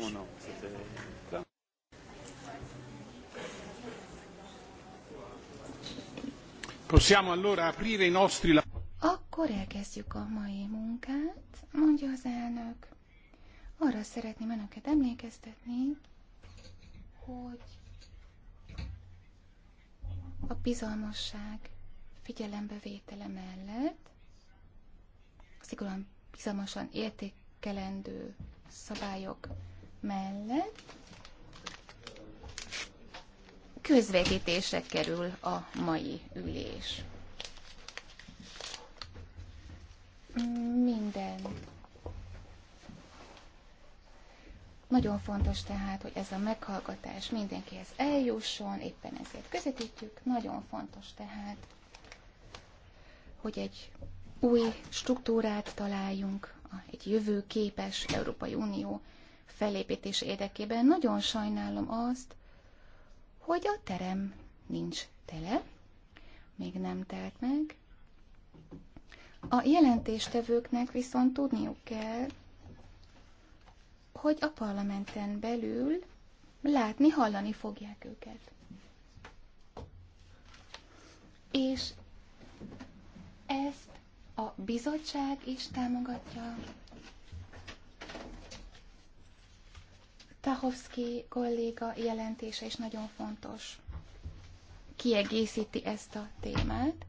עקרונות. זה... Possiamo allora aprire i nostri Akkor elkezdjük a mai munkát, mondja az elnök. Arra szeretném önöket emlékeztetni, hogy a bizalmasság figyelembevétele mellett szigorúan bizalmasan értékelendő szabályok mellett közvetítésre kerül a mai ülés. Minden. Nagyon fontos tehát, hogy ez a meghallgatás mindenkihez eljusson, éppen ezért közvetítjük. Nagyon fontos tehát, hogy egy új struktúrát találjunk, egy jövőképes Európai Unió felépítés érdekében. Nagyon sajnálom azt, hogy a terem nincs tele, még nem telt meg. A jelentéstevőknek viszont tudniuk kell, hogy a parlamenten belül látni, hallani fogják őket. És ezt a bizottság is támogatja, Tahovszki kolléga jelentése is nagyon fontos. Kiegészíti ezt a témát.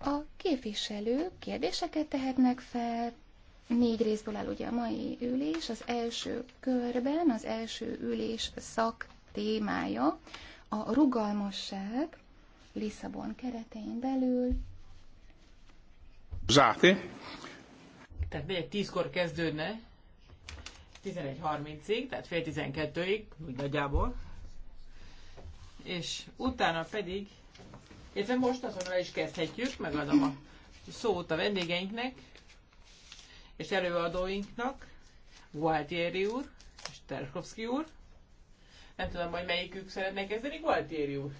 A képviselők kérdéseket tehetnek fel, négy részből áll ugye a mai ülés. Az első körben az első ülés szak témája a rugalmasság Lisszabon keretein belül. Záté. Tehát negyed tízkor kezdődne, 11.30-ig, tehát fél 12-ig, úgy nagyjából. És utána pedig, illetve most azonnal is kezdhetjük, megadom a szót a vendégeinknek és előadóinknak, Gualtieri úr és Terkovszki úr. Nem tudom, hogy melyikük szeretne kezdeni, Gualtieri úr.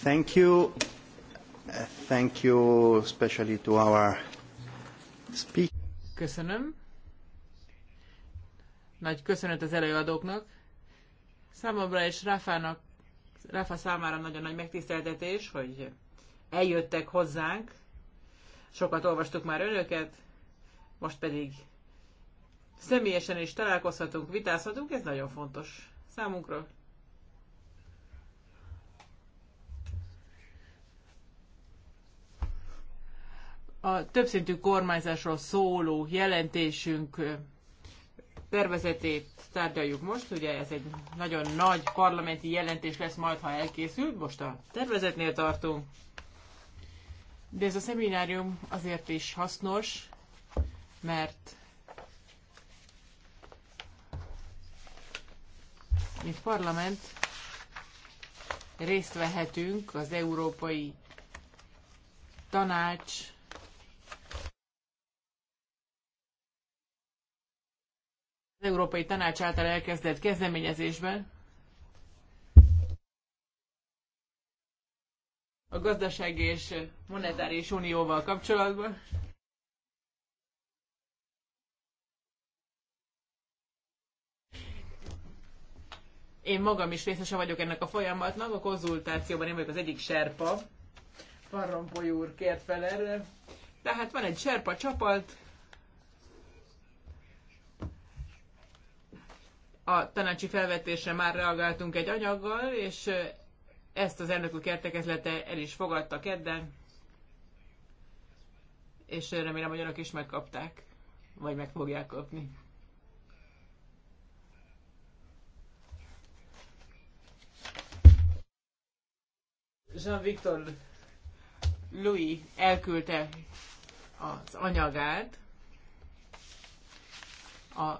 Thank you. Thank you especially to our speaker. Köszönöm nagy köszönet az előadóknak. Számomra és Ráfának, Ráfa számára nagyon nagy megtiszteltetés, hogy eljöttek hozzánk. Sokat olvastuk már önöket, most pedig személyesen is találkozhatunk, vitázhatunk, ez nagyon fontos számunkra. A többszintű kormányzásról szóló jelentésünk tervezetét tárgyaljuk most, ugye ez egy nagyon nagy parlamenti jelentés lesz majd, ha elkészül, most a tervezetnél tartunk. De ez a szeminárium azért is hasznos, mert mint parlament részt vehetünk az Európai Tanács az Európai Tanács által elkezdett kezdeményezésben a gazdasági és monetáris unióval kapcsolatban. Én magam is részese vagyok ennek a folyamatnak, a konzultációban én vagyok az egyik serpa. Van Rompuy úr kért fel erre. Tehát van egy serpa csapat, a tanácsi felvetésre már reagáltunk egy anyaggal, és ezt az elnökök értekezlete el is fogadta kedden, és remélem, hogy önök is megkapták, vagy meg fogják kapni. Jean-Victor Louis elküldte az anyagát a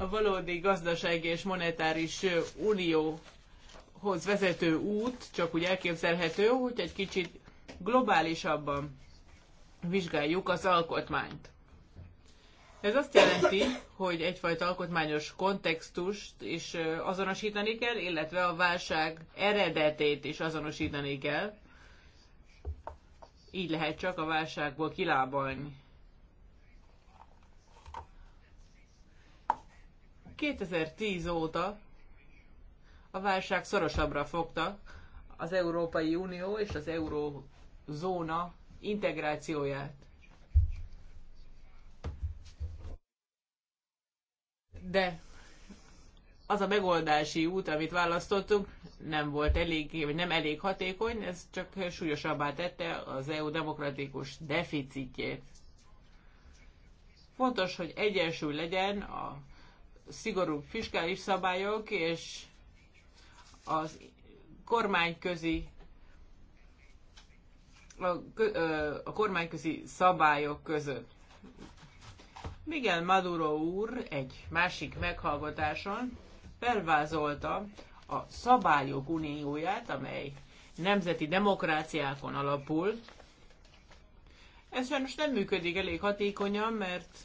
a valódi gazdasági és monetáris unióhoz vezető út csak úgy elképzelhető, hogy egy kicsit globálisabban vizsgáljuk az alkotmányt. Ez azt jelenti, hogy egyfajta alkotmányos kontextust is azonosítani kell, illetve a válság eredetét is azonosítani kell. Így lehet csak a válságból kilábalni. 2010 óta a válság szorosabbra fogta az Európai Unió és az Eurózóna integrációját. De az a megoldási út, amit választottunk, nem volt elég, vagy nem elég hatékony, ez csak súlyosabbá tette az EU demokratikus deficitjét. Fontos, hogy egyensúly legyen a szigorú fiskális szabályok és az kormányközi a, a kormányközi szabályok között. Miguel Maduro úr egy másik meghallgatáson felvázolta a szabályok unióját, amely nemzeti demokráciákon alapul. Ez sajnos nem működik elég hatékonyan, mert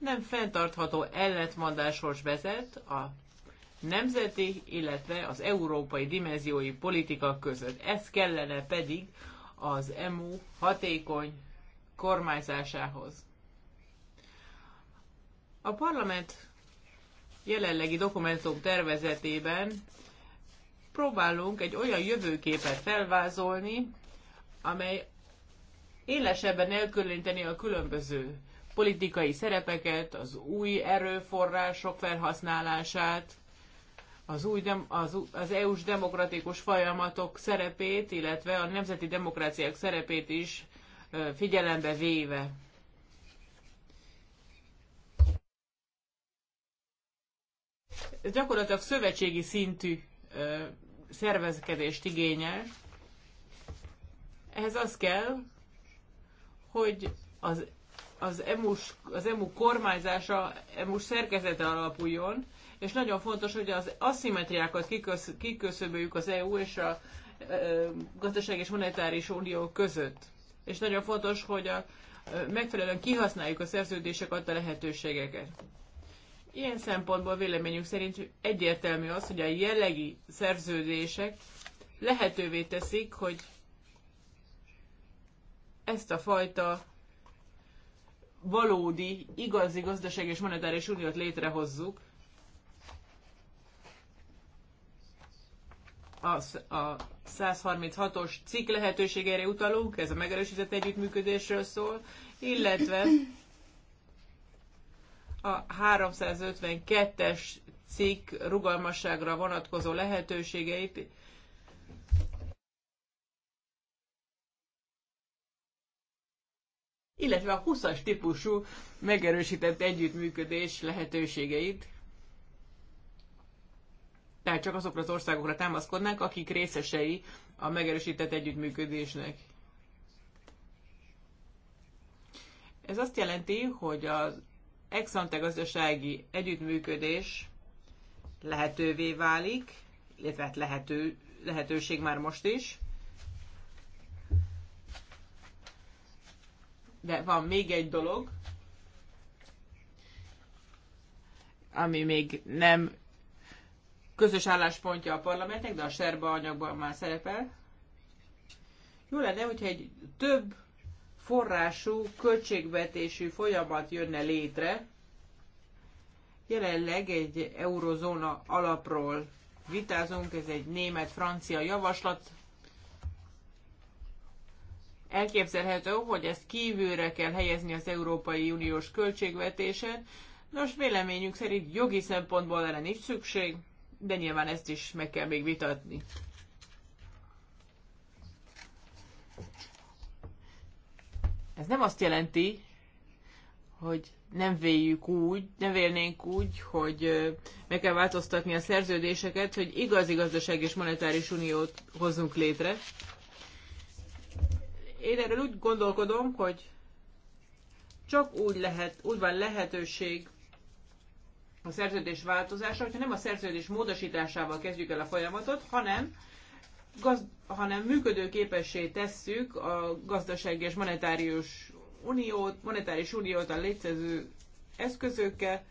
nem fenntartható ellentmondáshoz vezet a nemzeti, illetve az európai dimenziói politika között. Ez kellene pedig az EMU hatékony kormányzásához. A parlament jelenlegi dokumentum tervezetében próbálunk egy olyan jövőképet felvázolni, amely élesebben elkülöníteni a különböző politikai szerepeket, az új erőforrások felhasználását, az, új dem, az, az EU-s demokratikus folyamatok szerepét, illetve a nemzeti demokráciák szerepét is figyelembe véve. Ez gyakorlatilag szövetségi szintű szervezkedést igényel. Ehhez az kell, hogy az az emu az EMU kormányzása, EMU szerkezete alapuljon, és nagyon fontos, hogy az aszimetriákat kikösz, kiköszöböljük az EU és a ö, gazdaság és monetáris unió között. És nagyon fontos, hogy a, ö, megfelelően kihasználjuk a szerződések adta lehetőségeket. Ilyen szempontból véleményünk szerint egyértelmű az, hogy a jellegi szerződések lehetővé teszik, hogy ezt a fajta valódi, igazi gazdaság és monetáris uniót létrehozzuk, a, a 136-os cikk lehetőségére utalunk, ez a megerősített együttműködésről szól, illetve a 352-es cikk rugalmasságra vonatkozó lehetőségeit illetve a 20-as típusú megerősített együttműködés lehetőségeit. Tehát csak azokra az országokra támaszkodnánk, akik részesei a megerősített együttműködésnek. Ez azt jelenti, hogy az ex-ante gazdasági együttműködés lehetővé válik, illetve hát lehető, lehetőség már most is, De van még egy dolog, ami még nem közös álláspontja a parlamentnek, de a serba anyagban már szerepel. Jó lenne, hogyha egy több forrású költségvetésű folyamat jönne létre. Jelenleg egy eurozóna alapról vitázunk, ez egy német-francia javaslat, elképzelhető, hogy ezt kívülre kell helyezni az Európai Uniós költségvetésen. Nos, véleményünk szerint jogi szempontból erre nincs szükség, de nyilván ezt is meg kell még vitatni. Ez nem azt jelenti, hogy nem véljük úgy, nem vélnénk úgy, hogy meg kell változtatni a szerződéseket, hogy igazi gazdaság és monetáris uniót hozzunk létre. Én erről úgy gondolkodom, hogy csak úgy, lehet, úgy van lehetőség a szerződés változása, hogyha nem a szerződés módosításával kezdjük el a folyamatot, hanem, gazd, hanem működőképessé tesszük a gazdasági és monetárius uniót, monetáris uniót a létező eszközökkel,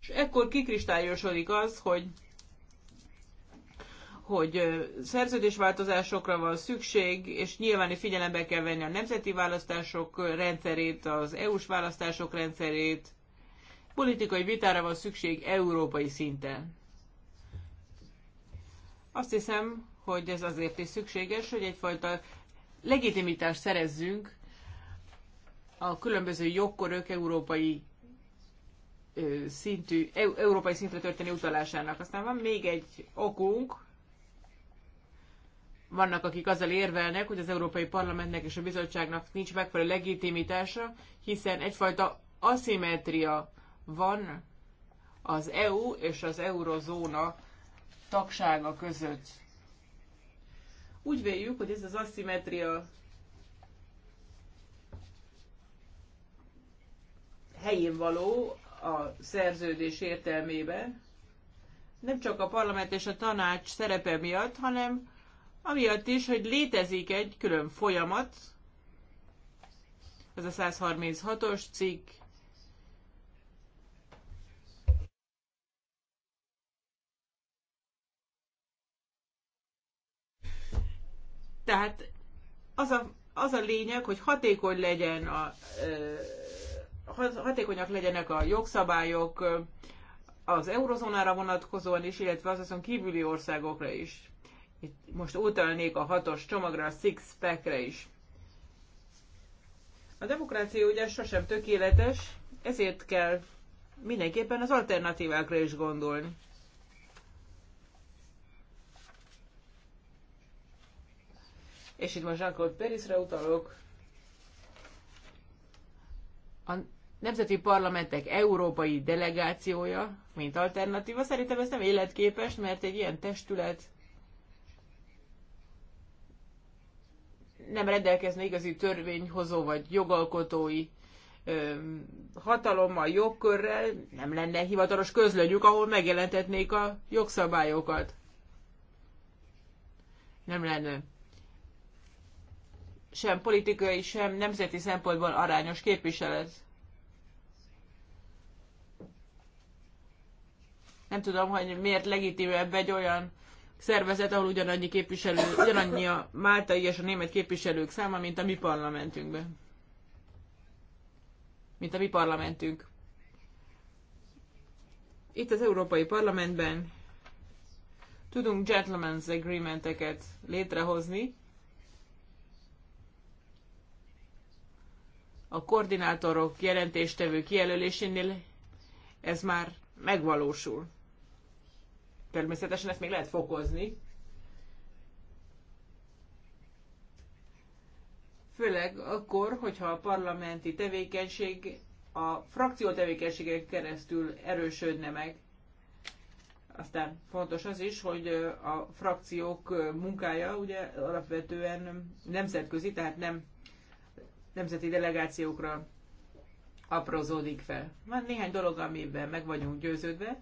és ekkor kikristályosodik az, hogy hogy szerződésváltozásokra van szükség, és nyilván figyelembe kell venni a nemzeti választások rendszerét, az EU-s választások rendszerét. Politikai vitára van szükség európai szinten. Azt hiszem, hogy ez azért is szükséges, hogy egyfajta legitimitást szerezzünk a különböző jogkörök európai szintű, európai szintre történő utalásának. Aztán van még egy okunk, vannak, akik azzal érvelnek, hogy az Európai Parlamentnek és a bizottságnak nincs megfelelő legitimitása, hiszen egyfajta aszimetria van az EU és az eurozóna tagsága között. Úgy véljük, hogy ez az aszimetria helyén való a szerződés értelmében, nem csak a parlament és a tanács szerepe miatt, hanem Amiatt is, hogy létezik egy külön folyamat, ez a 136-os cikk, Tehát az a, az a lényeg, hogy hatékony legyen a, hatékonyak legyenek a jogszabályok az eurozónára vonatkozóan is, illetve az azon kívüli országokra is. Itt most utalnék a hatos csomagra, a six-packre is. A demokrácia ugye sosem tökéletes, ezért kell mindenképpen az alternatívákra is gondolni. És itt most Jean-Claude Perisre utalok. A Nemzeti Parlamentek Európai Delegációja, mint alternatíva, szerintem ez nem életképes, mert egy ilyen testület nem rendelkezne igazi törvényhozó vagy jogalkotói hatalommal, jogkörrel, nem lenne hivatalos közlönyük, ahol megjelentetnék a jogszabályokat. Nem lenne sem politikai, sem nemzeti szempontból arányos képviselet. Nem tudom, hogy miért legitimebb egy olyan szervezet, ahol ugyanannyi képviselő, ugyanannyi a máltai és a német képviselők száma, mint a mi parlamentünkben. Mint a mi parlamentünk. Itt az Európai Parlamentben tudunk gentleman's agreementeket létrehozni, a koordinátorok jelentéstevő kijelölésénél ez már megvalósul. Természetesen ezt még lehet fokozni. Főleg akkor, hogyha a parlamenti tevékenység a frakció tevékenységek keresztül erősödne meg. Aztán fontos az is, hogy a frakciók munkája ugye alapvetően nemzetközi, tehát nem nemzeti delegációkra aprózódik fel. Van néhány dolog, amiben meg vagyunk győződve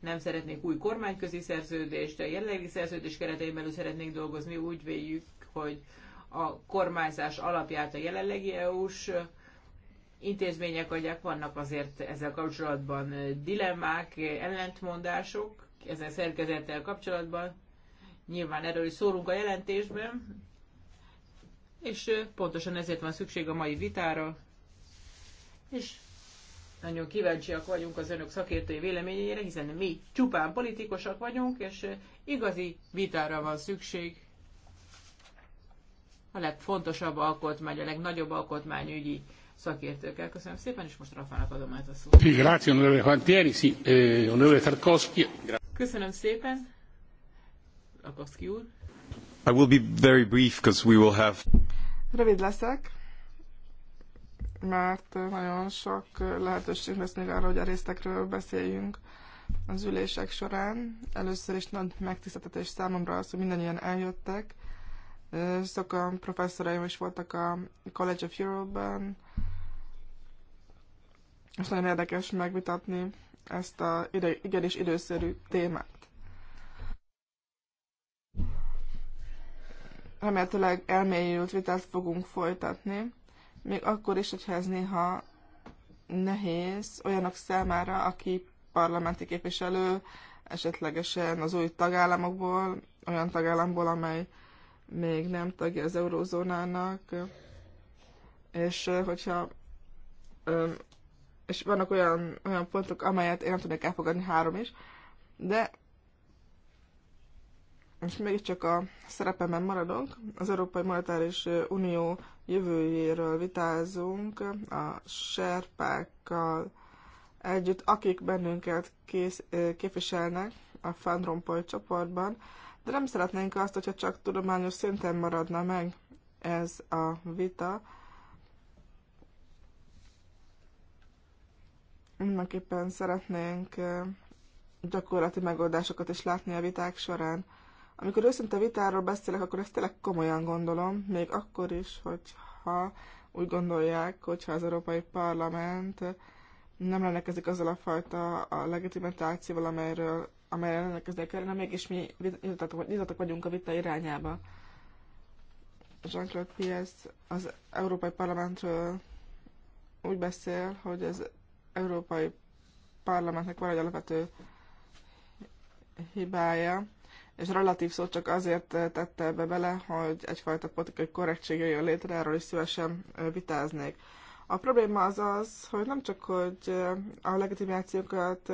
nem szeretnék új kormányközi szerződést, a jelenlegi szerződés keretein belül szeretnék dolgozni, úgy véljük, hogy a kormányzás alapját a jelenlegi EU-s intézmények adják, vannak azért ezzel kapcsolatban dilemmák, ellentmondások, ezen szerkezettel kapcsolatban. Nyilván erről is szólunk a jelentésben, és pontosan ezért van szükség a mai vitára, és nagyon kíváncsiak vagyunk az önök szakértői véleményére, hiszen mi csupán politikusak vagyunk, és igazi vitára van szükség a legfontosabb alkotmány, a legnagyobb alkotmányügyi szakértőkkel. Köszönöm szépen, és most Rafának adom át a szót. Eh, Köszönöm szépen. Tarkovsky úr. I will be very brief, because we will have... Rövid leszek, mert nagyon sok lehetőség lesz még arra, hogy a résztekről beszéljünk az ülések során. Először is nagy megtiszteltetés számomra az, hogy mindannyian eljöttek. Sokan professzoraim is voltak a College of europe ben és nagyon érdekes megvitatni ezt a ide, igenis időszerű témát. Remélhetőleg elmélyült vitát fogunk folytatni még akkor is, hogyha ez néha nehéz olyanok számára, aki parlamenti képviselő, esetlegesen az új tagállamokból, olyan tagállamból, amely még nem tagja az eurózónának, és hogyha és vannak olyan, olyan pontok, amelyet én nem tudnék elfogadni, három is, de és mégiscsak a szerepemben maradunk az Európai Monetáris Unió jövőjéről vitázunk a serpákkal együtt, akik bennünket kész, képviselnek a Fandrompoly csoportban, de nem szeretnénk azt, hogyha csak tudományos szinten maradna meg ez a vita. Mindenképpen szeretnénk gyakorlati megoldásokat is látni a viták során. Amikor őszinte vitáról beszélek, akkor ezt tényleg komolyan gondolom, még akkor is, hogyha úgy gondolják, hogyha az Európai Parlament nem rendelkezik azzal a fajta a legitimitációval, amelyről, amelyre rendelkezni kellene, mégis mi nyitottak vagyunk a vita irányába. Jean-Claude Piaz az Európai Parlamentről úgy beszél, hogy az Európai Parlamentnek van egy alapvető hibája, és relatív szót csak azért eh, tette be bele, hogy egyfajta politikai korrektség jöjjön létre, erről is szívesen eh, vitáznék. A probléma az az, hogy nem csak, hogy eh, a legitimációnkat,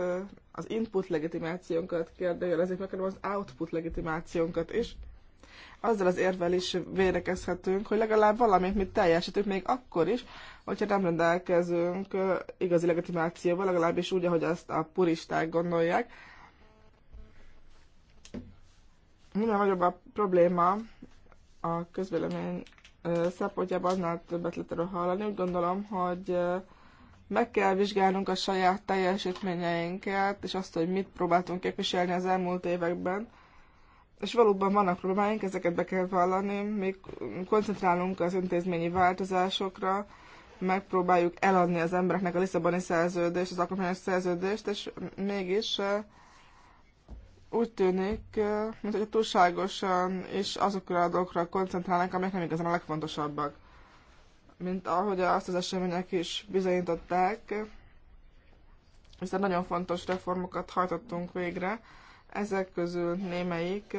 az input legitimációnkat kérdőjelezik meg, hanem az output legitimációnkat is. Azzal az érvel is védekezhetünk, hogy legalább valamit mi teljesítünk még akkor is, hogyha nem rendelkezünk igazi legitimációval, legalábbis úgy, ahogy azt a puristák gondolják, minél nagyobb a probléma a közvélemény szempontjában, annál többet lehet erről hallani. Úgy gondolom, hogy meg kell vizsgálnunk a saját teljesítményeinket, és azt, hogy mit próbáltunk képviselni az elmúlt években. És valóban vannak problémáink, ezeket be kell vallani, mi koncentrálunk az intézményi változásokra, megpróbáljuk eladni az embereknek a Lisszaboni szerződést, az alkotmányos szerződést, és mégis úgy tűnik, mint hogy túlságosan és azokra a dolgokra koncentrálnak, amelyek nem igazán a legfontosabbak. Mint ahogy azt az események is bizonyították, hiszen nagyon fontos reformokat hajtottunk végre, ezek közül némelyik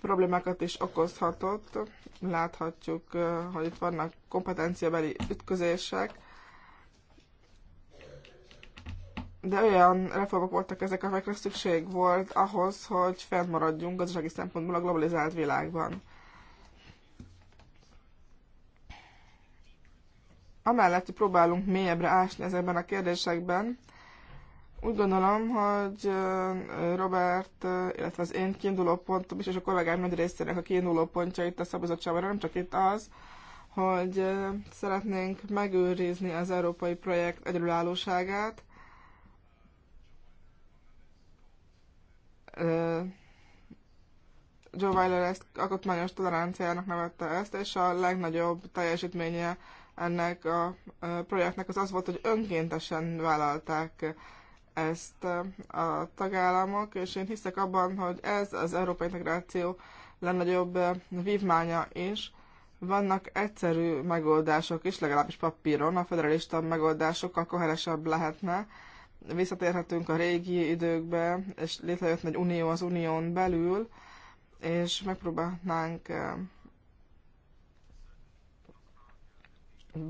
problémákat is okozhatott. Láthatjuk, hogy itt vannak kompetenciabeli ütközések, de olyan reformok voltak ezek, amelyekre szükség volt ahhoz, hogy fennmaradjunk gazdasági szempontból a globalizált világban. Amellett, hogy próbálunk mélyebbre ásni ezekben a kérdésekben, úgy gondolom, hogy Robert, illetve az én kiinduló pontom is, és a kollégám nagy részének a kiinduló pontja itt a szabizottságban, nem csak itt az, hogy szeretnénk megőrizni az európai projekt egyedülállóságát, Joe Weiler ezt alkotmányos toleranciának nevette ezt, és a legnagyobb teljesítménye ennek a projektnek az az volt, hogy önkéntesen vállalták ezt a tagállamok, és én hiszek abban, hogy ez az európai integráció legnagyobb vívmánya is. Vannak egyszerű megoldások is, legalábbis papíron, a federalista megoldásokkal koheresebb lehetne, visszatérhetünk a régi időkbe, és létrejött egy unió az unión belül, és megpróbálnánk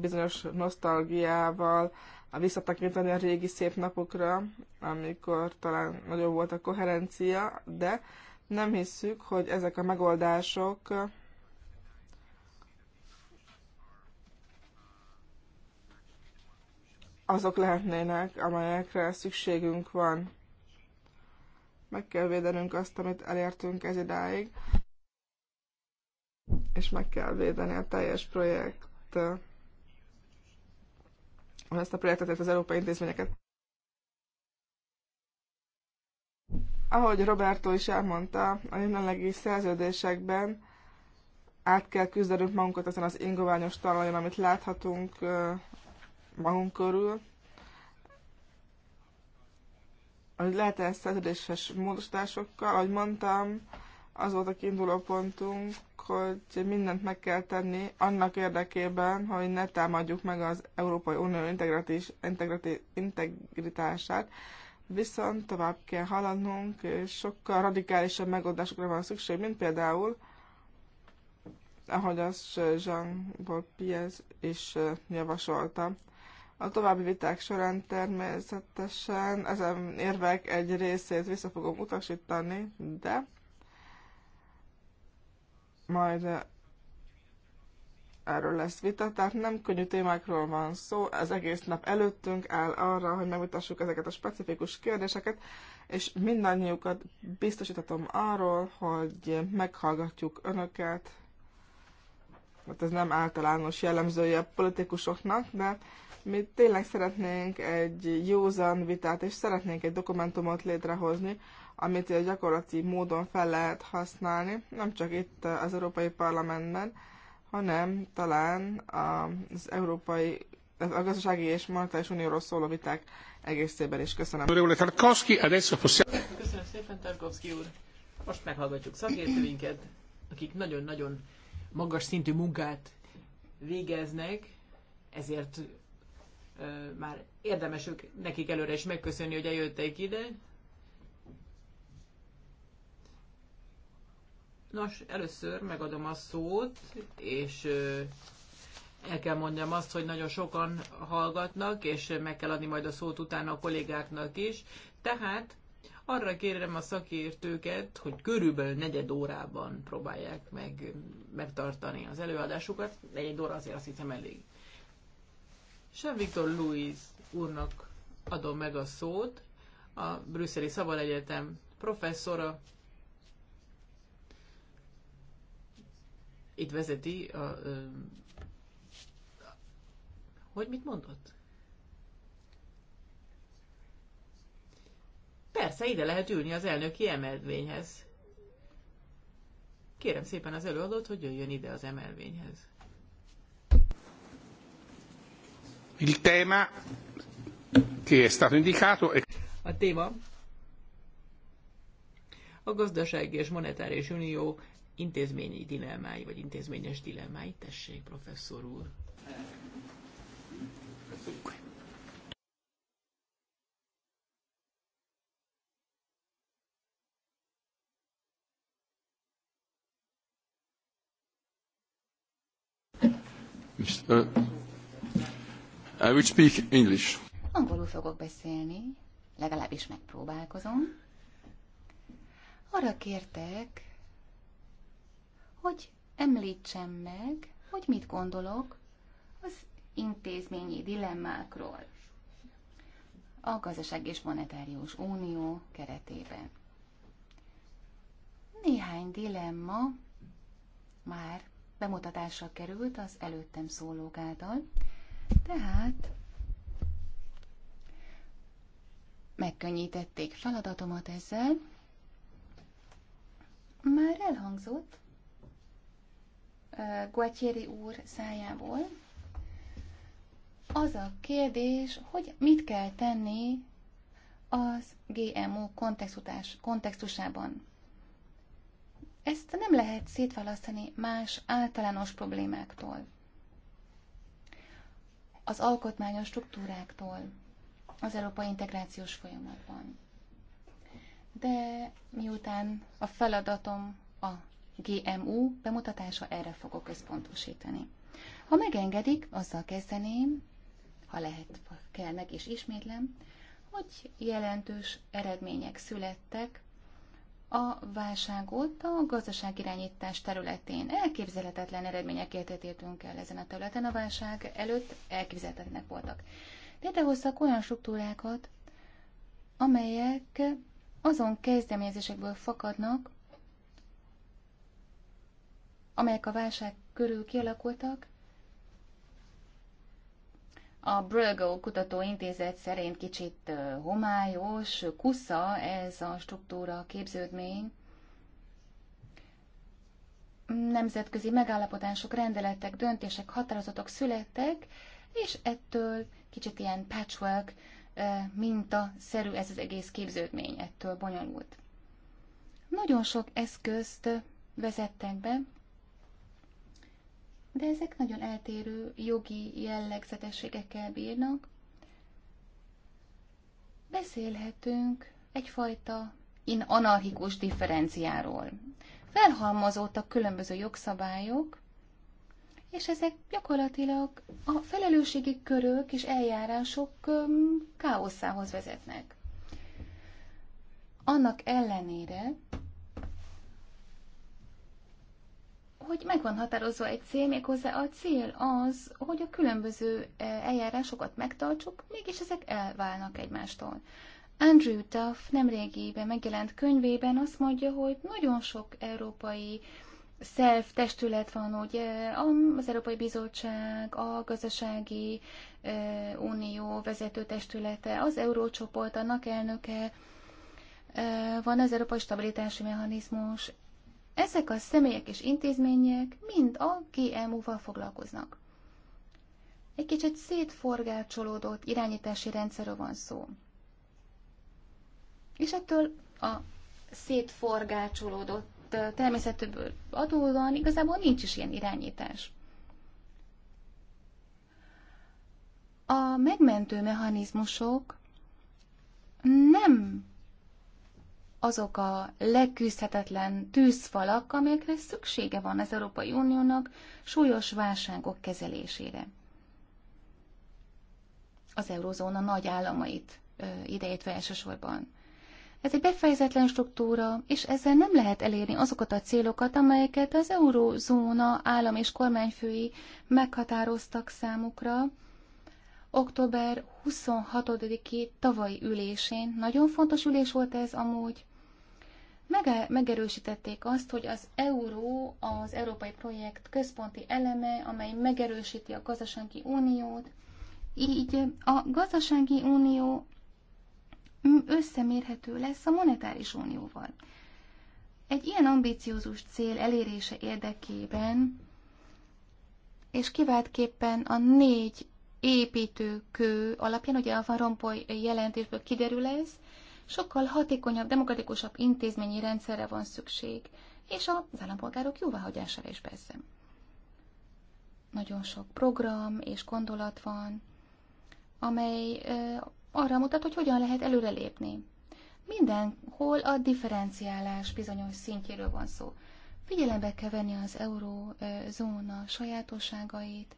bizonyos nosztalgiával visszatekinteni a régi szép napokra, amikor talán nagyobb volt a koherencia, de nem hisszük, hogy ezek a megoldások azok lehetnének, amelyekre szükségünk van. Meg kell védenünk azt, amit elértünk ez idáig, és meg kell védeni a teljes projekt, ezt a projektet, az európai intézményeket. Ahogy Roberto is elmondta, a jelenlegi szerződésekben át kell küzdenünk magunkat ezen az ingoványos talajon, amit láthatunk magunk körül, hogy lehet-e ezt szerződéses módosításokkal, ahogy mondtam, az volt a kiinduló pontunk, hogy mindent meg kell tenni annak érdekében, hogy ne támadjuk meg az Európai Unió integritását, viszont tovább kell haladnunk, és sokkal radikálisabb megoldásokra van szükség, mint például, ahogy az Jean-Paul is eh, javasolta. A további viták során természetesen ezen érvek egy részét vissza fogom utasítani, de majd erről lesz vita, tehát nem könnyű témákról van szó, ez egész nap előttünk áll arra, hogy megmutassuk ezeket a specifikus kérdéseket, és mindannyiukat biztosítatom arról, hogy meghallgatjuk önöket, mert hát ez nem általános jellemzője a politikusoknak, de mi tényleg szeretnénk egy józan vitát, és szeretnénk egy dokumentumot létrehozni, amit gyakorlati módon fel lehet használni, nem csak itt az Európai Parlamentben, hanem talán az Európai a gazdasági és monetáris unióról szóló viták egészében is. Köszönöm. Köszönöm szépen, Tarkovsky úr. Most meghallgatjuk szakértőinket, akik nagyon-nagyon magas szintű munkát végeznek, ezért már érdemes ők, nekik előre is megköszönni, hogy eljöttek ide. Nos, először megadom a szót, és el kell mondjam azt, hogy nagyon sokan hallgatnak, és meg kell adni majd a szót utána a kollégáknak is. Tehát arra kérem a szakértőket, hogy körülbelül negyed órában próbálják meg megtartani az előadásukat. Negyed óra azért azt hiszem elég. Sem Viktor Louis úrnak adom meg a szót, a Brüsszeli Szabad Egyetem professzora. Itt vezeti a... Ö, hogy mit mondott? Persze, ide lehet ülni az elnöki emelvényhez. Kérem szépen az előadót, hogy jöjjön ide az emelvényhez. Il tema che è stato indicato è... A téma a gazdasági és monetáris unió intézményi dilemmái, vagy intézményes dilemmái. Tessék, professzor úr! Mr. I will speak English. Angolul fogok beszélni, legalábbis megpróbálkozom. Arra kértek, hogy említsem meg, hogy mit gondolok az intézményi dilemmákról a Gazdaság és Monetárius Unió keretében. Néhány dilemma már bemutatásra került az előttem szólók által, tehát megkönnyítették feladatomat ezzel. Már elhangzott uh, Guatieri úr szájából az a kérdés, hogy mit kell tenni az GMO kontextus, kontextusában. Ezt nem lehet szétválasztani más általános problémáktól az alkotmányos struktúráktól az európai integrációs folyamatban. De miután a feladatom a GMU bemutatása erre fogok összpontosítani. Ha megengedik, azzal kezdeném, ha lehet, ha kell meg is ismétlem, hogy jelentős eredmények születtek a válság óta a gazdaságirányítás területén. Elképzelhetetlen eredményeket értünk el ezen a területen. A válság előtt elképzelhetetlenek voltak. Létrehoztak olyan struktúrákat, amelyek azon kezdeményezésekből fakadnak, amelyek a válság körül kialakultak, a Brölgo Kutatóintézet szerint kicsit homályos, kusza ez a struktúra, a képződmény. Nemzetközi megállapodások, rendeletek, döntések, határozatok születtek, és ettől kicsit ilyen patchwork, mintaszerű ez az egész képződmény, ettől bonyolult. Nagyon sok eszközt vezettek be, de ezek nagyon eltérő jogi jellegzetességekkel bírnak. Beszélhetünk egyfajta in anarchikus differenciáról. Felhalmozódtak különböző jogszabályok, és ezek gyakorlatilag a felelősségi körök és eljárások káoszához vezetnek. Annak ellenére, hogy meg van határozva egy cél, méghozzá a cél az, hogy a különböző e, eljárásokat megtartsuk, mégis ezek elválnak egymástól. Andrew Duff nemrégiben megjelent könyvében azt mondja, hogy nagyon sok európai szelftestület testület van, hogy e, az Európai Bizottság, a Gazdasági e, Unió vezető testülete, az Eurócsoport, annak elnöke, van az Európai Stabilitási Mechanizmus, ezek a személyek és intézmények mind a GMO-val foglalkoznak. Egy kicsit szétforgácsolódott irányítási rendszerről van szó. És ettől a szétforgácsolódott természetből adódóan igazából nincs is ilyen irányítás. A megmentő mechanizmusok nem azok a leküzdhetetlen tűzfalak, amelyekre szüksége van az Európai Uniónak súlyos válságok kezelésére. Az eurozóna nagy államait idejétve elsősorban. Ez egy befejezetlen struktúra, és ezzel nem lehet elérni azokat a célokat, amelyeket az eurózóna állam és kormányfői meghatároztak számukra, október 26-i tavalyi ülésén. Nagyon fontos ülés volt ez amúgy megerősítették azt, hogy az euró az európai projekt központi eleme, amely megerősíti a gazdasági uniót. Így a gazdasági unió összemérhető lesz a monetáris unióval. Egy ilyen ambíciózus cél elérése érdekében, és kiváltképpen a négy építőkő alapján, ugye a Van Rompuy jelentésből kiderül ez, sokkal hatékonyabb, demokratikusabb intézményi rendszerre van szükség, és az állampolgárok jóváhagyására is persze. Nagyon sok program és gondolat van, amely arra mutat, hogy hogyan lehet előrelépni. Mindenhol a differenciálás bizonyos szintjéről van szó. Figyelembe kell venni az eurózóna sajátosságait,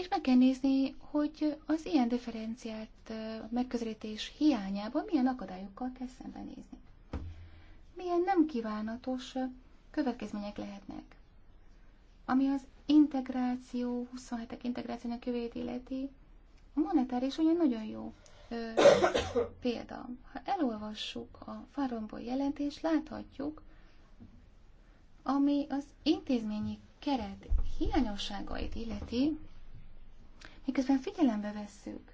és meg kell nézni, hogy az ilyen differenciált megközelítés hiányában milyen akadályokkal kell szembenézni. Milyen nem kívánatos következmények lehetnek. Ami az integráció, 27 integrációnak jövőjét illeti, a monetáris olyan nagyon jó ö, példa. Ha elolvassuk a Faromból jelentést, láthatjuk, ami az intézményi keret hiányosságait illeti, miközben figyelembe vesszük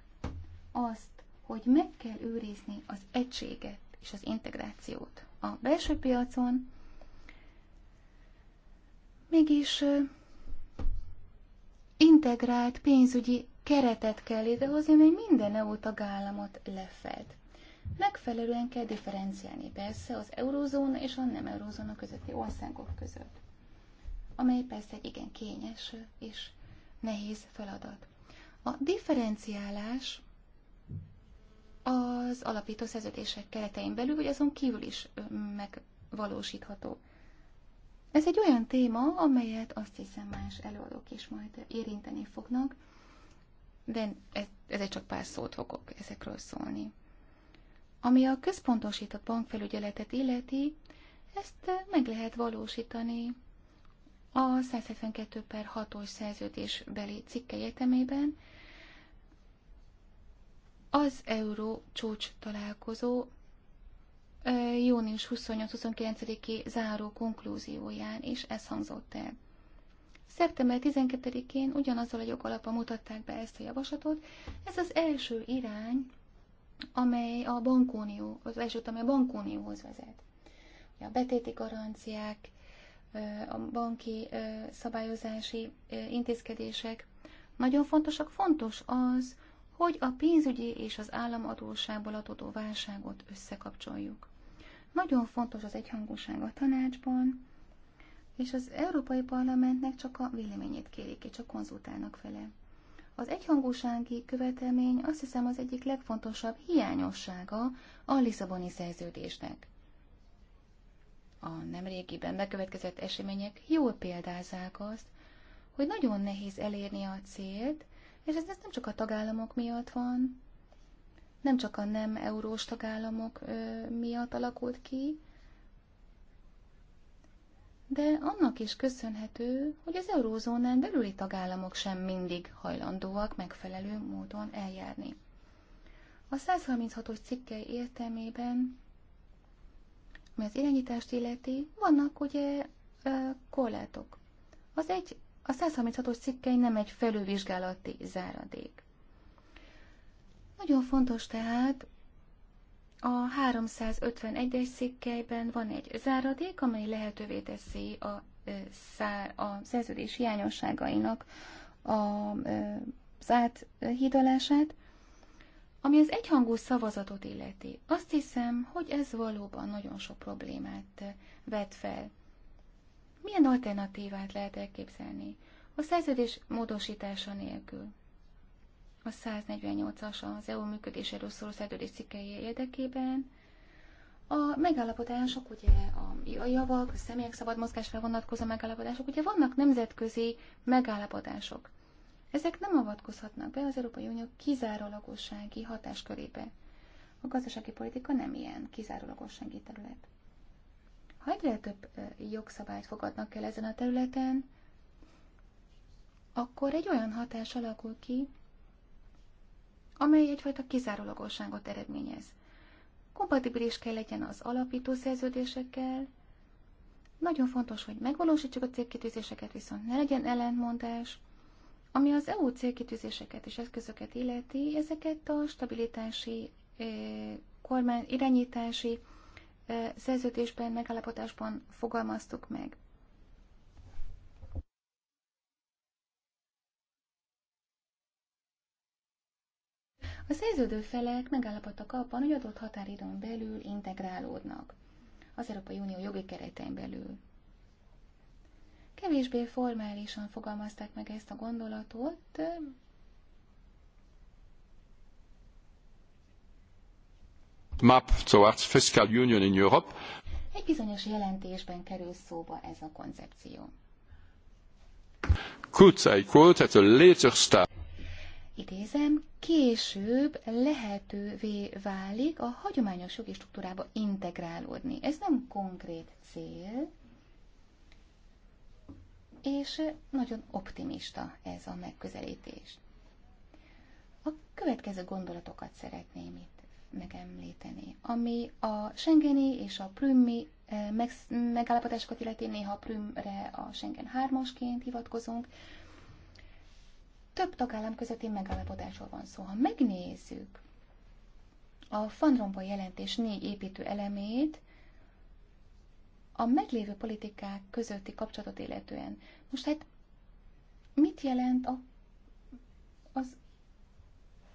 azt, hogy meg kell őrizni az egységet és az integrációt a belső piacon, mégis integrált pénzügyi keretet kell létrehozni, mely minden EU tagállamot lefed. Megfelelően kell differenciálni persze az eurózóna és a nem eurózóna közötti országok között, amely persze egy igen kényes és nehéz feladat. A differenciálás az alapító szerződések keretein belül, vagy azon kívül is megvalósítható. Ez egy olyan téma, amelyet azt hiszem más előadók is majd érinteni fognak, de ez, ezért csak pár szót fogok ezekről szólni. Ami a központosított bankfelügyeletet illeti, ezt meg lehet valósítani a 172 per 6-os szerződésbeli cikke egyetemében, az euró csúcs találkozó június 28-29-i záró konklúzióján is ez hangzott el. Szeptember 12-én ugyanazzal a jogalapon mutatták be ezt a javaslatot. Ez az első irány, amely a bankunió, az első, amely a bankunióhoz vezet. A betéti garanciák, a banki szabályozási intézkedések nagyon fontosak. Fontos az, hogy a pénzügyi és az államadóságból adódó válságot összekapcsoljuk. Nagyon fontos az egyhangúság a tanácsban, és az Európai Parlamentnek csak a véleményét kérik, és csak konzultálnak vele. Az egyhangúsági követelmény azt hiszem az egyik legfontosabb hiányossága a Lisszaboni szerződésnek. A nemrégiben bekövetkezett események jól példázák azt, hogy nagyon nehéz elérni a célt, és ez, ez nem csak a tagállamok miatt van, nem csak a nem eurós tagállamok ö, miatt alakult ki, de annak is köszönhető, hogy az eurózónán belüli tagállamok sem mindig hajlandóak megfelelő módon eljárni. A 136-os cikkei értelmében, ami az irányítást illeti, vannak ugye korlátok. Az egy a 136-os cikkei nem egy felülvizsgálati záradék. Nagyon fontos tehát, a 351-es szikkelyben van egy záradék, amely lehetővé teszi a, a szerződés hiányosságainak a, az áthidalását, ami az egyhangú szavazatot illeti. Azt hiszem, hogy ez valóban nagyon sok problémát vet fel. Milyen alternatívát lehet elképzelni a szerződés módosítása nélkül? A 148-as az EU működéséről szóló szerződés cikkei érdekében a megállapodások, ugye a javak, a személyek szabad mozgásra vonatkozó megállapodások, ugye vannak nemzetközi megállapodások. Ezek nem avatkozhatnak be az Európai Unió kizárólagossági hatáskörébe. A gazdasági politika nem ilyen kizárólagossági terület. Ha egyre több jogszabályt fogadnak el ezen a területen, akkor egy olyan hatás alakul ki, amely egyfajta kizárólagosságot eredményez. Kompatibilis kell legyen az alapító szerződésekkel, nagyon fontos, hogy megvalósítsuk a célkitűzéseket, viszont ne legyen ellentmondás. Ami az EU célkitűzéseket és eszközöket illeti, ezeket a stabilitási, kormány irányítási szerződésben, megállapodásban fogalmaztuk meg. A szerződő felek megállapodtak abban, hogy adott határidőn belül integrálódnak az Európai Unió jogi keretein belül. Kevésbé formálisan fogalmazták meg ezt a gondolatot, map towards fiscal union in Europe. Egy bizonyos jelentésben kerül szóba ez a koncepció. Could I quote at a later Idézem, később lehetővé válik a hagyományos jogi struktúrába integrálódni. Ez nem konkrét cél, és nagyon optimista ez a megközelítés. A következő gondolatokat szeretném itt megemlíteni. Ami a Schengeni és a Prümmi eh, megállapodásokat illeti, néha a Prümre a Schengen 3-asként hivatkozunk, több tagállam közötti megállapodásról van szó. Ha megnézzük a fandromba jelentés négy építő elemét, a meglévő politikák közötti kapcsolatot illetően. Most hát mit jelent a, az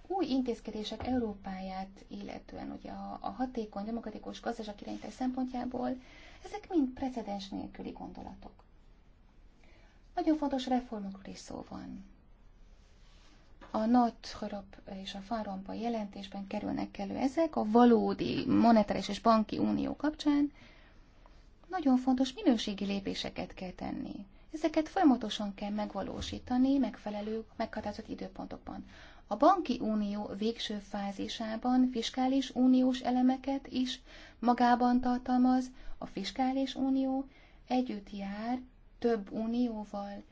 új intézkedések Európáját illetően, ugye a, a hatékony demokratikus gazdaság irányítás szempontjából, ezek mind precedens nélküli gondolatok. Nagyon fontos reformokról is szó van. A nagy höröp és a fárompa jelentésben kerülnek elő ezek a valódi monetáris és banki unió kapcsán. Nagyon fontos minőségi lépéseket kell tenni. Ezeket folyamatosan kell megvalósítani megfelelő, meghatározott időpontokban. A banki unió végső fázisában fiskális uniós elemeket is magában tartalmaz, a fiskális unió együtt jár több unióval,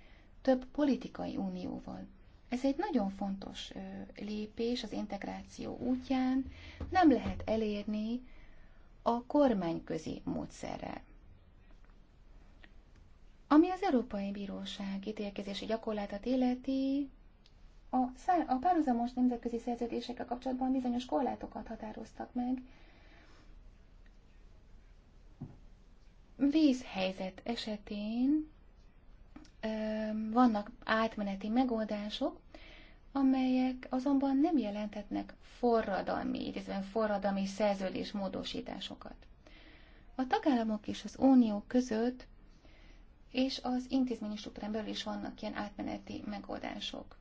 több politikai unióval. Ez egy nagyon fontos lépés az integráció útján, nem lehet elérni a kormányközi módszerrel. Ami az Európai Bíróság ítélkezési gyakorlatát illeti, a, szá- a párhuzamos nemzetközi szerződésekkel kapcsolatban bizonyos korlátokat határoztak meg. Vízhelyzet esetén ö, vannak átmeneti megoldások, amelyek azonban nem jelentetnek forradalmi, idézően forradalmi szerződés módosításokat. A tagállamok és az unió között és az intézményi struktúrán belül is vannak ilyen átmeneti megoldások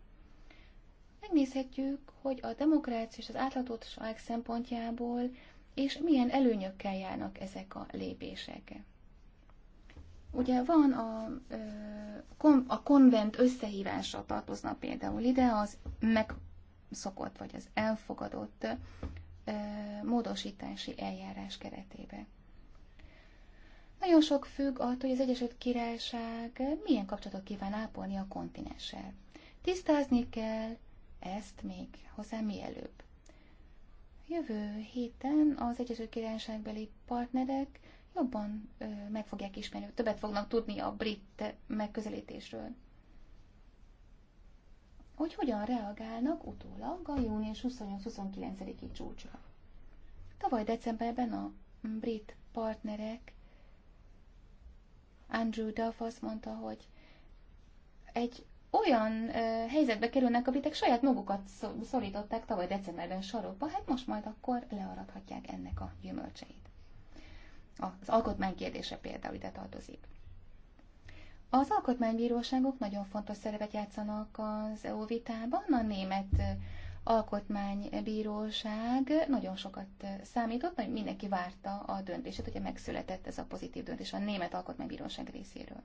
megnézhetjük, hogy a demokrácia és az átlátottság szempontjából és milyen előnyökkel járnak ezek a lépések. Ugye van a, a konvent összehívása tartozna például ide az megszokott vagy az elfogadott módosítási eljárás keretébe. Nagyon sok függ attól, hogy az Egyesült Királyság milyen kapcsolatot kíván ápolni a kontinenssel. Tisztázni kell, ezt még hozzá mielőbb. Jövő héten az Egyesült Királyságbeli partnerek jobban ö, meg fogják ismerni, többet fognak tudni a brit megközelítésről. Hogy hogyan reagálnak utólag a június 28-29-i csúcsra. Tavaly decemberben a brit partnerek Andrew Duff azt mondta, hogy egy olyan ö, helyzetbe kerülnek, amit saját magukat szorították tavaly decemberben sarokba, hát most majd akkor learadhatják ennek a gyümölcseit. Az alkotmány kérdése például ide tartozik. Az alkotmánybíróságok nagyon fontos szerepet játszanak az EU vitában. A német alkotmánybíróság nagyon sokat számított, hogy mindenki várta a döntését, hogyha megszületett ez a pozitív döntés a német alkotmánybíróság részéről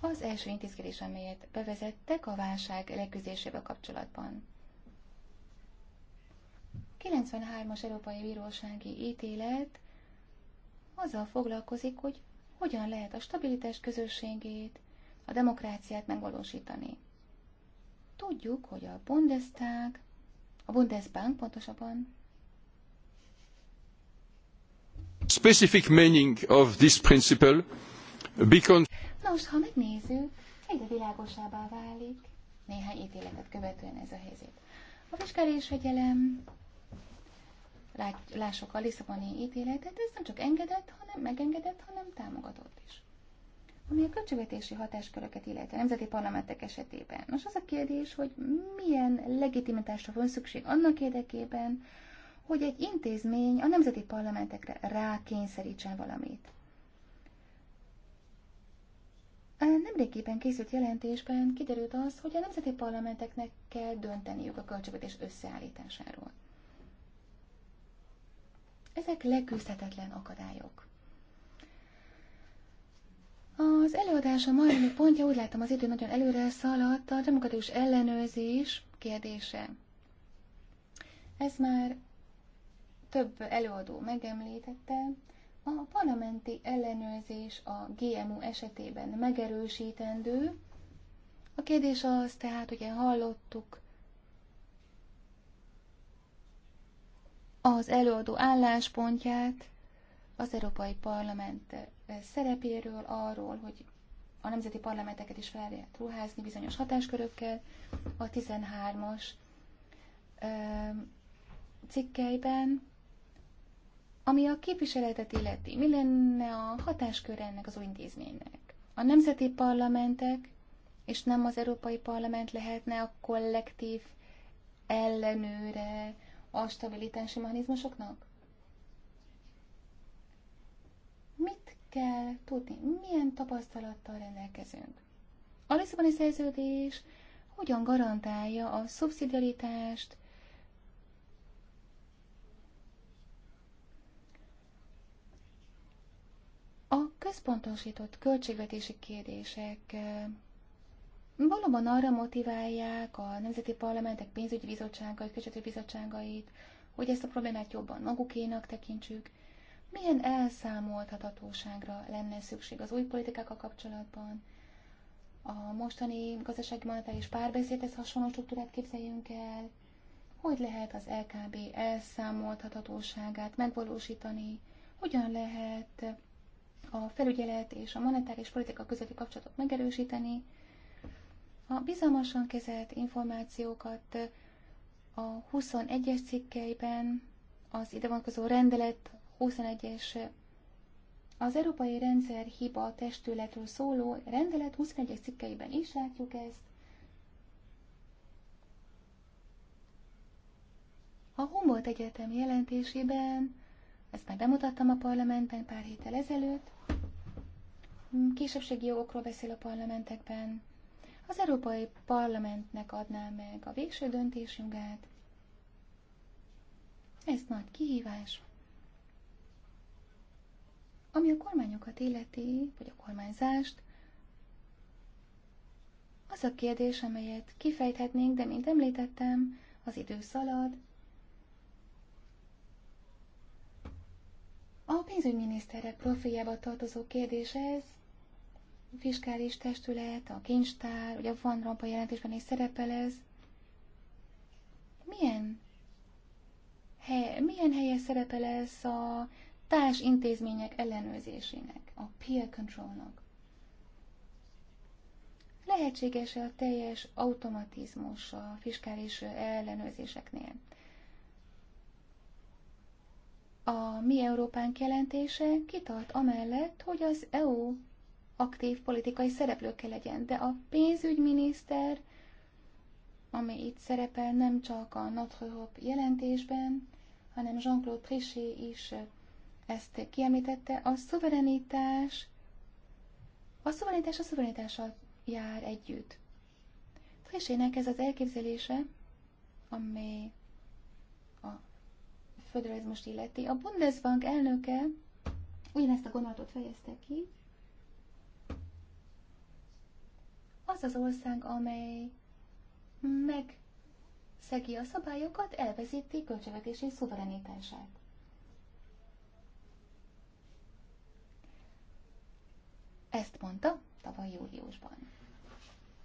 az első intézkedés, amelyet bevezettek a válság leküzdésével kapcsolatban. 93-as Európai Bírósági ítélet azzal foglalkozik, hogy hogyan lehet a stabilitás közösségét, a demokráciát megvalósítani. Tudjuk, hogy a Bundestag, a Bundesbank pontosabban specific meaning of this principle because Nos, ha megnézzük, egyre világosabbá válik néhány ítéletet követően ez a helyzet. A fiskális fegyelem, lássuk a Lisszaboni ítéletet, ez nem csak engedett, hanem megengedett, hanem támogatott is. Ami a költségvetési hatásköröket illeti a nemzeti parlamentek esetében. Most az a kérdés, hogy milyen legitimitásra van szükség annak érdekében, hogy egy intézmény a nemzeti parlamentekre rákényszerítsen valamit. Nemrégiben készült jelentésben kiderült az, hogy a nemzeti parlamenteknek kell dönteniük a költségvetés összeállításáról. Ezek leküzdhetetlen akadályok. Az előadás a mai pontja, úgy láttam az idő nagyon előre szaladt, a demokratikus ellenőrzés kérdése. Ez már több előadó megemlítette, a parlamenti ellenőrzés a GMO esetében megerősítendő. A kérdés az tehát, ugye hallottuk az előadó álláspontját az Európai Parlament szerepéről, arról, hogy a nemzeti parlamenteket is fel lehet ruházni bizonyos hatáskörökkel. A 13-as cikkeiben ami a képviseletet illeti, mi lenne a hatáskör ennek az új intézménynek? A nemzeti parlamentek, és nem az Európai Parlament lehetne a kollektív ellenőre a stabilitási mechanizmusoknak? Mit kell tudni? Milyen tapasztalattal rendelkezünk? A Lisszaboni szerződés hogyan garantálja a szubszidiaritást, A központosított költségvetési kérdések valóban arra motiválják a nemzeti parlamentek pénzügyi bizottságait, költségvetési bizottságait, hogy ezt a problémát jobban magukénak tekintsük, milyen elszámolthatatóságra lenne szükség az új politikákkal kapcsolatban, a mostani gazdasági monetáris párbeszédhez hasonló struktúrát képzeljünk el, hogy lehet az LKB elszámolthatatóságát megvalósítani, hogyan lehet a felügyelet és a monetáris politika közötti kapcsolatot megerősíteni, a bizalmasan kezelt információkat a 21-es cikkeiben, az ide vonatkozó rendelet 21-es az Európai Rendszer Hiba Testületről szóló rendelet 21 cikkeiben is látjuk ezt. A Humboldt Egyetem jelentésében, ezt már bemutattam a parlamentben pár héttel ezelőtt, kisebbségi jogokról beszél a parlamentekben. Az Európai Parlamentnek adná meg a végső döntésjogát. Ez nagy kihívás. Ami a kormányokat illeti, vagy a kormányzást, az a kérdés, amelyet kifejthetnénk, de mint említettem, az idő szalad. A pénzügyminiszterek profiljába tartozó kérdés ez, fiskális testület, a kincstár, ugye van rampa jelentésben is szerepel ez. Milyen, hely, milyen helye szerepel ez a társ intézmények ellenőrzésének, a peer controlnak? lehetséges -e a teljes automatizmus a fiskális ellenőrzéseknél? A mi Európánk jelentése kitart amellett, hogy az EU aktív politikai szereplőkkel legyen. De a pénzügyminiszter, ami itt szerepel nem csak a Notre Europe jelentésben, hanem Jean-Claude Trichet is ezt kiemlítette, a szuverenitás, a szuverenitás a szuverenitással jár együtt. Trichének ez az elképzelése, amely a föderalizmust illeti. A Bundesbank elnöke ugyanezt a gondolatot fejezte ki, az az ország, amely megszegi a szabályokat, elveszíti költségvetési szuverenitását. Ezt mondta tavaly júliusban.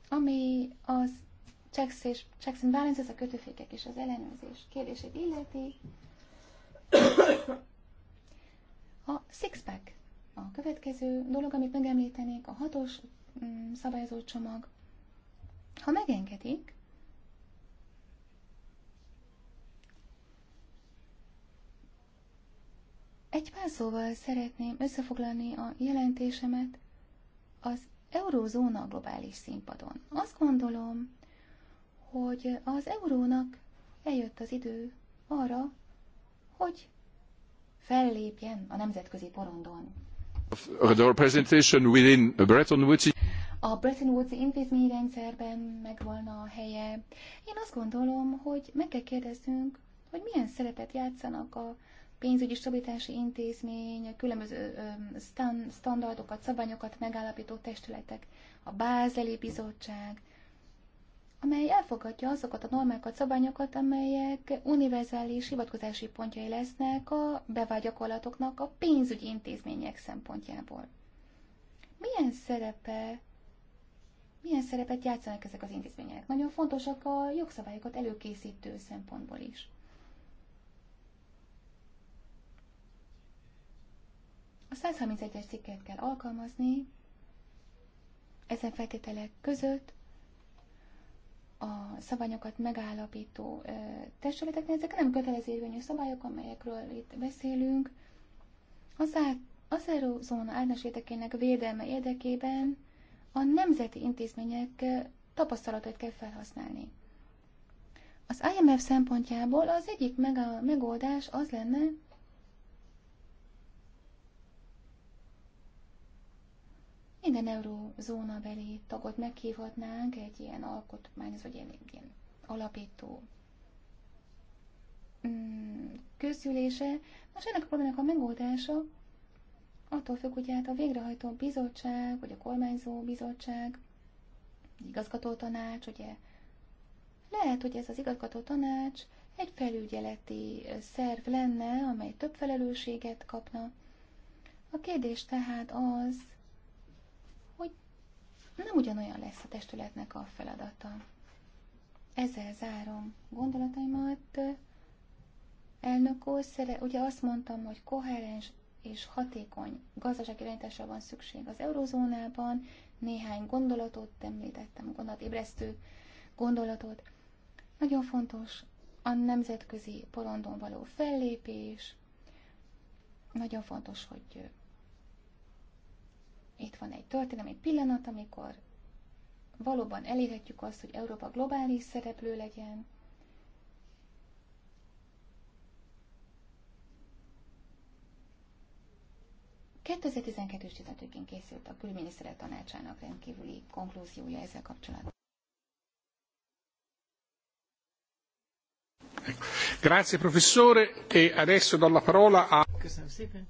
Ami az Csex és, checks ez a kötőfékek és az ellenőrzés kérdését illeti, a Sixpack a következő dolog, amit megemlítenék, a hatos Mm, szabályozó csomag. Ha megengedik, egy pár szóval szeretném összefoglalni a jelentésemet az eurózóna globális színpadon. Azt gondolom, hogy az eurónak eljött az idő arra, hogy fellépjen a nemzetközi porondon. A Bretton Woods a Bretton Woods intézményrendszerben megvolna a helye. Én azt gondolom, hogy meg kell kérdeznünk, hogy milyen szerepet játszanak a pénzügyi stabilitási intézmény, a különböző standardokat, szabványokat megállapító testületek, a Bázeli Bizottság, amely elfogadja azokat a normákat, szabályokat, amelyek univerzális hivatkozási pontjai lesznek a bevágyakorlatoknak a pénzügyi intézmények szempontjából. Milyen szerepe milyen szerepet játszanak ezek az intézmények? Nagyon fontosak a jogszabályokat előkészítő szempontból is. A 131-es cikket kell alkalmazni, ezen feltételek között a szabályokat megállapító testületeknél. Ezek nem kötelező érvényű szabályok, amelyekről itt beszélünk. Az, át, az általános érdekének védelme érdekében a nemzeti intézmények tapasztalatot kell felhasználni. Az IMF szempontjából az egyik megoldás az lenne, Minden eurózónabeli tagot meghívhatnánk egy ilyen alkotmány, vagy ilyen, ilyen alapító mm, közgyűlése. Most ennek a problémának a megoldása attól függ, hogy hát a végrehajtó bizottság, vagy a kormányzó bizottság, igazgató tanács, ugye lehet, hogy ez az igazgató tanács egy felügyeleti szerv lenne, amely több felelősséget kapna. A kérdés tehát az, nem ugyanolyan lesz a testületnek a feladata. Ezzel zárom gondolataimat. Elnök úr, szere, ugye azt mondtam, hogy koherens és hatékony irányításra van szükség az eurozónában. Néhány gondolatot említettem, gondolatébresztő gondolatot. Nagyon fontos a nemzetközi porondon való fellépés. Nagyon fontos, hogy itt van egy történelmi pillanat, amikor valóban elérhetjük azt, hogy Európa globális szereplő legyen, és 15-én készült a külminiszterek tanácsának rendkívüli konklúziója ezzel kapcsolatban. Grazie professore e adesso do la parola a Köszönöm szépen.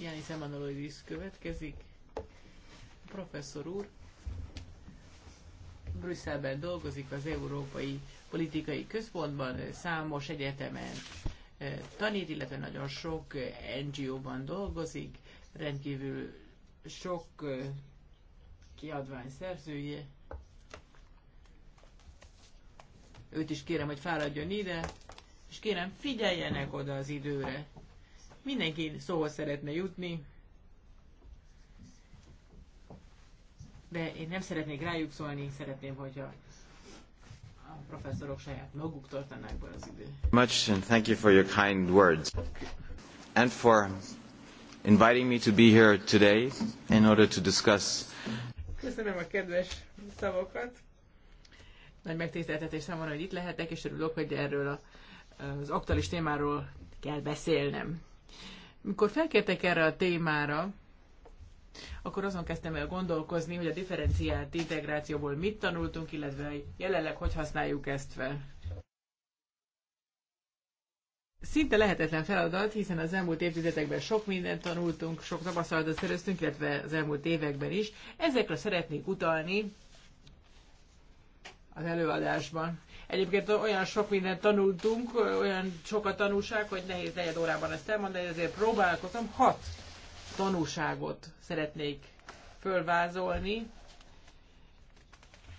Jani Szemanolóidis következik. A professzor úr Brüsszelben dolgozik az Európai Politikai Központban, számos egyetemen eh, tanít, illetve nagyon sok eh, NGO-ban dolgozik, rendkívül sok eh, kiadvány szerzője. Őt is kérem, hogy fáradjon ide, és kérem figyeljenek oda az időre. Mindenki szóhoz szeretne jutni, de én nem szeretnék rájuk szólni, szeretném, hogyha a professzorok saját maguk tartanák be az időt. Much and thank you for your kind words and for inviting me to be here today in order to discuss. Köszönöm a kedves szavakat. Nagy megtiszteltetés számomra, hogy itt lehetek, és örülök, hogy erről a, az aktuális témáról kell beszélnem. Mikor felkértek erre a témára, akkor azon kezdtem el gondolkozni, hogy a differenciált integrációból mit tanultunk, illetve jelenleg hogy használjuk ezt fel. Szinte lehetetlen feladat, hiszen az elmúlt évtizedekben sok mindent tanultunk, sok tapasztalatot szereztünk, illetve az elmúlt években is. Ezekre szeretnék utalni az előadásban. Egyébként olyan sok mindent tanultunk, olyan sok a tanulság, hogy nehéz negyed órában ezt elmondani, ezért próbálkozom. Hat tanulságot szeretnék fölvázolni.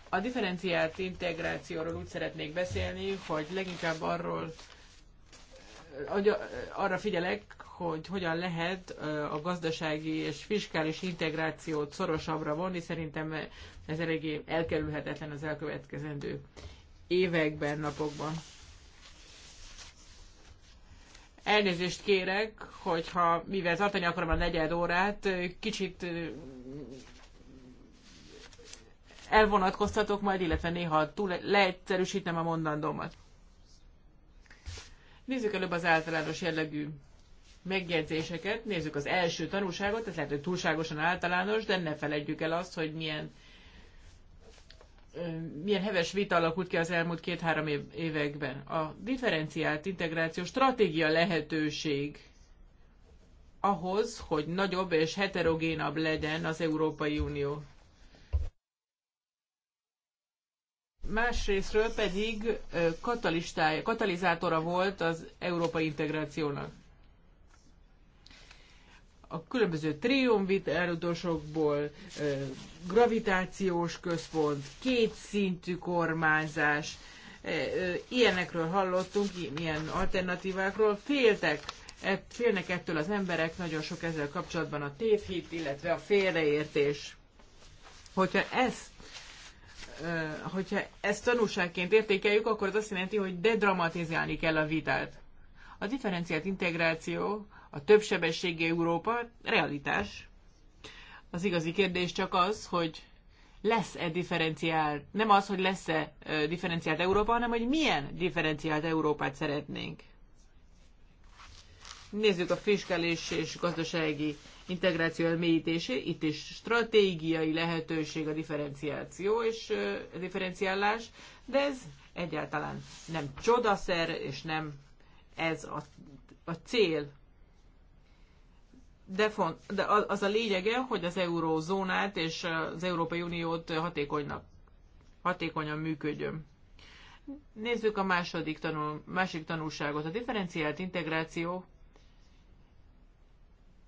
A differenciált integrációról úgy szeretnék beszélni, hogy leginkább arról arra figyelek, hogy hogyan lehet a gazdasági és fiskális integrációt szorosabbra vonni, szerintem ez eléggé elkerülhetetlen az elkövetkezendő években, napokban. Elnézést kérek, hogyha mivel tartani akarom a negyed órát, kicsit elvonatkoztatok majd, illetve néha túl leegyszerűsítem a mondandómat. Nézzük előbb az általános jellegű megjegyzéseket, nézzük az első tanulságot, ez lehet, hogy túlságosan általános, de ne felejtjük el azt, hogy milyen milyen heves vita alakult ki az elmúlt két-három év, években. A differenciált integráció stratégia lehetőség ahhoz, hogy nagyobb és heterogénabb legyen az Európai Unió. Másrésztről pedig katalizátora volt az európai integrációnak a különböző triumvit elutasokból gravitációs központ, kétszintű kormányzás, ilyenekről hallottunk, ilyen alternatívákról, féltek, félnek ettől az emberek nagyon sok ezzel kapcsolatban a tévhit, illetve a félreértés. Hogyha ezt hogyha ezt tanulságként értékeljük, akkor az azt jelenti, hogy dedramatizálni kell a vitát. A differenciált integráció a többsebességi Európa realitás. Az igazi kérdés csak az, hogy lesz-e differenciált, nem az, hogy lesz-e differenciált Európa, hanem hogy milyen differenciált Európát szeretnénk. Nézzük a fiskális és gazdasági integráció elmélyítését. Itt is stratégiai lehetőség a differenciáció és a differenciálás, de ez egyáltalán nem csodaszer, és nem ez a, a cél de, font, de az a lényege, hogy az eurózónát és az Európai Uniót hatékonynak, hatékonyan működjön. Nézzük a második tanul, másik tanulságot. A differenciált integráció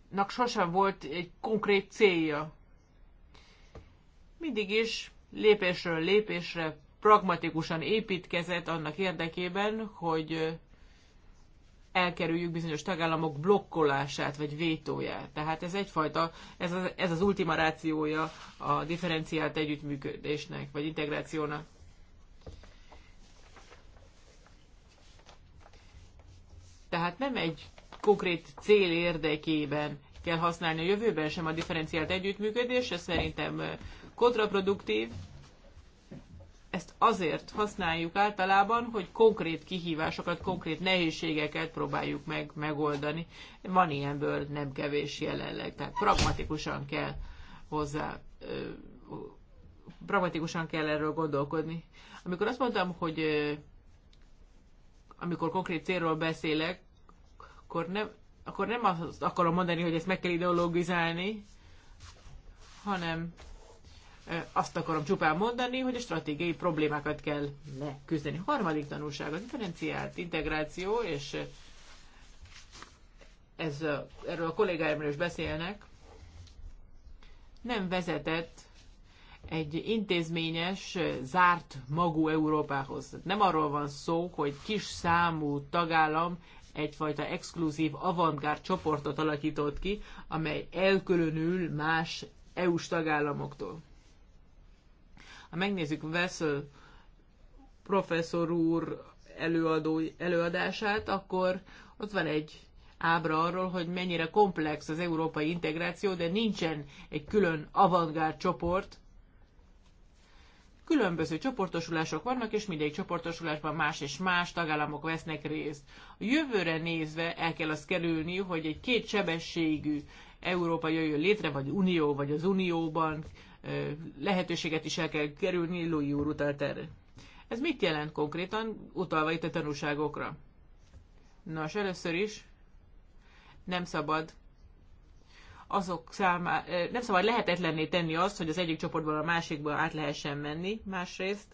nak sosem volt egy konkrét célja. Mindig is lépésről lépésre pragmatikusan építkezett annak érdekében, hogy elkerüljük bizonyos tagállamok blokkolását vagy vétóját. Tehát ez egyfajta, ez az, ez az ultima rációja a differenciált együttműködésnek vagy integrációnak. Tehát nem egy konkrét cél érdekében kell használni a jövőben sem a differenciált együttműködés, ez szerintem kontraproduktív, ezt azért használjuk általában, hogy konkrét kihívásokat, konkrét nehézségeket próbáljuk meg megoldani. Van ilyenből nem kevés jelenleg, tehát pragmatikusan kell hozzá, ö, pragmatikusan kell erről gondolkodni. Amikor azt mondtam, hogy ö, amikor konkrét célról beszélek, akkor nem, akkor nem azt akarom mondani, hogy ezt meg kell ideologizálni, hanem azt akarom csupán mondani, hogy a stratégiai problémákat kell leküzdeni. Harmadik tanulság, a differenciált integráció, és ez, erről a kollégáimról is beszélnek, nem vezetett egy intézményes, zárt magú Európához. Nem arról van szó, hogy kis számú tagállam egyfajta exkluzív avantgárd csoportot alakított ki, amely elkülönül más EU-s tagállamoktól. Ha megnézzük Vessel professzor úr előadó, előadását, akkor ott van egy ábra arról, hogy mennyire komplex az európai integráció, de nincsen egy külön avantgárd csoport. Különböző csoportosulások vannak, és mindegy csoportosulásban más és más tagállamok vesznek részt. A jövőre nézve el kell azt kerülni, hogy egy kétsebességű Európa jöjjön létre, vagy unió, vagy az unióban lehetőséget is el kell kerülni, Louis úr utalt erre. Ez mit jelent konkrétan, utalva itt a tanúságokra? Nos, először is nem szabad azok számá, nem szabad lehetetlenné tenni azt, hogy az egyik csoportból a másikba át lehessen menni, másrészt.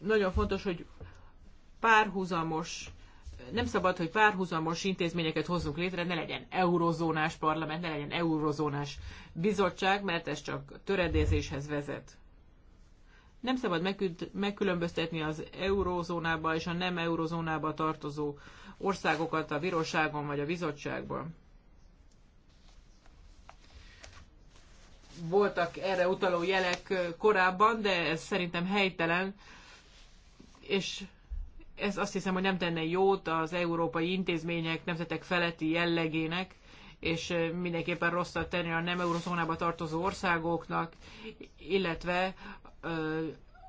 Nagyon fontos, hogy párhuzamos nem szabad, hogy párhuzamos intézményeket hozzunk létre, ne legyen eurozónás parlament, ne legyen eurozónás bizottság, mert ez csak töredézéshez vezet. Nem szabad megkülönböztetni az eurozónába és a nem eurozónába tartozó országokat a bíróságon vagy a bizottságban. Voltak erre utaló jelek korábban, de ez szerintem helytelen, és ez azt hiszem, hogy nem tenne jót az európai intézmények nemzetek feletti jellegének, és mindenképpen rosszat tenni a nem eurozónába tartozó országoknak, illetve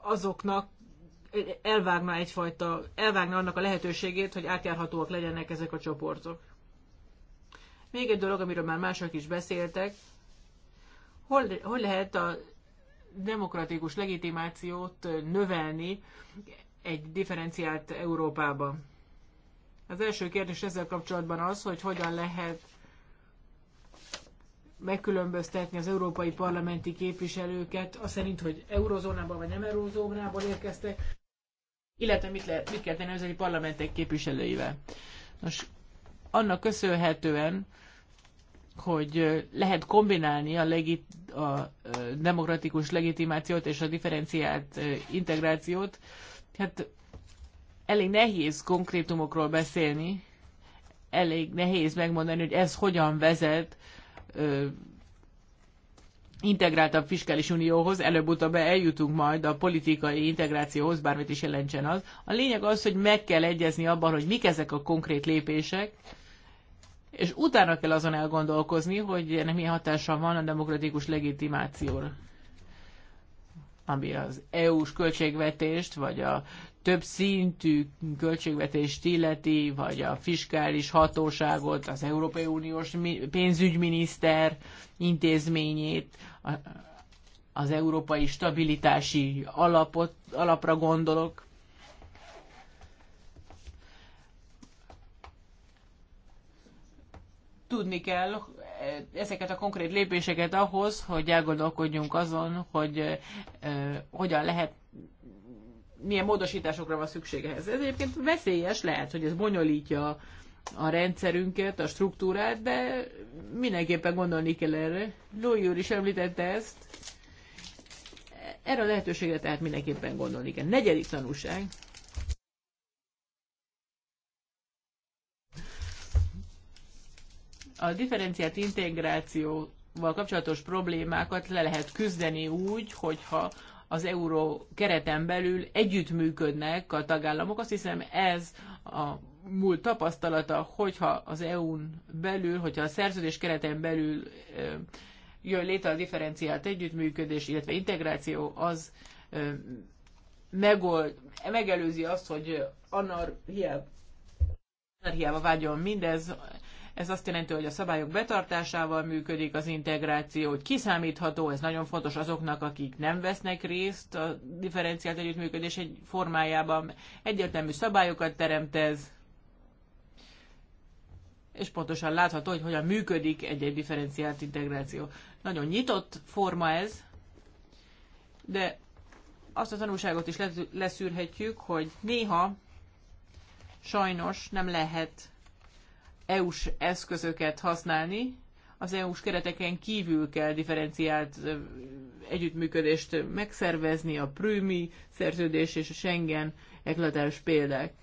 azoknak elvágna egyfajta, elvágna annak a lehetőségét, hogy átjárhatóak legyenek ezek a csoportok. Még egy dolog, amiről már mások is beszéltek, hol, hol lehet a demokratikus legitimációt növelni egy differenciált Európában. Az első kérdés ezzel kapcsolatban az, hogy hogyan lehet megkülönböztetni az európai parlamenti képviselőket, azt szerint, hogy eurozónában vagy nem eurozónában érkeztek, illetve mit, lehet, mit kell tenni az egy parlamentek képviselőivel. Nos, annak köszönhetően, hogy lehet kombinálni a, legit, a demokratikus legitimációt és a differenciált integrációt, hát elég nehéz konkrétumokról beszélni, elég nehéz megmondani, hogy ez hogyan vezet ö, integráltabb fiskális unióhoz, előbb-utóbb eljutunk majd a politikai integrációhoz, bármit is jelentsen az. A lényeg az, hogy meg kell egyezni abban, hogy mik ezek a konkrét lépések, és utána kell azon elgondolkozni, hogy ennek milyen hatása van a demokratikus legitimációra ami az EU-s költségvetést, vagy a több szintű költségvetést illeti, vagy a fiskális hatóságot, az Európai Uniós pénzügyminiszter intézményét, az Európai Stabilitási alapot, Alapra gondolok. Tudni kell, ezeket a konkrét lépéseket ahhoz, hogy elgondolkodjunk azon, hogy hogyan lehet milyen módosításokra van szüksége ehhez. Ez egyébként veszélyes lehet, hogy ez bonyolítja a rendszerünket, a struktúrát, de mindenképpen gondolni kell erre. Lói úr is említette ezt. Erre a lehetőségre tehát mindenképpen gondolni kell. Negyedik tanulság. a differenciált integrációval kapcsolatos problémákat le lehet küzdeni úgy, hogyha az euró kereten belül együttműködnek a tagállamok. Azt hiszem ez a múlt tapasztalata, hogyha az EU-n belül, hogyha a szerződés kereten belül jön létre a differenciált együttműködés, illetve integráció, az megold, megelőzi azt, hogy anarhiába hiába, mindez, ez azt jelenti, hogy a szabályok betartásával működik az integráció, hogy kiszámítható, ez nagyon fontos azoknak, akik nem vesznek részt a differenciált együttműködés egy formájában. Egyértelmű szabályokat teremt ez, és pontosan látható, hogy hogyan működik egy-egy differenciált integráció. Nagyon nyitott forma ez, de azt a tanulságot is leszűrhetjük, hogy néha sajnos nem lehet EU-s eszközöket használni, az EU-s kereteken kívül kell differenciált együttműködést megszervezni, a Prümi szerződés és a Schengen eklatás példák.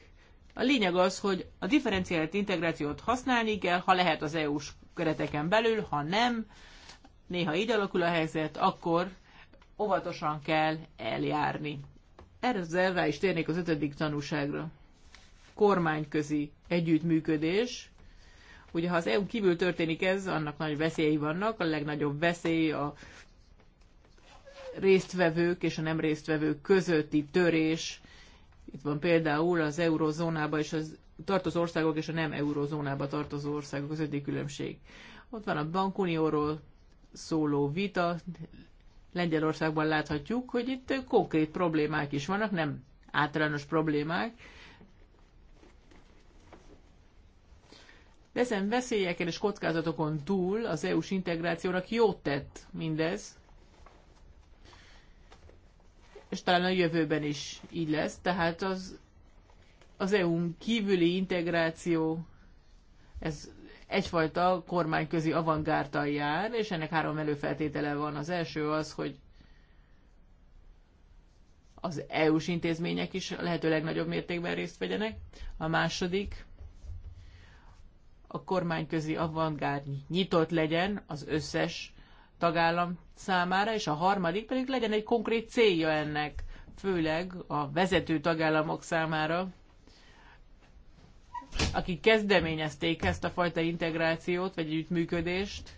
A lényeg az, hogy a differenciált integrációt használni kell, ha lehet az EU-s kereteken belül, ha nem, néha így alakul a helyzet, akkor óvatosan kell eljárni. Erre rá is térnék az ötödik tanúságra. Kormányközi együttműködés, Ugye ha az EU kívül történik ez, annak nagy veszélyei vannak. A legnagyobb veszély a résztvevők és a nem résztvevők közötti törés. Itt van például az eurozónába és az tartozó országok és a nem eurozónába tartozó országok közötti különbség. Ott van a bankunióról szóló vita, Lengyelországban láthatjuk, hogy itt konkrét problémák is vannak, nem általános problémák, De ezen veszélyeken és kockázatokon túl az EU-s integrációnak jót tett mindez, és talán a jövőben is így lesz, tehát az, az EU-n kívüli integráció ez egyfajta kormányközi avantgárdal jár, és ennek három előfeltétele van. Az első az, hogy az EU-s intézmények is lehető legnagyobb mértékben részt vegyenek. A második, a kormányközi avantgárd nyitott legyen az összes tagállam számára, és a harmadik pedig legyen egy konkrét célja ennek, főleg a vezető tagállamok számára, akik kezdeményezték ezt a fajta integrációt, vagy együttműködést,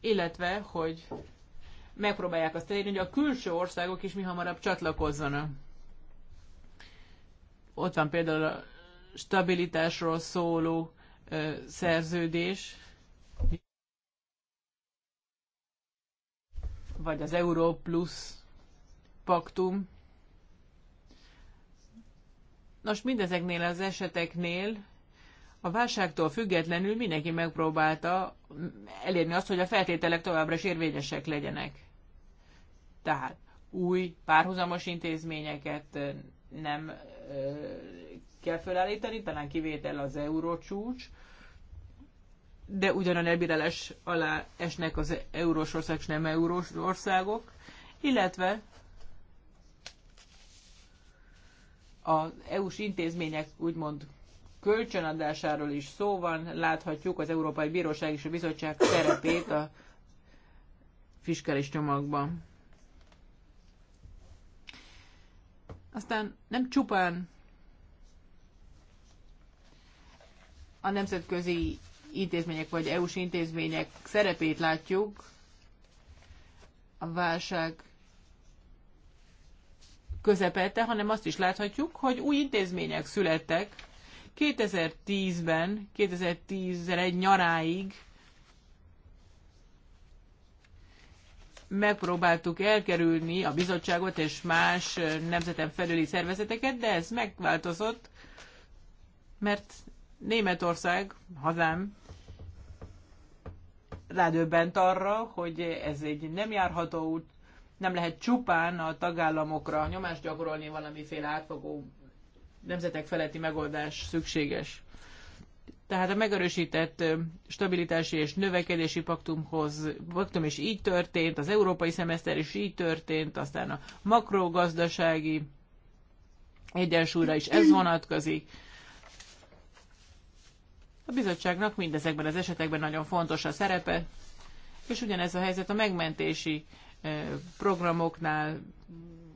illetve, hogy megpróbálják azt elérni, hogy a külső országok is mi hamarabb csatlakozzanak. Ott van például a stabilitásról szóló szerződés, vagy az Euró plusz paktum. Nos, mindezeknél az eseteknél a válságtól függetlenül mindenki megpróbálta elérni azt, hogy a feltételek továbbra is érvényesek legyenek. Tehát új párhuzamos intézményeket nem kell felállítani, talán kivétel az eurócsúcs, de ugyanan elbírálás alá esnek az eurós ország és nem eurós országok, illetve az EU-s intézmények úgymond kölcsönadásáról is szó van, láthatjuk az Európai Bíróság és a Bizottság szerepét a fiskális csomagban. Aztán nem csupán a nemzetközi intézmények vagy EU-s intézmények szerepét látjuk a válság közepette, hanem azt is láthatjuk, hogy új intézmények születtek 2010-ben, 2011 nyaráig megpróbáltuk elkerülni a bizottságot és más nemzeten felüli szervezeteket, de ez megváltozott, mert Németország, hazám, rádöbbent arra, hogy ez egy nem járható út, nem lehet csupán a tagállamokra nyomást gyakorolni valamiféle átfogó nemzetek feletti megoldás szükséges. Tehát a megerősített stabilitási és növekedési paktumhoz, paktum is így történt, az európai szemeszter is így történt, aztán a makrogazdasági egyensúlyra is ez vonatkozik. A bizottságnak mindezekben az esetekben nagyon fontos a szerepe, és ugyanez a helyzet a megmentési programoknál,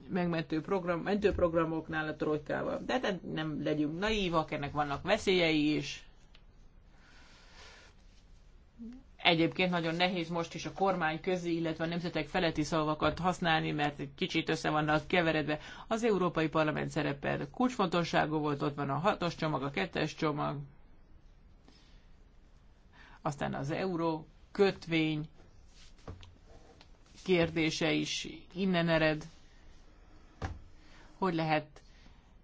megmentő program, programoknál a trojkával. De hát nem legyünk naívak, ennek vannak veszélyei is. Egyébként nagyon nehéz most is a kormány közi, illetve a nemzetek feletti szavakat használni, mert egy kicsit össze vannak keveredve. Az Európai Parlament szerepe kulcsfontosságú volt, ott van a hatos csomag, a kettes csomag, aztán az euró kötvény kérdése is innen ered, hogy lehet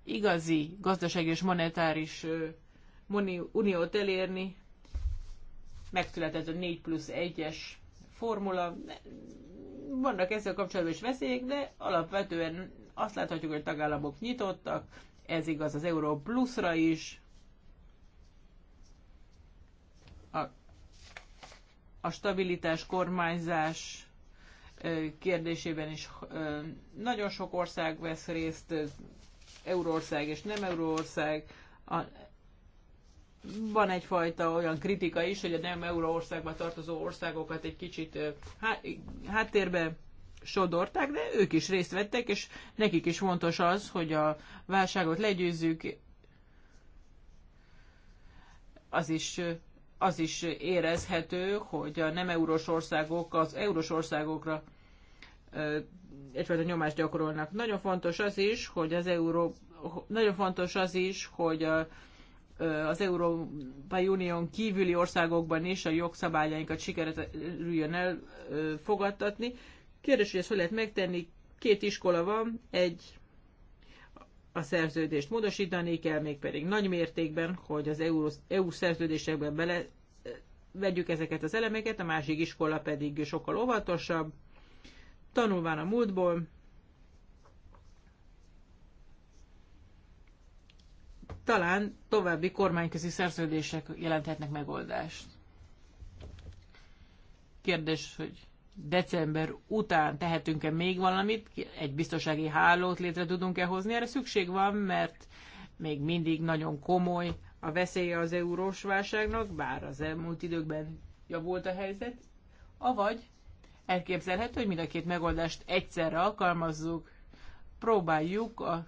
igazi gazdaság és monetáris uniót elérni, megszületett a 4 plusz 1-es formula. Vannak ezzel kapcsolatban is veszélyek, de alapvetően azt láthatjuk, hogy tagállamok nyitottak, ez igaz az Euró pluszra is. A, a stabilitás, kormányzás kérdésében is nagyon sok ország vesz részt, Euróország és nem Euróország. A van egyfajta olyan kritika is, hogy a nem euróországba tartozó országokat egy kicsit háttérbe sodorták, de ők is részt vettek, és nekik is fontos az, hogy a válságot legyőzzük. Az is, az is érezhető, hogy a nem eurós országok az eurós országokra egyfajta nyomást gyakorolnak. Nagyon fontos az is, hogy az euró, nagyon fontos az is, hogy a az Európai Unión kívüli országokban is a jogszabályainkat sikerüljön elfogadtatni. Kérdés, hogy ezt hogy lehet megtenni? Két iskola van, egy a szerződést módosítani kell, pedig nagy mértékben, hogy az EU, EU szerződésekben bele vegyük ezeket az elemeket, a másik iskola pedig sokkal óvatosabb, tanulván a múltból, talán további kormányközi szerződések jelenthetnek megoldást. Kérdés, hogy december után tehetünk-e még valamit, egy biztonsági hálót létre tudunk-e hozni, erre szükség van, mert még mindig nagyon komoly a veszélye az eurós válságnak, bár az elmúlt időkben javult a helyzet, avagy elképzelhető, hogy mind a két megoldást egyszerre alkalmazzuk, próbáljuk a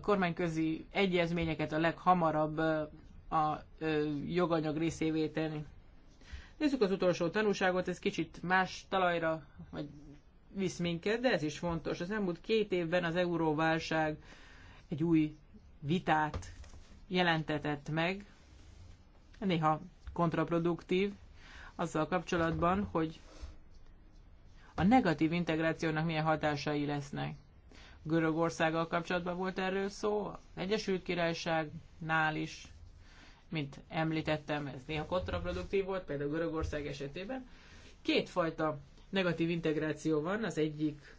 kormányközi egyezményeket a leghamarabb a joganyag részévé tenni. Nézzük az utolsó tanúságot, ez kicsit más talajra vagy visz minket, de ez is fontos. Az elmúlt két évben az euróválság egy új vitát jelentetett meg, néha kontraproduktív, azzal kapcsolatban, hogy a negatív integrációnak milyen hatásai lesznek. Görögországgal kapcsolatban volt erről szó, az Egyesült Királyságnál is, mint említettem, ez néha kontraproduktív volt, például Görögország esetében. Kétfajta negatív integráció van, az egyik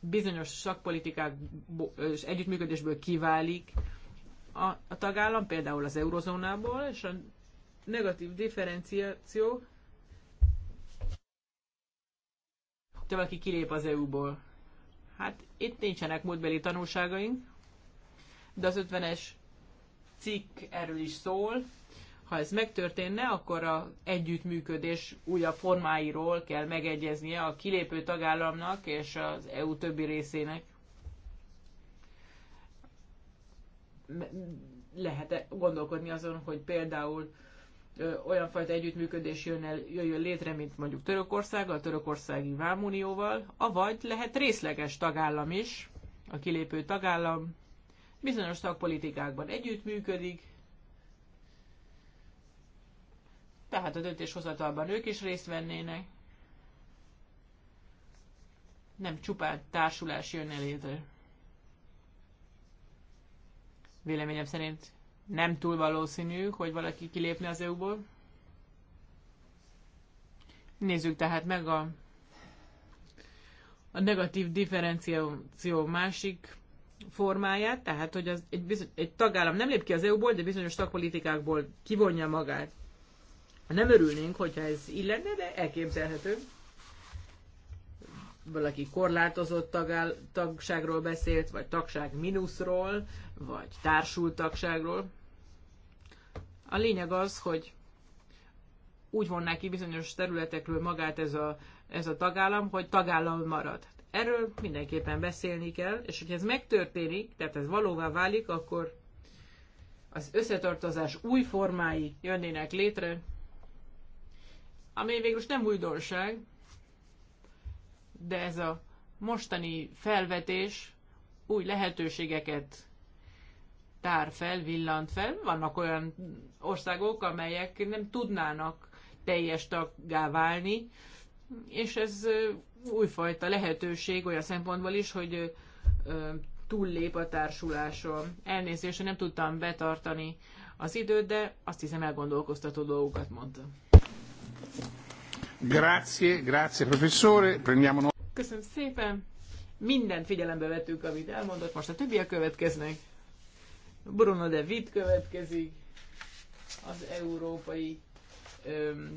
bizonyos szakpolitikák és együttműködésből kiválik a, a tagállam, például az eurozónából, és a negatív differenciáció hogyha valaki kilép az EU-ból. Hát itt nincsenek múltbeli tanulságaink, de az 50-es cikk erről is szól. Ha ez megtörténne, akkor a együttműködés újabb formáiról kell megegyeznie a kilépő tagállamnak és az EU többi részének. lehet -e gondolkodni azon, hogy például olyan fajta együttműködés jön el, jöjjön létre, mint mondjuk Törökországgal, a törökországi vámunióval, avagy lehet részleges tagállam is, a kilépő tagállam bizonyos tagpolitikákban együttműködik, tehát a döntéshozatalban ők is részt vennének. Nem csupán társulás jönne létre. Véleményem szerint nem túl valószínű, hogy valaki kilépne az EU-ból. Nézzük tehát meg a, a negatív differenciáció másik formáját, tehát hogy az egy, bizony, egy tagállam nem lép ki az EU-ból, de bizonyos tagpolitikákból kivonja magát. Nem örülnénk, hogyha ez így lenne, de elképzelhető. Valaki korlátozott tagáll, tagságról beszélt, vagy tagság mínuszról, vagy társult tagságról. A lényeg az, hogy úgy vonná ki bizonyos területekről magát ez a, ez a tagállam, hogy tagállam marad. Erről mindenképpen beszélni kell, és hogyha ez megtörténik, tehát ez valóvá válik, akkor az összetartozás új formái jönnének létre, ami végül nem újdonság, de ez a mostani felvetés új lehetőségeket tár fel, villant fel. Vannak olyan országok, amelyek nem tudnának teljes taggá válni, és ez újfajta lehetőség olyan szempontból is, hogy túllép a társuláson. Elnézést, nem tudtam betartani az időt, de azt hiszem elgondolkoztató dolgokat mondtam. Grazie, grazie professore, prendiamo Köszönöm szépen. Mindent figyelembe vettük, amit elmondott, most a többiek következnek. Bruno de Witt következik, az Európai öm,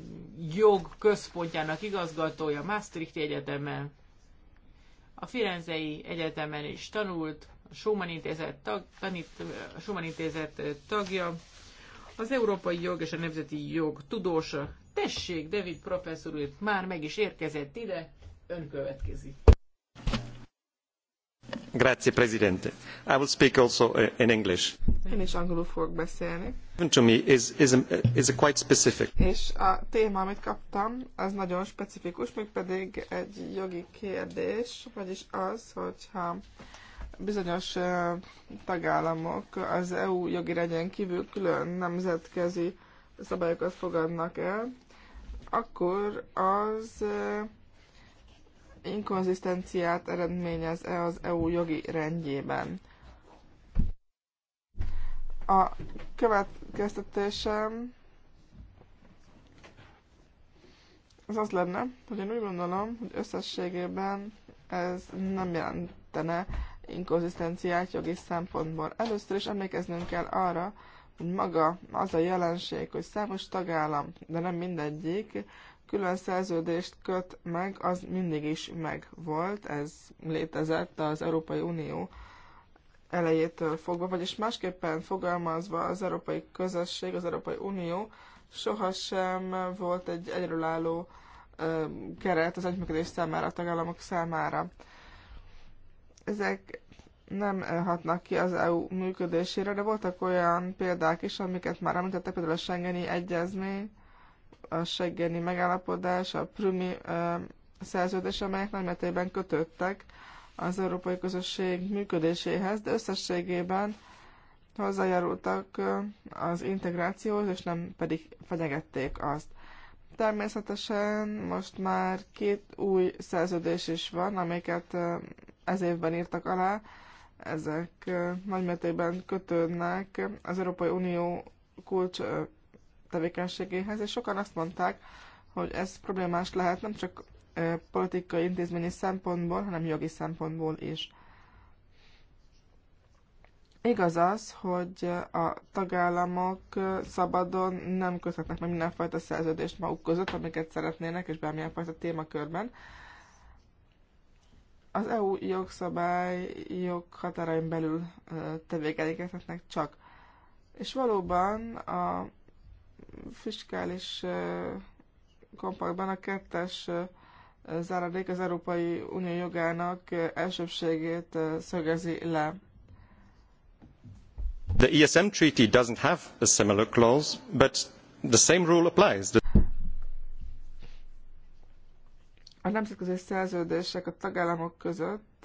Jog Központjának igazgatója Maastricht Egyetemen, a Firenzei Egyetemen is tanult, a Schumann Intézet, tag, tanít, a Schumann Intézet tagja, az Európai Jog és a Nemzeti Jog tudósa. Tessék, David professzor úr, már meg is érkezett ide, ön következik. Grazie, uh, To me is, a, uh, a quite specific. És a téma, amit kaptam, az nagyon specifikus, mégpedig egy jogi kérdés, vagyis az, hogyha bizonyos uh, tagállamok az EU jogi regyen kívül külön nemzetközi szabályokat fogadnak el, akkor az inkonzisztenciát eredményez-e az EU jogi rendjében. A következtetésem az az lenne, hogy én úgy gondolom, hogy összességében ez nem jelentene inkonzisztenciát jogi szempontból. Először is emlékeznünk kell arra, hogy maga az a jelenség, hogy számos tagállam, de nem mindegyik, külön szerződést köt meg, az mindig is megvolt, ez létezett az Európai Unió elejétől fogva, vagyis másképpen fogalmazva az Európai Közösség, az Európai Unió sohasem volt egy egyrülálló keret az együttműködés számára, a tagállamok számára. Ezek nem hatnak ki az EU működésére, de voltak olyan példák is, amiket már említettek, például a Schengeni Egyezmény, a Schengeni megállapodás, a Prümi szerződés, amelyek nagymetében kötöttek az európai közösség működéséhez, de összességében hozzájárultak az integrációhoz, és nem pedig fenyegették azt. Természetesen most már két új szerződés is van, amiket ez évben írtak alá. Ezek nagymértékben kötődnek az Európai Unió kulcs tevékenységéhez, és sokan azt mondták, hogy ez problémás lehet nem csak politikai intézményi szempontból, hanem jogi szempontból is. Igaz az, hogy a tagállamok szabadon nem köthetnek meg mindenfajta szerződést maguk között, amiket szeretnének, és bármilyen fajta témakörben. Az EU jogszabályok határain belül tevékenykedhetnek csak. És valóban a fiskális kompaktban a kettes záradék az Európai Unió jogának elsőbségét szögezi le. The ESM treaty doesn't have a similar clause, but the same rule applies. A nemzetközi szerződések a tagállamok között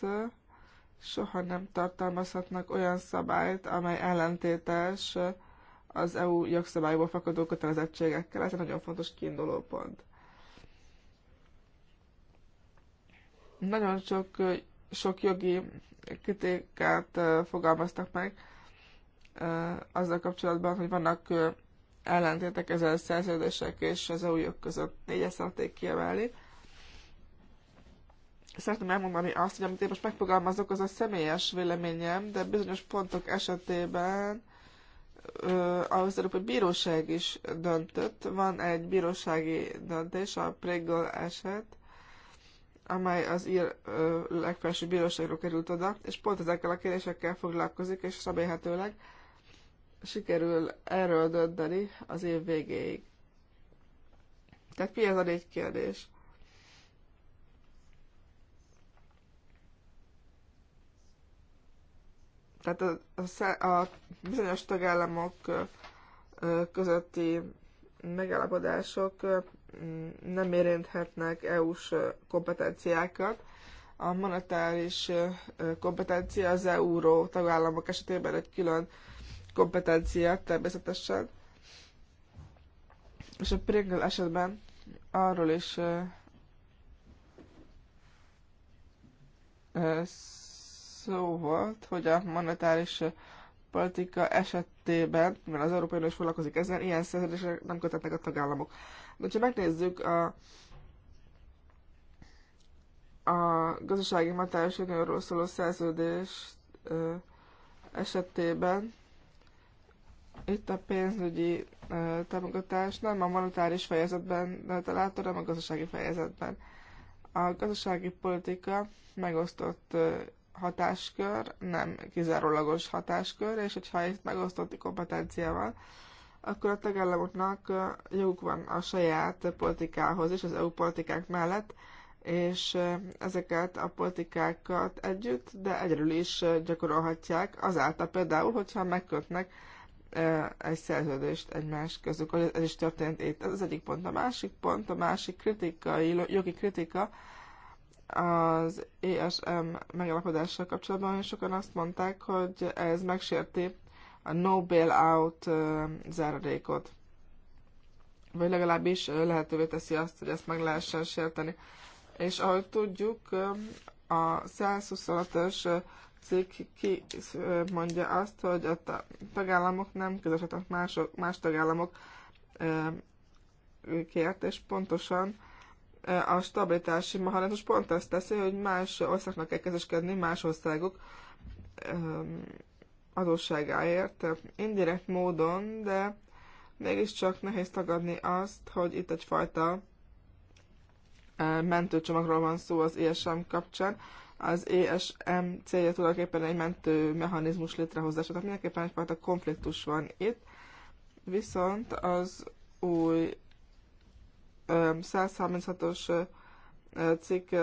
soha nem tartalmazhatnak olyan szabályt, amely ellentétes az EU jogszabályból fakadó kötelezettségekkel. Ez egy nagyon fontos kiinduló pont. Nagyon sok, sok jogi kritikát fogalmaztak meg azzal kapcsolatban, hogy vannak ellentétek ezen szerződések és az EU jog között. Négyes szeretnék kiemelni szeretném elmondani azt, hogy amit én most megfogalmazok, az a személyes véleményem, de bizonyos pontok esetében az Európai Bíróság is döntött. Van egy bírósági döntés, a Pregol eset, amely az ír legfelső legfelsőbb bíróságról került oda, és pont ezekkel a kérésekkel foglalkozik, és remélhetőleg sikerül erről dönteni az év végéig. Tehát mi ez a négy kérdés? tehát a, a, a bizonyos tagállamok közötti megállapodások nem érinthetnek EU-s kompetenciákat. A monetáris kompetencia az euró tagállamok esetében egy külön kompetencia természetesen. És a Pringle esetben arról is szó volt, hogy a monetáris politika esetében, mivel az Európai Unió is foglalkozik ezzel, ilyen szerződések nem kötetnek a tagállamok. De ha megnézzük a, a gazdasági monetáris unióról szóló szerződés esetében, itt a pénzügyi támogatás nem a monetáris fejezetben található, hanem a gazdasági fejezetben. A gazdasági politika megosztott hatáskör, nem kizárólagos hatáskör, és hogyha ezt megosztotti kompetenciával, akkor a tagállamoknak joguk van a saját politikához és az EU politikák mellett, és ezeket a politikákat együtt, de egyről is gyakorolhatják, azáltal például, hogyha megkötnek egy szerződést egymás közük, ez is történt itt. Ez az egyik pont. A másik pont, a másik kritikai, jogi kritika, az ESM megalapodással kapcsolatban, és sokan azt mondták, hogy ez megsérti a no bailout záradékot. Vagy legalábbis lehetővé teszi azt, hogy ezt meg lehessen sérteni. És ahogy tudjuk, a 126 ös cikk ki mondja azt, hogy a tagállamok nem közösetek mások más tagállamok kért, és pontosan a stabilitási mechanizmus pont azt teszi, hogy más országnak kell kezeskedni, más országok adósságáért indirekt módon, de mégiscsak nehéz tagadni azt, hogy itt egyfajta mentőcsomagról van szó az ESM kapcsán. Az ESM célja tulajdonképpen egy mentő mechanizmus létrehozása, tehát mindenképpen egyfajta konfliktus van itt, viszont az új 136-os cikk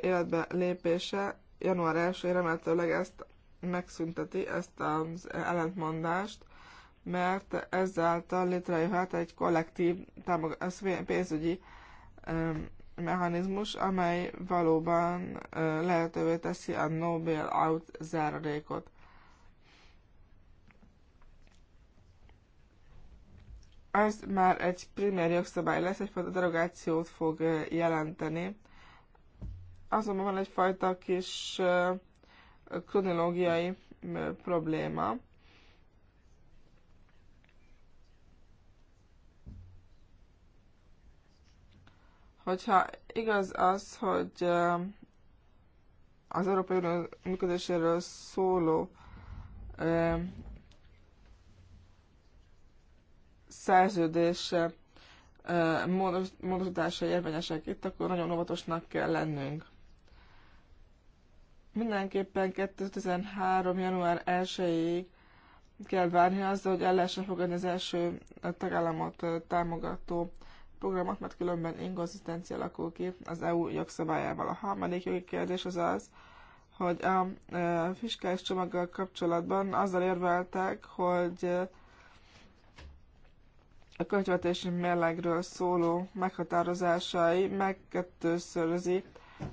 életbe lépése január 1-én remélhetőleg ezt megszünteti, ezt az ellentmondást, mert ezáltal létrejöhet egy kollektív támog- pénzügyi mechanizmus, amely valóban lehetővé teszi a Nobel Out záradékot. az már egy primér jogszabály lesz, egyfajta derogációt fog jelenteni. Azonban van egyfajta kis kronológiai probléma. Hogyha igaz az, hogy az Európai Unió működéséről szóló szerződés módosítása érvényesek itt, akkor nagyon óvatosnak kell lennünk. Mindenképpen 2013. január 1-ig kell várni azzal, hogy el lehessen fogadni az első tagállamot támogató programot, mert különben inkonzisztencia alakul ki az EU jogszabályával. A harmadik jogi kérdés az az, hogy a fiskális csomaggal kapcsolatban azzal érveltek, hogy a költségvetési mérlegről szóló meghatározásai megkettőszörözi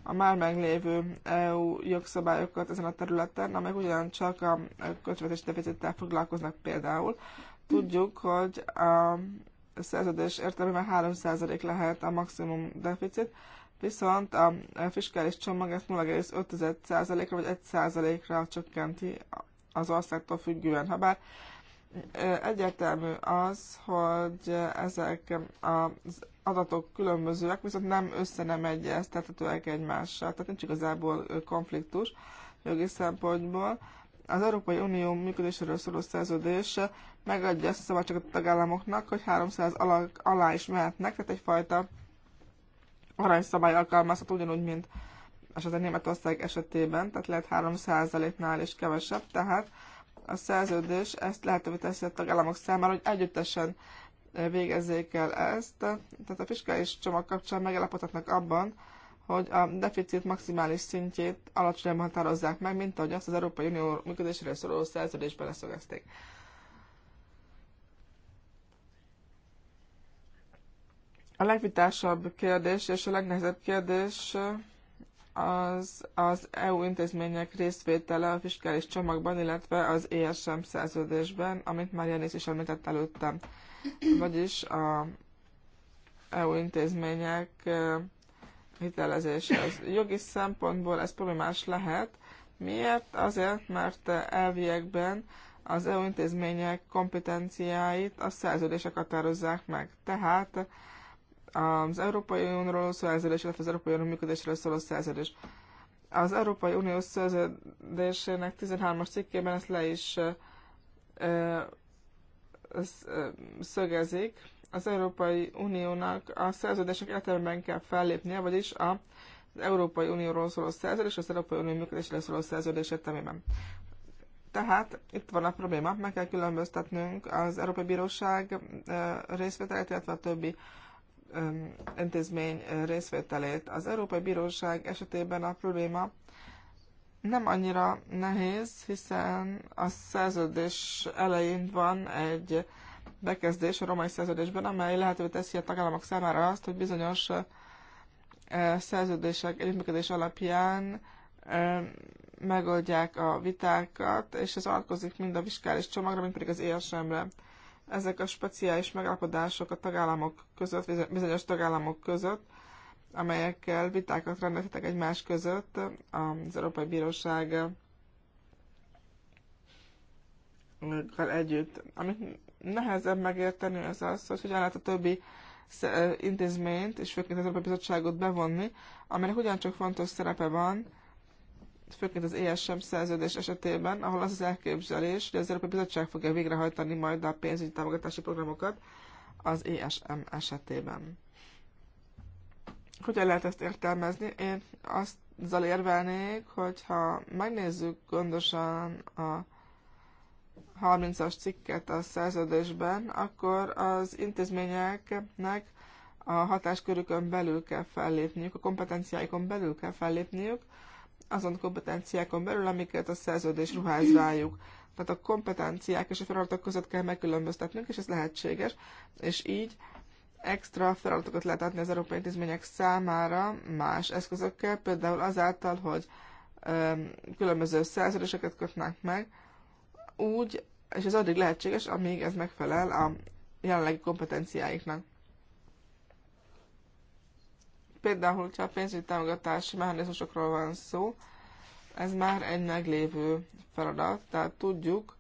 a már meglévő EU jogszabályokat ezen a területen, amelyek ugyancsak a költségvetési deficittel foglalkoznak például. Tudjuk, hogy a szerződés értelemben 3% lehet a maximum deficit, viszont a fiskális csomag ezt 0,5%-ra vagy 1%-ra csökkenti az országtól függően, ha bár Egyértelmű az, hogy ezek az adatok különbözőek, viszont nem össze nem egyeztethetőek egymással, tehát nincs igazából konfliktus jogi szempontból. Az Európai Unió működéséről szóló szerződés megadja ezt a szabadságot a tagállamoknak, hogy 300 alá, alá is mehetnek, tehát egyfajta arányszabály alkalmazható, ugyanúgy, mint az a Németország esetében, tehát lehet 3%-nál is kevesebb, tehát a szerződés ezt lehetővé teszi a tagállamok számára, hogy együttesen végezzék el ezt. Tehát a fiskális csomag kapcsán megállapodhatnak abban, hogy a deficit maximális szintjét alacsonyabb határozzák meg, mint ahogy azt az Európai Unió működésére szóló szerződésben leszögezték. A legvitásabb kérdés és a legnehezebb kérdés az az EU intézmények részvétele a fiskális csomagban, illetve az ESM szerződésben, amit már Janis is említett előttem. Vagyis a EU intézmények hitelezése. Az jogi szempontból ez problémás lehet. Miért? Azért, mert elviekben az EU intézmények kompetenciáit a szerződések határozzák meg. Tehát az Európai Unióról szerződés, illetve az Európai Unió működésről szóló szerződés. Az Európai Unió szerződésének 13-as cikkében ezt le is ö, szögezik. Az Európai Uniónak a szerződések értelemben kell fellépnie, vagyis a az Európai Unióról szóló szerződés, az Európai Unió működésről szóló szerződés értelmében. Tehát itt van a probléma, meg kell különböztetnünk az Európai Bíróság részvételét, illetve a többi intézmény részvételét. Az Európai Bíróság esetében a probléma nem annyira nehéz, hiszen a szerződés elején van egy bekezdés a romai szerződésben, amely lehetővé teszi a tagállamok számára azt, hogy bizonyos szerződések együttműködés alapján megoldják a vitákat, és ez alkozik mind a viskális csomagra, mind pedig az ESM-re ezek a speciális megállapodások a tagállamok között, bizonyos tagállamok között, amelyekkel vitákat rendezhetek egymás között az Európai Bíróság együtt. Amit nehezebb megérteni az az, hogy hogyan lehet a többi intézményt, és főként az Európai Bizottságot bevonni, amelynek ugyancsak fontos szerepe van főként az ESM szerződés esetében, ahol az az elképzelés, hogy az Európai Bizottság fogja végrehajtani majd a pénzügyi támogatási programokat az ESM esetében. Hogyan lehet ezt értelmezni? Én azt azzal érvelnék, hogyha megnézzük gondosan a 30-as cikket a szerződésben, akkor az intézményeknek a hatáskörükön belül kell fellépniük, a kompetenciáikon belül kell fellépniük, azon kompetenciákon belül, amiket a szerződés ruház rájuk. Tehát a kompetenciák és a feladatok között kell megkülönböztetnünk, és ez lehetséges, és így extra feladatokat lehet adni az európai intézmények számára más eszközökkel, például azáltal, hogy öm, különböző szerződéseket kötnek meg, úgy, és ez addig lehetséges, amíg ez megfelel a jelenlegi kompetenciáiknak. Például, hogyha a pénzügyi támogatási mechanizmusokról van szó, ez már egy meglévő feladat, tehát tudjuk,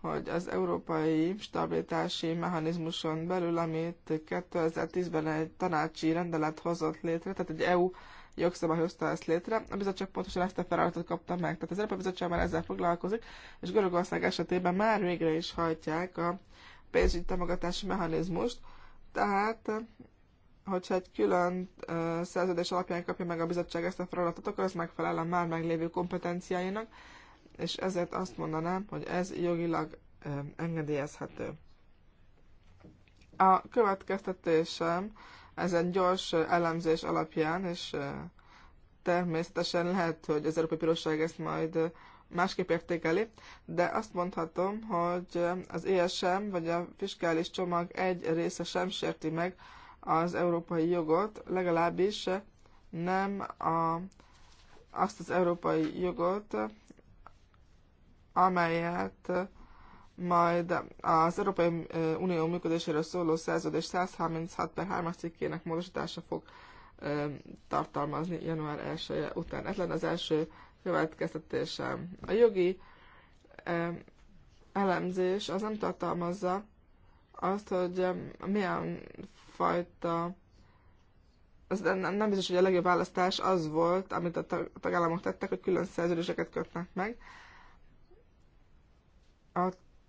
hogy az európai stabilitási mechanizmuson belül, amit 2010-ben egy tanácsi rendelet hozott létre, tehát egy EU jogszabály hozta ezt létre, a bizottság pontosan ezt a feladatot kapta meg. Tehát az Európai Bizottság már ezzel foglalkozik, és Görögország esetében már végre is hajtják a pénzügyi támogatási mechanizmust, tehát hogyha egy külön uh, szerződés alapján kapja meg a bizottság ezt a feladatot, akkor ez megfelel a már meglévő kompetenciáinak, és ezért azt mondanám, hogy ez jogilag ö, engedélyezhető. A következtetésem ezen gyors elemzés alapján, és természetesen lehet, hogy az Európai Bíróság ezt majd másképp értékeli, de azt mondhatom, hogy az ESM vagy a fiskális csomag egy része sem sérti meg az európai jogot, legalábbis nem a, azt az európai jogot, amelyet majd az Európai Unió működéséről szóló szerződés 136 per 3 cikkének módosítása fog tartalmazni január 1 -e után. Ez lenne az első következtetésem. A jogi elemzés az nem tartalmazza azt, hogy milyen fajta ez nem, nem biztos, hogy a legjobb választás az volt, amit a tagállamok tettek, hogy külön szerződéseket kötnek meg. A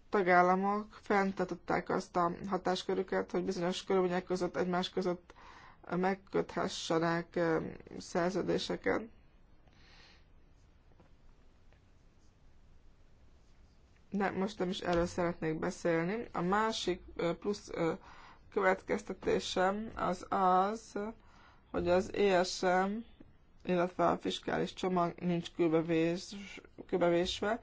tagállamok fenntartották azt a hatáskörüket, hogy bizonyos körülmények között egymás között megköthessenek szerződéseket. De most nem is erről szeretnék beszélni. A másik plusz következtetésem az az, hogy az ESM, illetve a fiskális csomag nincs kőbevés, kőbevésve,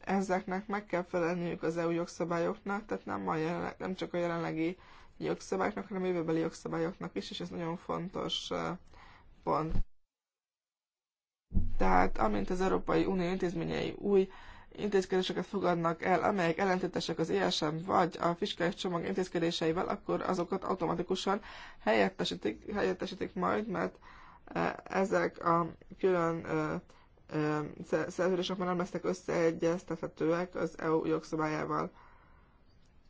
ezeknek meg kell felelniük az EU jogszabályoknak, tehát nem, a jelenleg, nem csak a jelenlegi jogszabályoknak, hanem a jövőbeli jogszabályoknak is, és ez nagyon fontos eh, pont. Tehát amint az Európai Unió intézményei új intézkedéseket fogadnak el, amelyek ellentétesek az ESM vagy a fiskális csomag intézkedéseivel, akkor azokat automatikusan helyettesítik, helyettesítik majd, mert e, ezek a külön e, e, szerződések már nem lesznek összeegyeztethetőek az EU jogszabályával.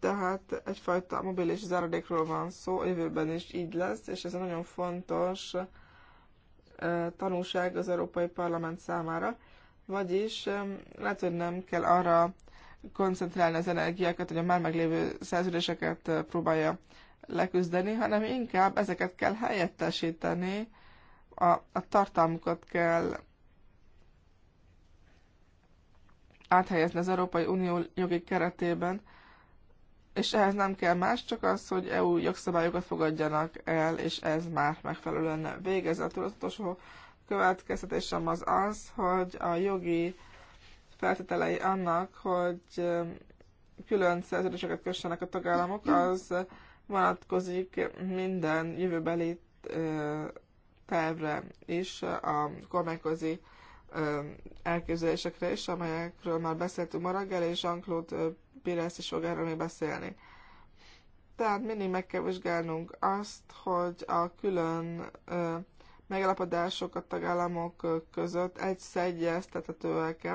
Tehát egyfajta mobilis záradékról van szó, jövőben is így lesz, és ez egy nagyon fontos tanulság az Európai Parlament számára vagyis lehet, hogy nem kell arra koncentrálni az energiákat, hogy a már meglévő szerződéseket próbálja leküzdeni, hanem inkább ezeket kell helyettesíteni, a, a tartalmukat kell áthelyezni az Európai Unió jogi keretében, és ehhez nem kell más, csak az, hogy EU jogszabályokat fogadjanak el, és ez már megfelelően lenne. Végezetül az utolsó következtetésem az az, hogy a jogi feltételei annak, hogy um, külön szerződéseket kössenek a tagállamok, az vonatkozik minden jövőbeli tervre is, a kormányközi elképzelésekre is, amelyekről már beszéltünk ma reggel, és Jean-Claude Pires is fog erről még beszélni. Tehát mindig meg kell vizsgálnunk azt, hogy a külön megállapodások a tagállamok között egyszegyeztethetőek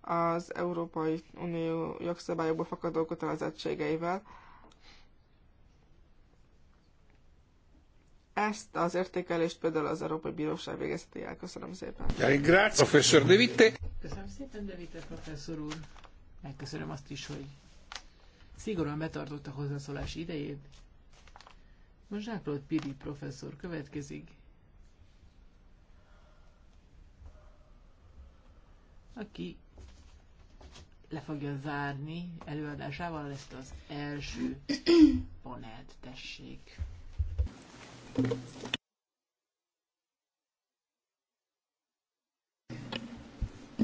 az Európai Unió jogszabályokból fakadó kötelezettségeivel. Ezt az értékelést például az Európai Bíróság végezheti el. Köszönöm szépen. professzor De Köszönöm szépen, De Vitte professzor úr. Megköszönöm azt is, hogy szigorúan betartotta hozzászólási idejét. Most Jean-Claude Piri professzor következik aki le fogja zárni előadásával ezt az első panelt. Tessék!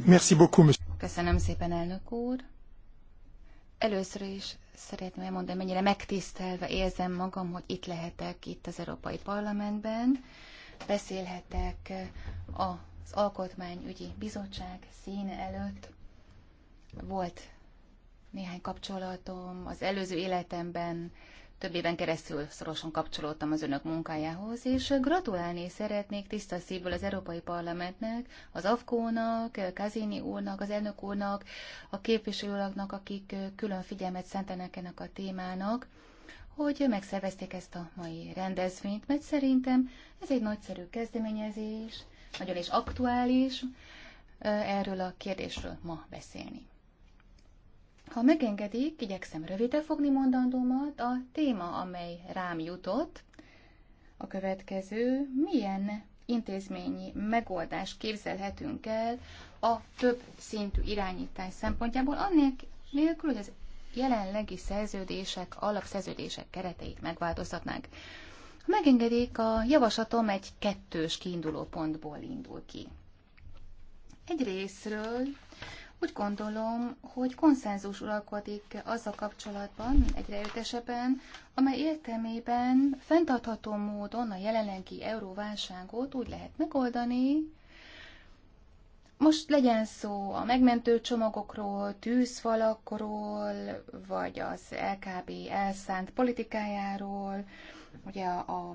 Merci beaucoup, monsieur. Köszönöm szépen, elnök úr. Először is szeretném elmondani, mennyire megtisztelve érzem magam, hogy itt lehetek itt az Európai Parlamentben. Beszélhetek a az Alkotmányügyi Bizottság színe előtt volt néhány kapcsolatom. Az előző életemben több éven keresztül szorosan kapcsolódtam az önök munkájához, és gratulálni szeretnék tiszta szívből az Európai Parlamentnek, az AFKÓ-nak, Kazini úrnak, az elnök úrnak, a képviselőknek akik külön figyelmet szentenek ennek a témának, hogy megszervezték ezt a mai rendezvényt, mert szerintem ez egy nagyszerű kezdeményezés, nagyon is aktuális erről a kérdésről ma beszélni. Ha megengedik, igyekszem rövide fogni mondandómat, a téma, amely rám jutott, a következő, milyen intézményi megoldást képzelhetünk el a több szintű irányítás szempontjából, nélkül, hogy az jelenlegi szerződések, alapszerződések kereteit megváltoztatnánk megengedik, a javaslatom egy kettős kiinduló pontból indul ki. Egy részről úgy gondolom, hogy konszenzus uralkodik azzal kapcsolatban egyre ütesebben, amely értelmében fenntartható módon a jelenlegi euróválságot úgy lehet megoldani, most legyen szó a megmentő csomagokról, tűzfalakról, vagy az LKB elszánt politikájáról, Ugye a, a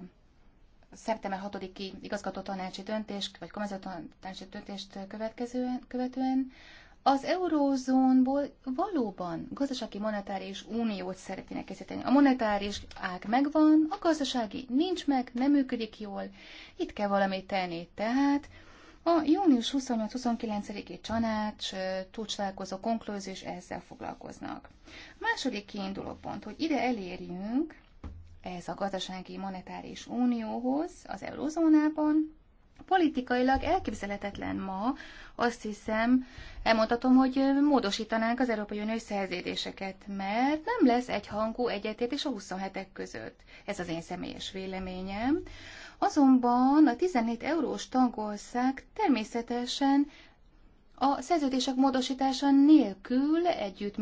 szeptember 6-i igazgató tanácsi döntést, vagy kormányzató tanácsi döntést következően, követően az eurózónból valóban gazdasági monetáris uniót szeretnének készíteni. A monetáris ág megvan, a gazdasági nincs meg, nem működik jól, itt kell valamit tenni. Tehát a június 28-29-i csanács csúcsalálkozó konklúzió ezzel foglalkoznak. A második kiinduló pont, hogy ide elérjünk, ez a gazdasági monetáris unióhoz az eurozónában. Politikailag elképzelhetetlen ma, azt hiszem, elmondhatom, hogy módosítanánk az Európai Unió szerződéseket, mert nem lesz egyhangú egyetértés a 27-ek között. Ez az én személyes véleményem. Azonban a 17 eurós tagország természetesen a szerződések módosítása nélkül együtt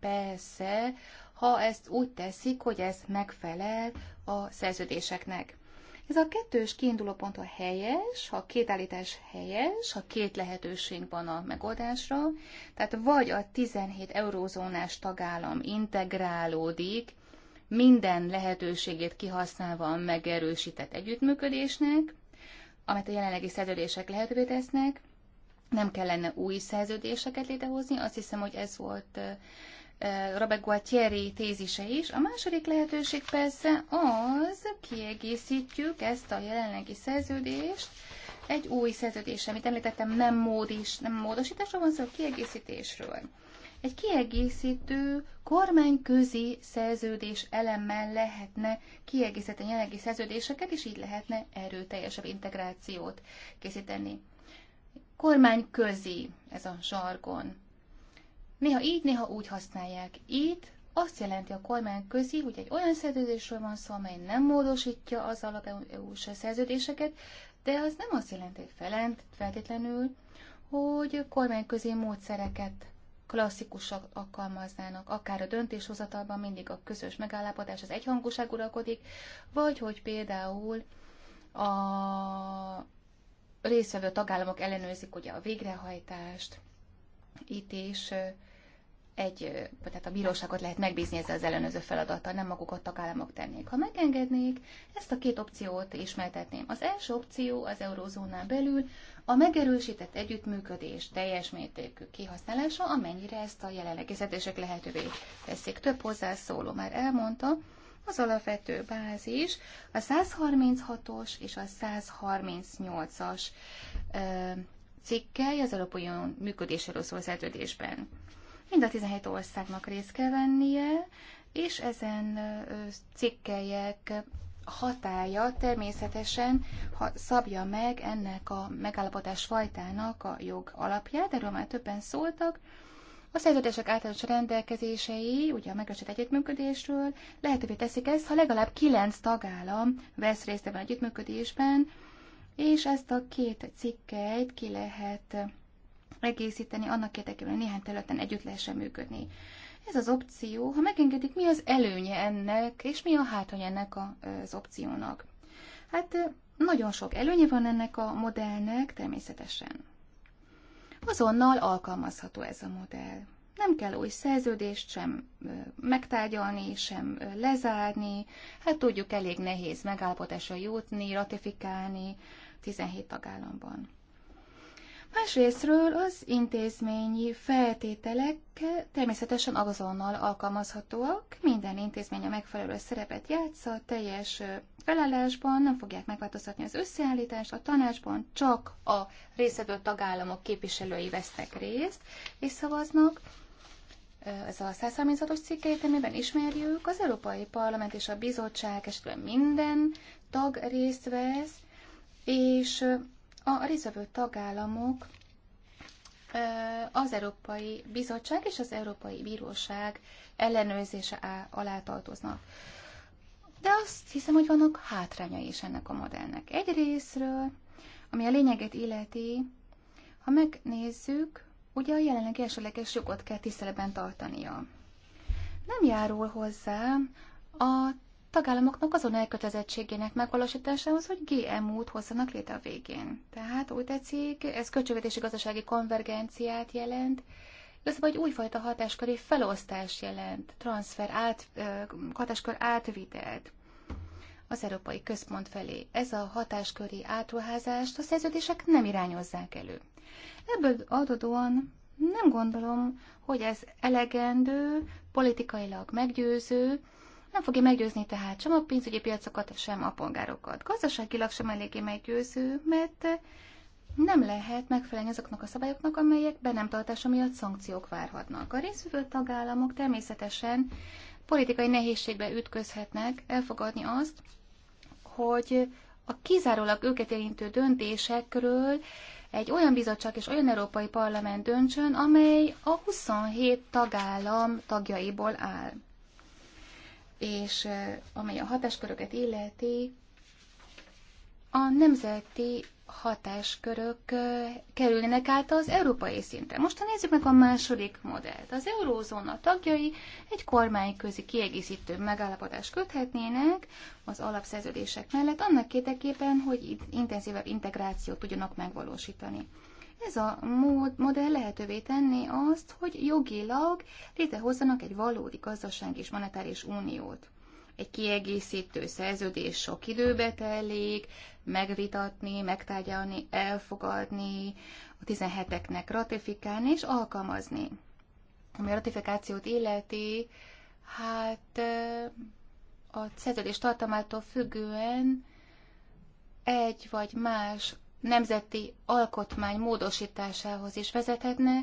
persze, ha ezt úgy teszik, hogy ez megfelel a szerződéseknek. Ez a kettős kiinduló pont a helyes, ha két állítás helyes, ha két lehetőség van a megoldásra, tehát vagy a 17 eurózónás tagállam integrálódik, minden lehetőségét kihasználva a megerősített együttműködésnek, amit a jelenlegi szerződések lehetővé tesznek, nem kellene új szerződéseket létrehozni, azt hiszem, hogy ez volt Robert Guattieri tézise is. A második lehetőség persze az, kiegészítjük ezt a jelenlegi szerződést, egy új szerződés, amit említettem, nem, módis, nem módosításról van szó, kiegészítésről. Egy kiegészítő kormányközi szerződés elemmel lehetne kiegészíteni jelenlegi szerződéseket, és így lehetne erőteljesebb integrációt készíteni. Kormányközi, ez a zsargon. Néha így, néha úgy használják. Itt azt jelenti a kormány közi, hogy egy olyan szerződésről van szó, amely nem módosítja az alap eu e szerződéseket, de az nem azt jelenti hogy felent, feltétlenül, hogy közi módszereket klasszikusak alkalmaznának, akár a döntéshozatalban mindig a közös megállapodás, az egyhangúság uralkodik, vagy hogy például a részvevő tagállamok ellenőrzik ugye a végrehajtást, itt is egy, tehát a bíróságot lehet megbízni ezzel az ellenőző feladattal, nem maguk a tagállamok tennék. Ha megengednék, ezt a két opciót ismertetném. Az első opció az eurózónán belül a megerősített együttműködés teljes mértékű kihasználása, amennyire ezt a jelenlegi szedések lehetővé teszik. Több hozzászóló már elmondta, az alapvető bázis a 136-os és a 138-as cikkely az Európai Unió működéséről szól szerződésben. Mind a 17 országnak részt kell vennie, és ezen cikkelyek hatája természetesen ha szabja meg ennek a megállapodás fajtának a jog alapját, erről már többen szóltak. A szerződések általános rendelkezései, ugye a megerősített együttműködésről lehetővé teszik ezt, ha legalább kilenc tagállam vesz részt ebben együttműködésben, és ezt a két cikkeit ki lehet egészíteni annak érdekében, hogy néhány területen együtt lehessen működni. Ez az opció, ha megengedik, mi az előnye ennek, és mi a hátránya ennek az opciónak? Hát nagyon sok előnye van ennek a modellnek, természetesen. Azonnal alkalmazható ez a modell. Nem kell új szerződést sem megtárgyalni, sem lezárni. Hát tudjuk, elég nehéz megállapodásra jutni, ratifikálni 17 tagállamban. Másrésztről az intézményi feltételek természetesen azonnal alkalmazhatóak, minden intézmény a megfelelő szerepet játsza, teljes felállásban, nem fogják megváltoztatni az összeállítást, a tanácsban csak a részvevő tagállamok képviselői vesznek részt és szavaznak, ez a 136-os cikkét, amiben ismerjük, az Európai Parlament és a Bizottság esetben minden tag részt vesz, és a részvevő tagállamok az Európai Bizottság és az Európai Bíróság ellenőrzése alá tartoznak. De azt hiszem, hogy vannak hátrányai is ennek a modellnek. Egy részről, ami a lényeget illeti, ha megnézzük, ugye a jelenlegi elsőleges jogot kell tiszteletben tartania. Nem járul hozzá a tagállamoknak azon elkötelezettségének megvalósításához, hogy gmo t hozzanak létre a végén. Tehát úgy tetszik, ez költségvetési gazdasági konvergenciát jelent, ez egy újfajta hatásköri felosztás jelent, transfer át, hatáskör átvitelt az Európai Központ felé. Ez a hatásköri átruházást a szerződések nem irányozzák elő. Ebből adódóan nem gondolom, hogy ez elegendő, politikailag meggyőző, nem fogja meggyőzni tehát sem a pénzügyi piacokat, sem a polgárokat. Gazdaságilag sem eléggé meggyőző, mert nem lehet megfelelni azoknak a szabályoknak, amelyek be nem tartása miatt szankciók várhatnak. A részvevő tagállamok természetesen politikai nehézségbe ütközhetnek elfogadni azt, hogy a kizárólag őket érintő döntésekről egy olyan bizottság és olyan Európai Parlament döntsön, amely a 27 tagállam tagjaiból áll és amely a hatásköröket illeti, a nemzeti hatáskörök kerülnek át az európai szintre. Most nézzük meg a második modellt. Az eurózóna tagjai egy kormányközi kiegészítő megállapodást köthetnének az alapszerződések mellett annak érdekében, hogy intenzívebb integrációt tudjanak megvalósítani. Ez a mód, modell lehetővé tenni azt, hogy jogilag létrehozzanak egy valódi gazdaság és monetáris uniót. Egy kiegészítő szerződés sok időbe telik, megvitatni, megtárgyalni, elfogadni, a 17-eknek ratifikálni és alkalmazni. Ami a ratifikációt illeti, hát a szerződés tartalmától függően egy vagy más nemzeti alkotmány módosításához is vezethetne,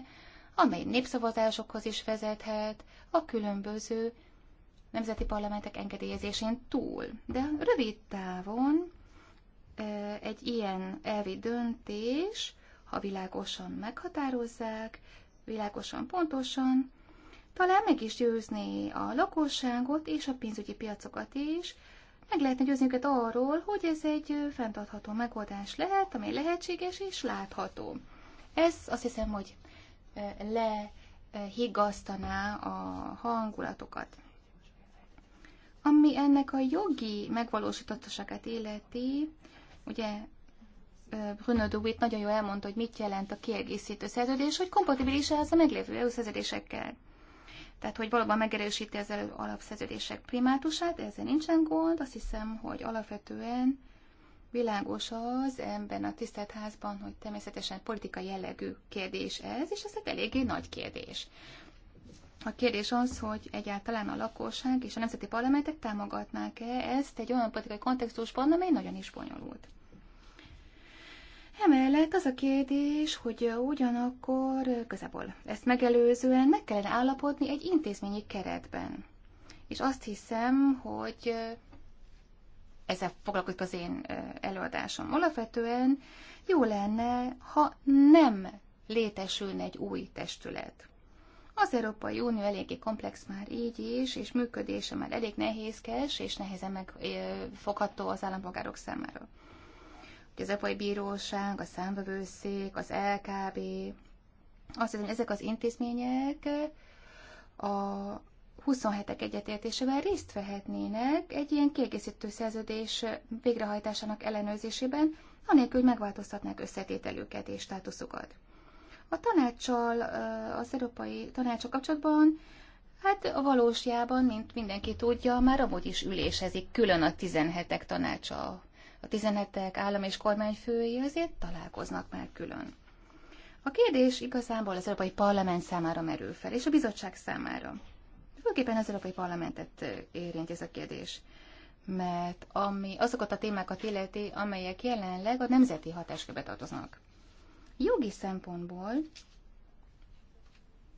amely népszavazásokhoz is vezethet a különböző nemzeti parlamentek engedélyezésén túl. De rövid távon egy ilyen elvi döntés, ha világosan meghatározzák, világosan, pontosan, talán meg is győzni a lakosságot és a pénzügyi piacokat is, meg lehetne győzni őket arról, hogy ez egy fenntartható megoldás lehet, amely lehetséges és látható. Ez azt hiszem, hogy lehigasztaná a hangulatokat. Ami ennek a jogi megvalósítottaságát illeti, ugye Bruno Dewitt nagyon jól elmondta, hogy mit jelent a kiegészítő szerződés, hogy kompatibilis e ez a meglévő EU szerződésekkel tehát hogy valóban megerősíti az elő alapszerződések primátusát, ezzel nincsen gond, azt hiszem, hogy alapvetően világos az ebben a tisztelt házban, hogy természetesen politikai jellegű kérdés ez, és ez egy eléggé nagy kérdés. A kérdés az, hogy egyáltalán a lakosság és a nemzeti parlamentek támogatnák-e ezt egy olyan politikai kontextusban, amely nagyon is bonyolult. Emellett az a kérdés, hogy ugyanakkor közebből ezt megelőzően meg kellene állapodni egy intézményi keretben. És azt hiszem, hogy ezzel foglalkozik az én előadásom. Alapvetően jó lenne, ha nem létesülne egy új testület. Az Európai Unió eléggé komplex már így is, és működése már elég nehézkes, és nehezen megfogható az állampolgárok számára az Epai Bíróság, a Számvevőszék, az LKB, azt hiszem, ezek az intézmények a 27-ek egyetértésével részt vehetnének egy ilyen kiegészítő szerződés végrehajtásának ellenőrzésében, anélkül, hogy megváltoztatnák összetételüket és státuszukat. A tanácssal, az Európai Tanácsok kapcsolatban, hát a valósjában, mint mindenki tudja, már amúgy is ülésezik külön a 17-ek tanácsa a 17 állam és kormányfői azért találkoznak már külön. A kérdés igazából az Európai Parlament számára merül fel, és a bizottság számára. Főképpen az Európai Parlamentet eh, érinti ez a kérdés. Mert ami azokat a témákat illeti, amelyek jelenleg a nemzeti hatáskörbe tartoznak. Jogi szempontból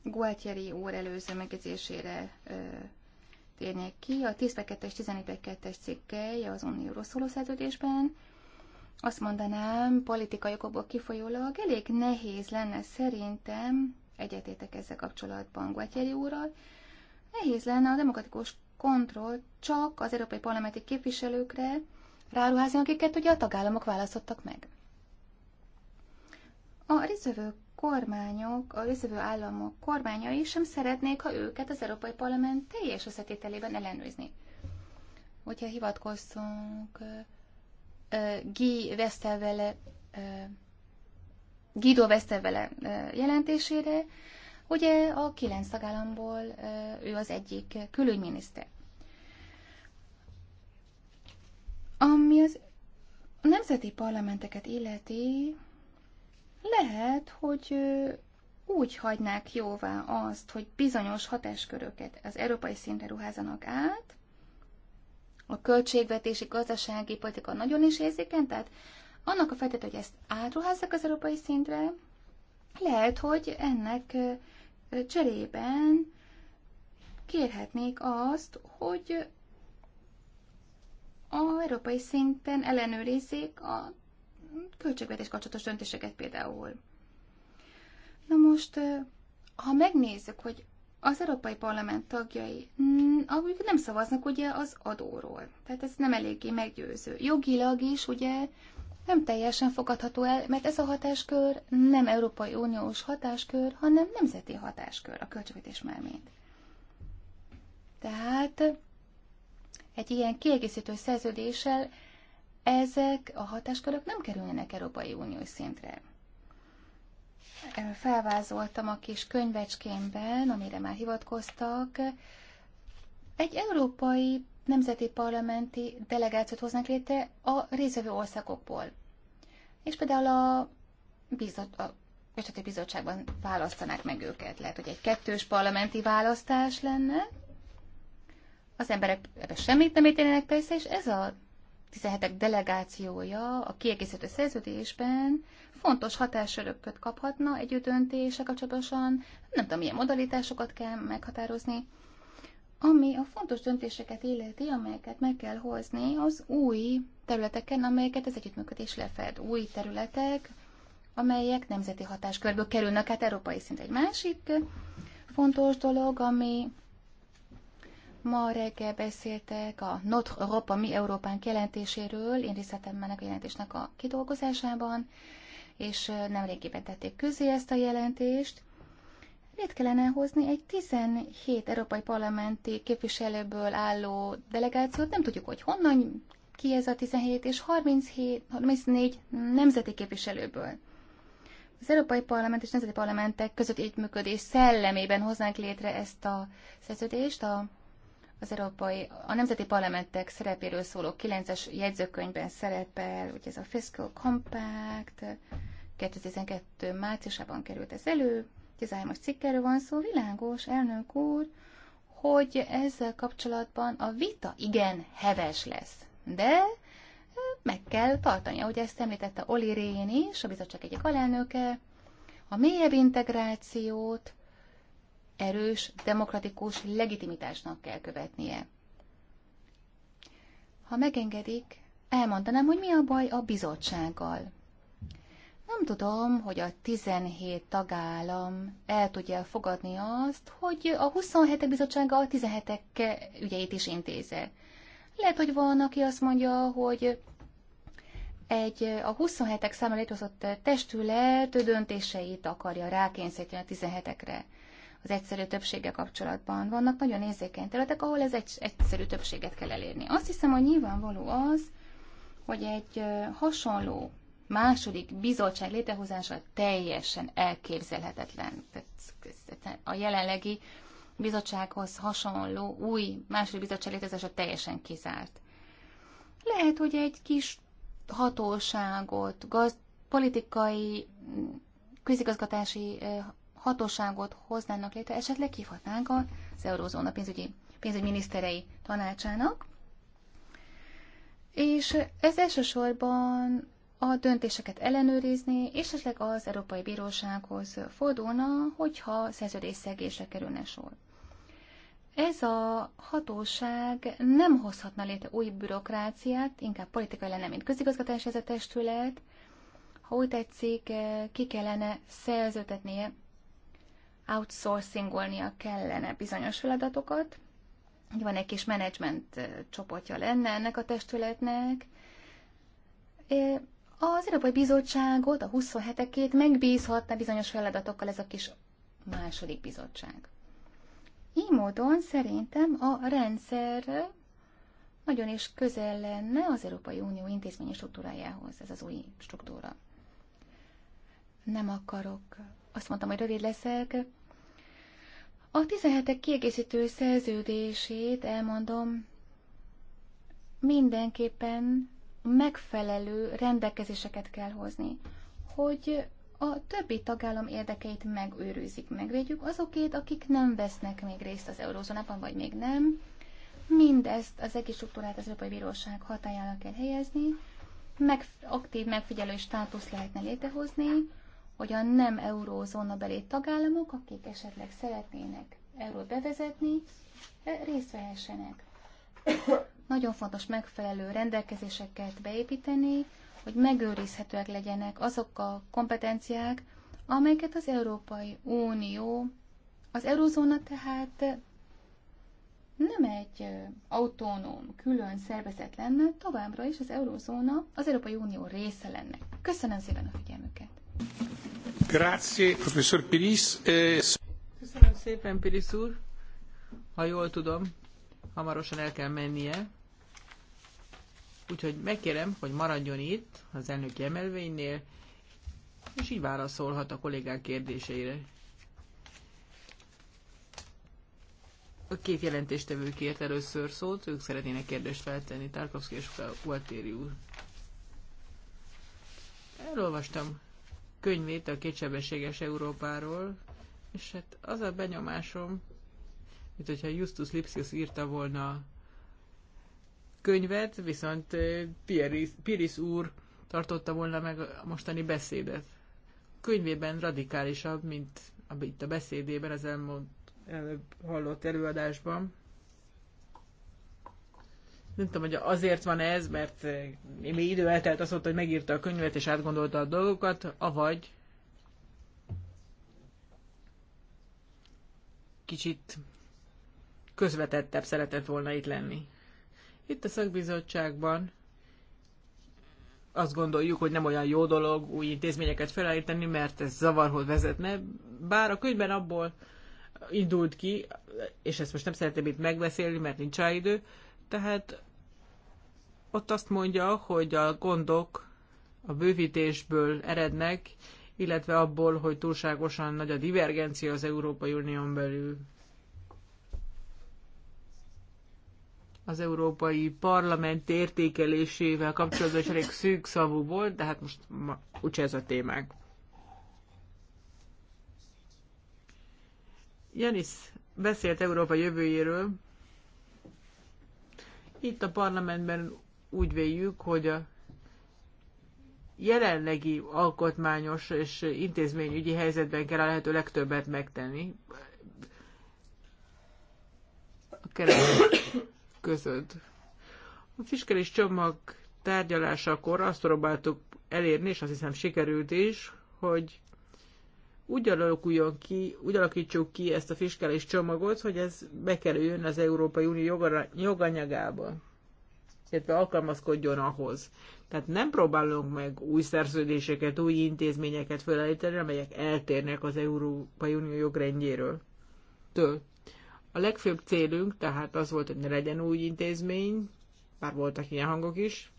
Gualtieri úr előző megjegyzésére eh, térnék ki. A 10 es 11.2-es cikkely az Unióról szóló szerződésben azt mondanám, politikai okokból kifolyólag elég nehéz lenne szerintem, egyetétek ezzel kapcsolatban Guatyeri úrral, nehéz lenne a demokratikus kontroll csak az európai parlamenti képviselőkre ráruházni, akiket ugye a tagállamok választottak meg. A részvevők kormányok, a részvevő államok kormányai sem szeretnék, ha őket az Európai Parlament teljes összetételében ellenőrizni. Hogyha hivatkozzunk Guy Westervele, Guido Westervele jelentésére, ugye a kilenc tagállamból ő az egyik külügyminiszter. Ami az nemzeti parlamenteket illeti, lehet, hogy úgy hagynák jóvá azt, hogy bizonyos hatásköröket az európai szintre ruházanak át, a költségvetési, gazdasági politika nagyon is érzékeny, tehát annak a feltétele, hogy ezt átruházzak az európai szintre, lehet, hogy ennek cserében kérhetnék azt, hogy a európai szinten ellenőrizzék a költségvetés kapcsolatos döntéseket például. Na most, ha megnézzük, hogy az Európai Parlament tagjai mm, akik nem szavaznak ugye az adóról. Tehát ez nem eléggé meggyőző. Jogilag is ugye nem teljesen fogadható el, mert ez a hatáskör nem Európai Uniós hatáskör, hanem nemzeti hatáskör a költségvetés mármint. Tehát egy ilyen kiegészítő szerződéssel ezek a hatáskörök nem kerüljenek Európai Uniós szintre. Felvázoltam a kis könyvecskémben, amire már hivatkoztak, egy európai nemzeti parlamenti delegációt hoznak létre a részvevő országokból. És például a, bizot, a Bizottságban választanák meg őket. Lehet, hogy egy kettős parlamenti választás lenne. Az emberek ebbe semmit nem értenének persze, és ez a 17 delegációja a kiegészítő szerződésben fontos hatásörököt kaphatna egy döntése kapcsolatosan, nem tudom, milyen modalitásokat kell meghatározni, ami a fontos döntéseket illeti, amelyeket meg kell hozni az új területeken, amelyeket az együttműködés lefed. Új területek, amelyek nemzeti hatáskörből kerülnek át európai szint. Egy másik fontos dolog, ami Ma reggel beszéltek a Not Europa Mi európán jelentéséről, én részletem ennek a jelentésnek a kidolgozásában, és nem régiben tették közé ezt a jelentést. Itt kellene hozni egy 17 európai parlamenti képviselőből álló delegációt, nem tudjuk, hogy honnan ki ez a 17, és 37, 34 nemzeti képviselőből. Az Európai Parlament és Nemzeti Parlamentek között együttműködés szellemében hoznánk létre ezt a szerződést, a az európai, a nemzeti parlamentek szerepéről szóló 9-es jegyzőkönyvben szerepel, ugye ez a Fiscal Compact, 2012. márciusában került ez elő, 13-as cikkerről van szó, világos, elnök úr, hogy ezzel kapcsolatban a vita igen heves lesz, de meg kell tartani, ahogy ezt említette Oli Rén is, a bizottság egyik alelnöke, a mélyebb integrációt, erős demokratikus legitimitásnak kell követnie. Ha megengedik, elmondanám, hogy mi a baj a bizottsággal. Nem tudom, hogy a 17 tagállam el tudja fogadni azt, hogy a 27 bizottsága a 17 ügyeit is intéze. Lehet, hogy van, aki azt mondja, hogy egy a 27-ek számára létrehozott testület döntéseit akarja rákényszeríteni a 17-ekre az egyszerű többsége kapcsolatban. Vannak nagyon érzékeny területek, ahol ez egy egyszerű többséget kell elérni. Azt hiszem, hogy nyilvánvaló az, hogy egy hasonló második bizottság létrehozása teljesen elképzelhetetlen. Tehát a jelenlegi bizottsághoz hasonló új második bizottság létrehozása teljesen kizárt. Lehet, hogy egy kis hatóságot, gaz, politikai, mm, közigazgatási hatóságot hoznának létre, esetleg hívhatnánk az Eurózóna pénzügyi, pénzügyminiszterei tanácsának, és ez elsősorban a döntéseket ellenőrizni, és esetleg az Európai Bírósághoz fordulna, hogyha szerződésszegésre kerülne sor. Ez a hatóság nem hozhatna létre új bürokráciát, inkább politikai lenne, mint közigazgatási ez a testület. Ha úgy tetszik, ki kellene szerződtetnie outsourcingolnia kellene bizonyos feladatokat. Van egy kis menedzsment csoportja lenne ennek a testületnek. Az Európai Bizottságot, a 27-ekét megbízhatna bizonyos feladatokkal ez a kis második bizottság. Így módon szerintem a rendszer nagyon is közel lenne az Európai Unió intézményi struktúrájához, ez az új struktúra. Nem akarok, azt mondtam, hogy rövid leszek, a 17 kiegészítő szerződését elmondom, mindenképpen megfelelő rendelkezéseket kell hozni, hogy a többi tagállam érdekeit megőrizik, megvédjük azokét, akik nem vesznek még részt az eurózónában, vagy még nem. Mindezt az egész struktúrát az Európai Bíróság hatájára kell helyezni, meg, aktív megfigyelő státusz lehetne létrehozni, hogy a nem eurózóna belé tagállamok, akik esetleg szeretnének eurót bevezetni, e, részt vehessenek. Nagyon fontos megfelelő rendelkezéseket beépíteni, hogy megőrizhetőek legyenek azok a kompetenciák, amelyeket az Európai Unió, az Eurózóna tehát nem egy autonóm, külön szervezet lenne, továbbra is az Eurózóna az Európai Unió része lenne. Köszönöm szépen a figyelmüket! Eh, Köszönöm szépen, Piris úr. Ha jól tudom, hamarosan el kell mennie. Úgyhogy megkérem, hogy maradjon itt az elnöki emelvénynél, és így válaszolhat a kollégák kérdéseire. A két jelentéstevő kért először szót, ők szeretnének kérdést feltenni, Tarkovsky és Gualtéri úr. Elolvastam könyvét a kétsebességes Európáról, és hát az a benyomásom, mint hogyha Justus Lipsius írta volna könyvet, viszont Piris, Piris úr tartotta volna meg a mostani beszédet. Könyvében radikálisabb, mint itt a beszédében, az elmond, hallott előadásban nem tudom, hogy azért van ez, mert eh, mi idő eltelt az ott, hogy megírta a könyvet és átgondolta a dolgokat, avagy kicsit közvetettebb szeretett volna itt lenni. Itt a szakbizottságban azt gondoljuk, hogy nem olyan jó dolog új intézményeket felállítani, mert ez zavarhoz vezetne. Bár a könyvben abból indult ki, és ezt most nem szeretném itt megbeszélni, mert nincs rá idő, tehát ott azt mondja, hogy a gondok a bővítésből erednek, illetve abból, hogy túlságosan nagy a divergencia az Európai Unión belül. Az Európai Parlament értékelésével kapcsolatban is elég szűk szavú volt, de hát most ma, úgyse ez a témánk. Janis beszélt Európa jövőjéről. Itt a parlamentben úgy véljük, hogy a jelenlegi alkotmányos és intézményügyi helyzetben kell a lehető legtöbbet megtenni. A keretek között. A fiskális csomag tárgyalásakor azt próbáltuk elérni, és azt hiszem sikerült is, hogy úgy alakuljon ki, úgy alakítsuk ki ezt a fiskális csomagot, hogy ez bekerüljön az Európai Unió joganyagába illetve alkalmazkodjon ahhoz. Tehát nem próbálunk meg új szerződéseket, új intézményeket felállítani, amelyek eltérnek az Európai Unió jogrendjéről. Től. A legfőbb célunk tehát az volt, hogy ne legyen új intézmény, bár voltak ilyen hangok is,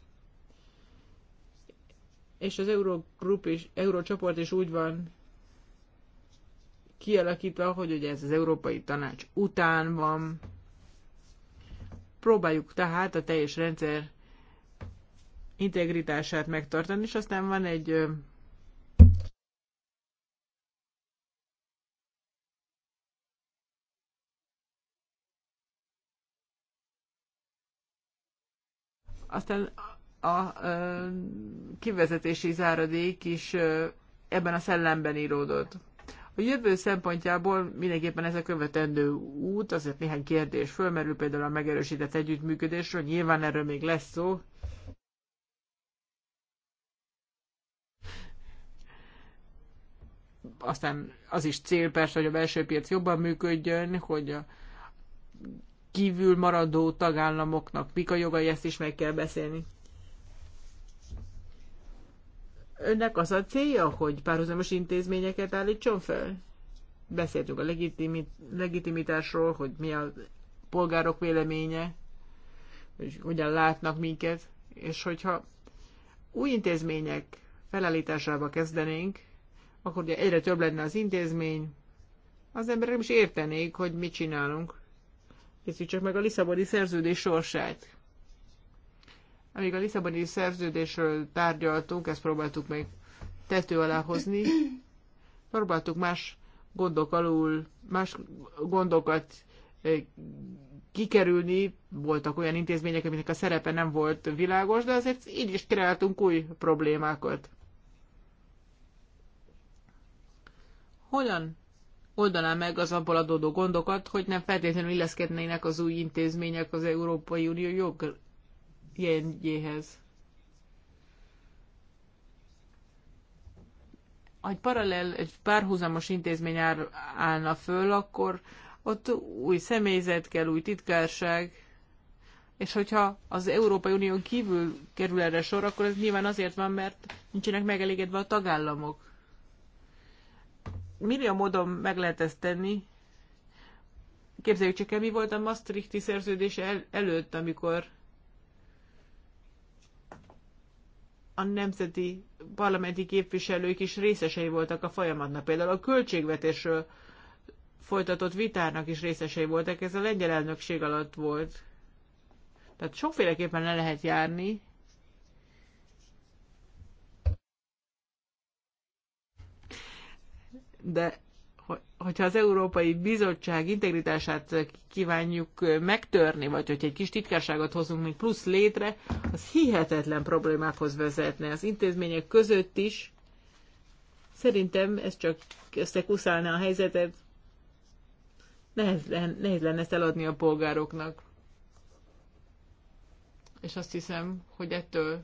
és az Eurogroup is, Eurocsoport is úgy van kialakítva, hogy ugye ez az Európai Tanács után van, Próbáljuk tehát a teljes rendszer integritását megtartani, és aztán van egy Aztán a, a kivezetési záradék is ebben a szellemben íródott. A jövő szempontjából mindenképpen ez a követendő út, azért néhány kérdés fölmerül, például a megerősített együttműködésről, nyilván erről még lesz szó. Aztán az is cél persze, hogy a belső piac jobban működjön, hogy a kívül maradó tagállamoknak mik a jogai, ezt is meg kell beszélni. Önnek az a célja, hogy párhuzamos intézményeket állítson fel? Beszéltünk a legitimit, legitimitásról, hogy mi a polgárok véleménye, hogy hogyan látnak minket, és hogyha új intézmények felállításába kezdenénk, akkor ugye egyre több lenne az intézmény, az emberek is értenék, hogy mit csinálunk. Készítsük meg a Lisszaboni szerződés sorsát. Amíg a Lisszaboni szerződésről tárgyaltunk, ezt próbáltuk még tető alá hozni, próbáltuk más gondok alul, más gondokat eh, kikerülni, voltak olyan intézmények, aminek a szerepe nem volt világos, de azért így is kreáltunk új problémákat. Hogyan oldaná meg az abból adódó gondokat, hogy nem feltétlenül illeszkednének az új intézmények az Európai Unió jog, jegyéhez. egy paralel, egy párhuzamos intézmény áll, állna föl, akkor ott új személyzet kell, új titkárság, és hogyha az Európai Unión kívül kerül erre sor, akkor ez nyilván azért van, mert nincsenek megelégedve a tagállamok. Millió módon meg lehet ezt tenni. Képzeljük csak el, mi volt a Maastrichti szerződés el, előtt, amikor a nemzeti parlamenti képviselők is részesei voltak a folyamatnak. Például a költségvetésről folytatott vitának is részesei voltak, ez a lengyel elnökség alatt volt. Tehát sokféleképpen le lehet járni. De hogyha az Európai Bizottság integritását kívánjuk megtörni, vagy hogyha egy kis titkárságot hozunk még plusz létre, az hihetetlen problémákhoz vezetne az intézmények között is. Szerintem ez csak összekuszálna a helyzetet. Nehéz, nehéz lenne ezt eladni a polgároknak. És azt hiszem, hogy ettől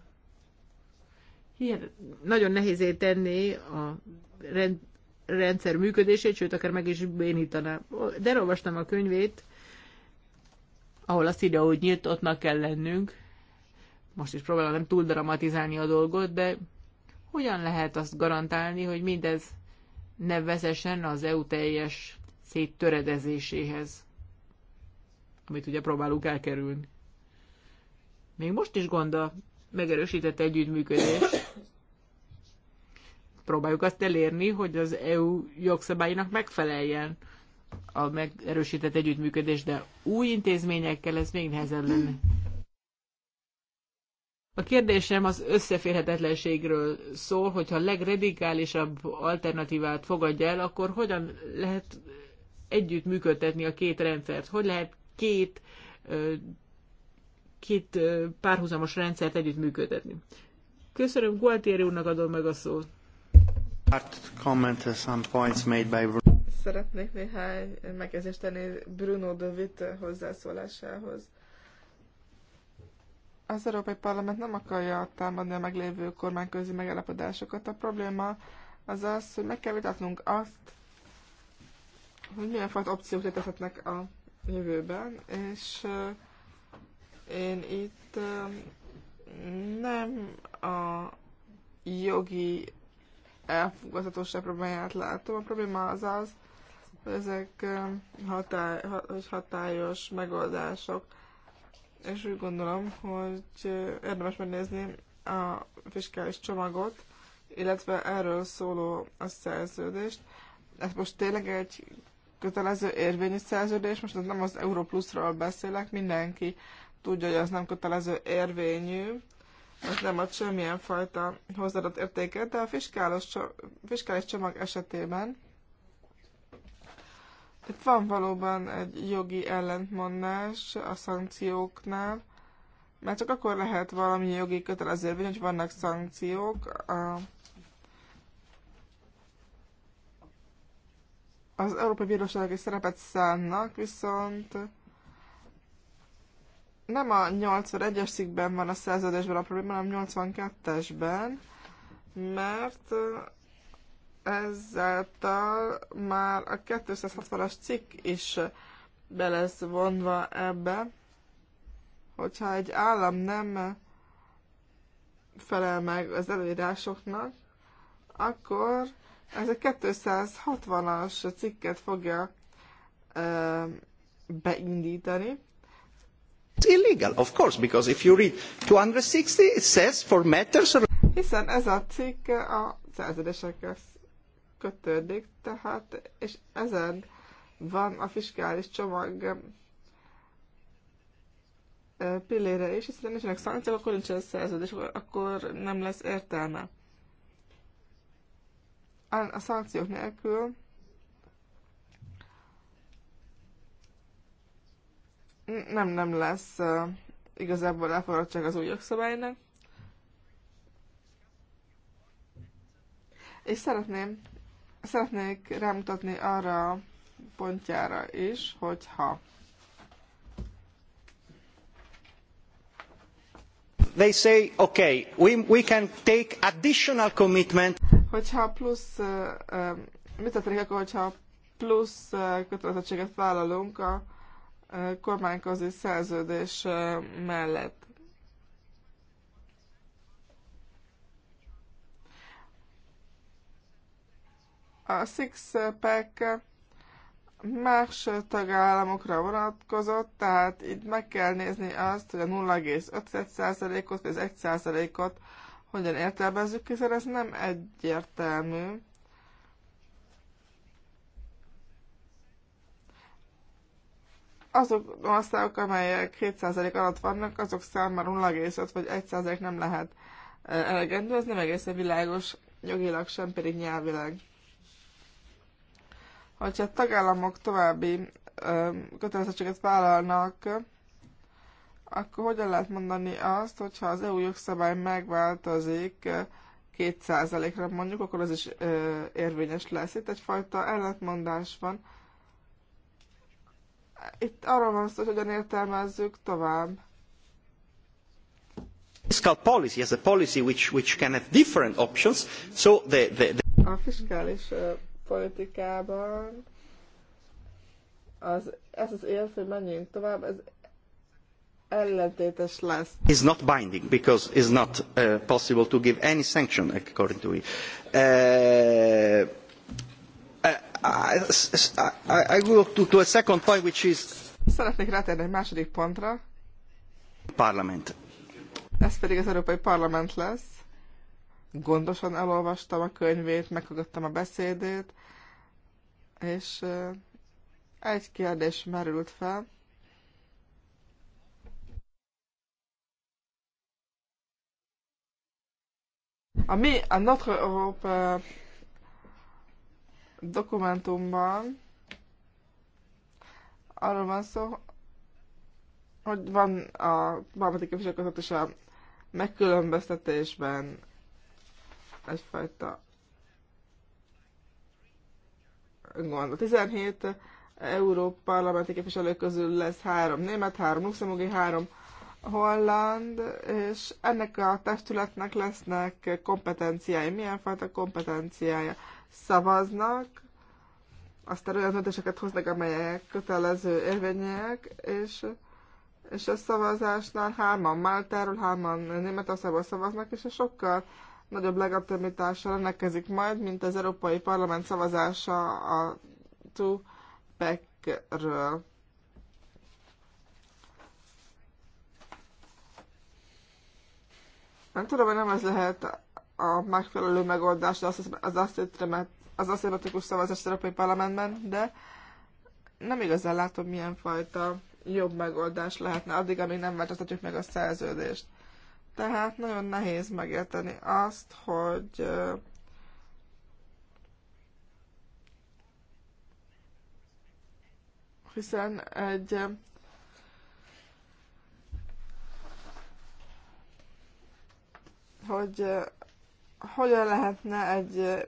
hihet, nagyon nehézé tenni a rend, rendszer működését, sőt, akár meg is bénítaná. De a könyvét, ahol azt írja, hogy nyitottnak kell lennünk. Most is próbálom nem túl dramatizálni a dolgot, de hogyan lehet azt garantálni, hogy mindez ne vezessen az EU teljes széttöredezéséhez, amit ugye próbálunk elkerülni. Még most is gonda a megerősített együttműködés próbáljuk azt elérni, hogy az EU jogszabálynak megfeleljen a megerősített együttműködés, de új intézményekkel ez még nehezebb lenne. A kérdésem az összeférhetetlenségről szól, hogyha a legradikálisabb alternatívát fogadja el, akkor hogyan lehet együtt működtetni a két rendszert? Hogy lehet két, két párhuzamos rendszert együtt működtetni? Köszönöm, Gualtieri úrnak adom meg a szót. Uh, Szeretnék néhány megjegyzést tenni Bruno de Witt hozzászólásához. Az Európai Parlament nem akarja támadni a meglévő kormányközi megállapodásokat. A probléma az az, hogy meg kell vitatnunk azt, hogy milyen fajta opciók létezhetnek a jövőben, és uh, én itt um, nem a jogi elfogadhatóság problémáját látom. A probléma az az, hogy ezek um, hatály, hatályos megoldások, és úgy gondolom, hogy érdemes megnézni a fiskális csomagot, illetve erről szóló a szerződést. Ez most tényleg egy kötelező érvényű szerződés, most nem az Europlusról beszélek, mindenki tudja, hogy az nem kötelező érvényű, ez nem ad semmilyen fajta hozzáadott értéket, de a fiskális, fiskális csomag esetében itt van valóban egy jogi ellentmondás a szankcióknál, mert csak akkor lehet valami jogi kötelezővé hogy vannak szankciók. A, az Európai Bíróság is szerepet szánnak, viszont nem a 81-es szikben van a szerződésben a probléma, hanem 82-esben, mert ezáltal már a 260-as cikk is be lesz vonva ebbe, hogyha egy állam nem felel meg az előírásoknak, akkor ez a 260-as cikket fogja ö, beindítani, illegal, of course, because if you read 260, it says for matters... Hiszen ez a cikk a szerződésekhez kötődik, tehát, és ezen van a fiskális csomag pillére is, hiszen nincsenek szankciók, akkor nincsen szerződés, akkor nem lesz értelme. A szankciók nélkül nem, nem lesz uh, igazából elfogadottság az új jogszabálynak. És szeretném, szeretnék rámutatni arra a pontjára is, hogyha They say, okay, we, we can take additional commitment. Hogyha plusz, uh, uh, mit tettek, akkor, hogyha plusz uh, kötelezettséget vállalunk a kormányközi szerződés mellett. A Six-Pack más tagállamokra vonatkozott, tehát itt meg kell nézni azt, hogy a 0,5%-ot vagy az 1%-ot hogyan értelmezzük, hiszen ez nem egyértelmű. azok országok, amelyek 7% alatt vannak, azok számára 0,5 vagy 1% nem lehet elegendő, ez nem egészen világos jogilag, sem pedig nyelvileg. Hogyha a tagállamok további kötelezettséget vállalnak, akkor hogyan lehet mondani azt, hogyha az EU jogszabály megváltozik 2%-ra mondjuk, akkor az is érvényes lesz. Itt egyfajta ellentmondás van, itt arról van szó, hogy hogyan értelmezzük tovább. Fiscal policy has a policy which, which can have different options, so the, the, the... A fiskális politikában az, ez az érv, hogy menjünk tovább, ez ellentétes lesz. Is not binding because it's not uh, possible to give any sanction according to it. Uh, I, I to, to a second point, which is... Szeretnék rátérni egy második pontra. Parlament. Ez pedig az Európai Parlament lesz. Gondosan elolvastam a könyvét, meghallgattam a beszédét, és eh, egy kérdés merült fel. A mi, a Notre Europe eh, dokumentumban arról van szó, hogy van a valamelyik képviselőközött és a megkülönböztetésben egyfajta gond. A 17 Európa parlamenti képviselő közül lesz három német, három luxemburgi, három holland, és ennek a testületnek lesznek kompetenciái. Milyen fajta kompetenciája? szavaznak, aztán olyan döntéseket hoznak, amelyek kötelező érvények, és, és a szavazásnál hárman Máltáról, hárman Németországból szavaznak, és ez sokkal nagyobb legatomítással rendelkezik majd, mint az Európai Parlament szavazása a TUPEC-ről. Nem tudom, hogy nem ez lehet a megfelelő megoldás az az aszimmetrikus szavazás az Európai Parlamentben, de nem igazán látom, milyen fajta jobb megoldás lehetne addig, amíg nem változtatjuk meg a szerződést. Tehát nagyon nehéz megérteni azt, hogy hiszen egy hogy hogyan lehetne egy,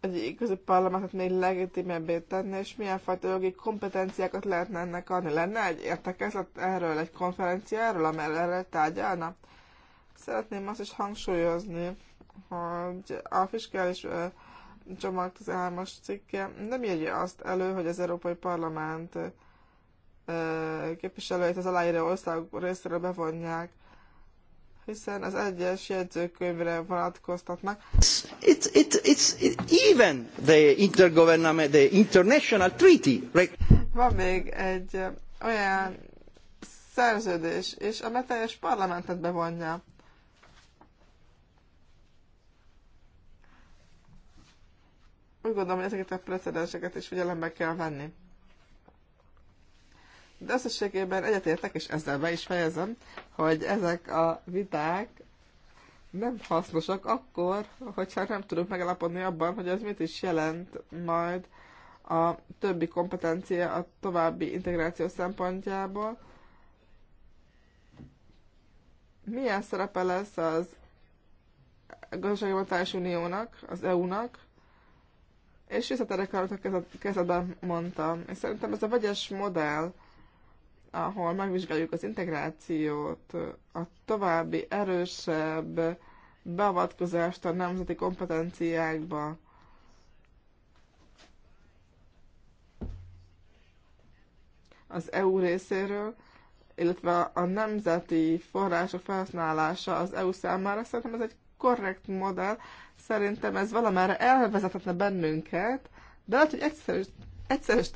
egy középparlamentet még legitimebbé tenni, és milyen fajta jogi kompetenciákat lehetne ennek adni? Lenne egy értekezlet erről, egy konferencia erről, amely erről tárgyalna? Szeretném azt is hangsúlyozni, hogy a fiskális csomag 13-as cikke nem jegye azt elő, hogy az Európai Parlament képviselőit az aláíró országok részéről bevonják hiszen az egyes jegyzőkönyvre vonatkoztatnak. It, it, it's even the intergovernment, the international treaty. Van még egy olyan szerződés, és a teljes parlamentet bevonja. Úgy gondolom, hogy ezeket a precedenseket is figyelembe kell venni. De összességében egyetértek, és ezzel be is fejezem, hogy ezek a viták nem hasznosak akkor, hogyha nem tudunk megalapodni abban, hogy ez mit is jelent majd a többi kompetencia a további integráció szempontjából. Milyen szerepe lesz az gazdasági uniónak, az EU-nak, és visszatérek arra, amit a kezdetben mondtam. És szerintem ez a vegyes modell, ahol megvizsgáljuk az integrációt, a további erősebb beavatkozást a nemzeti kompetenciákba, az EU részéről, illetve a nemzeti források felhasználása az EU számára, szerintem ez egy korrekt modell, szerintem ez valamára elvezethetne bennünket, de lehet, hogy egyszerűs, egyszerűs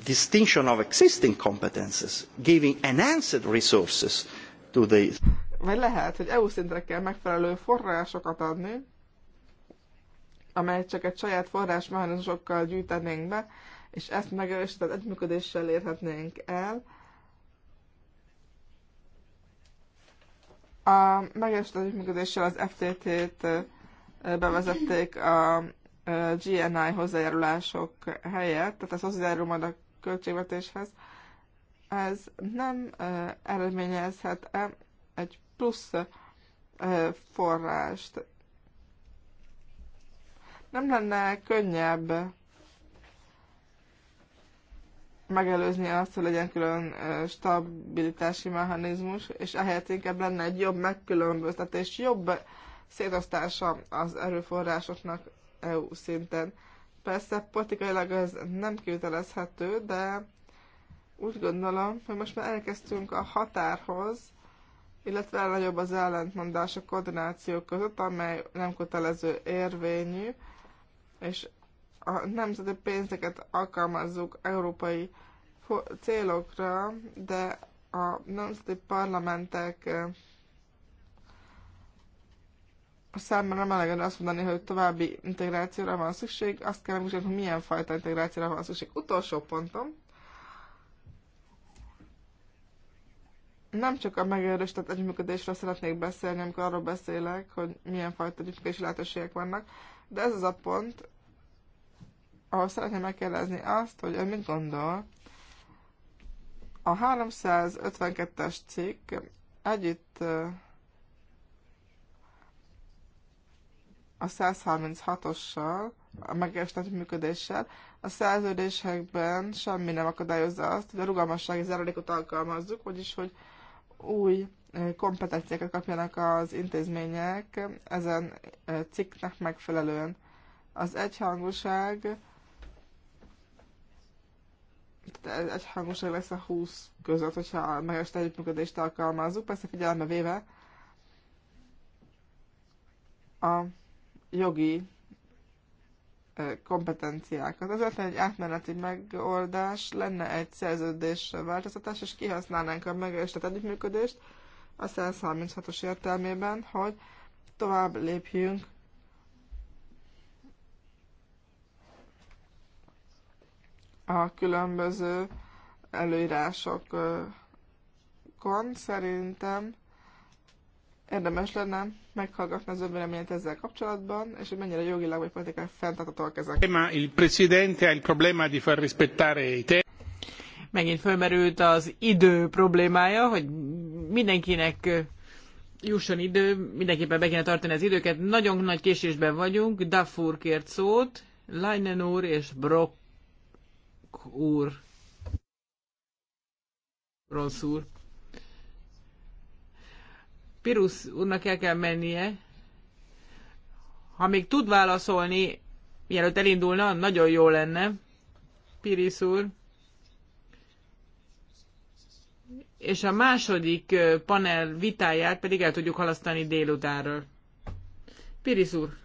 distinction of existing competences, giving enhanced resources to the... Vagy lehet, hogy EU szintre kell megfelelő forrásokat adni, amelyet csak egy saját forrásmechanizmusokkal gyűjtenénk be, és ezt megerősített együttműködéssel érhetnénk el. A megerősített együttműködéssel az FTT-t bevezették a GNI hozzájárulások helyett, tehát ez hozzájárul majd a költségvetéshez, ez nem eredményezhet -e egy plusz forrást? Nem lenne könnyebb megelőzni azt, hogy legyen külön stabilitási mechanizmus, és ehelyett inkább lenne egy jobb megkülönböztetés, jobb szétosztása az erőforrásoknak EU szinten. Persze politikailag ez nem kivitelezhető, de úgy gondolom, hogy most már elkezdtünk a határhoz, illetve el nagyobb az ellentmondás a koordináció között, amely nem kötelező érvényű, és a nemzeti pénzeket alkalmazzuk európai célokra, de a nemzeti parlamentek a számban nem elegendő azt mondani, hogy további integrációra van szükség, azt kell megmutatni, hogy milyen fajta integrációra van szükség. Utolsó pontom. Nem csak a megerősített együttműködésről szeretnék beszélni, amikor arról beszélek, hogy milyen fajta együttműködési lehetőségek vannak, de ez az a pont, ahol szeretném megkérdezni azt, hogy ön mit gondol, a 352-es cikk együtt a 136-ossal, a megerősített működéssel, a szerződésekben semmi nem akadályozza azt, hogy a rugalmassági zárulékot alkalmazzuk, vagyis hogy új kompetenciákat kapjanak az intézmények ezen cikknek megfelelően. Az egyhangúság tehát egyhangúság lesz a 20 között, hogyha a megerősített együttműködést alkalmazzuk, persze figyelembe véve a jogi kompetenciákat. Az ötlen egy átmeneti megoldás lenne egy szerződés változtatás, és kihasználnánk a megerősített együttműködést a 136-os értelmében, hogy tovább lépjünk a különböző előírásokon. Szerintem érdemes lenne meghallgatni az önvéleményét ezzel kapcsolatban, és hogy mennyire jogilag vagy politikai fenntartatóak ezek. Il presidente ha il problema di far rispettare i te- Megint fölmerült az idő problémája, hogy mindenkinek jusson idő, mindenképpen be kéne tartani az időket. Nagyon nagy késésben vagyunk, Dafur kért szót, Leinen úr és Brock úr. Rossz úr. Pirusz úrnak el kell mennie. Ha még tud válaszolni, mielőtt elindulna, nagyon jó lenne. Pirisz úr. És a második panel vitáját pedig el tudjuk halasztani délutánról. Pirisz úr,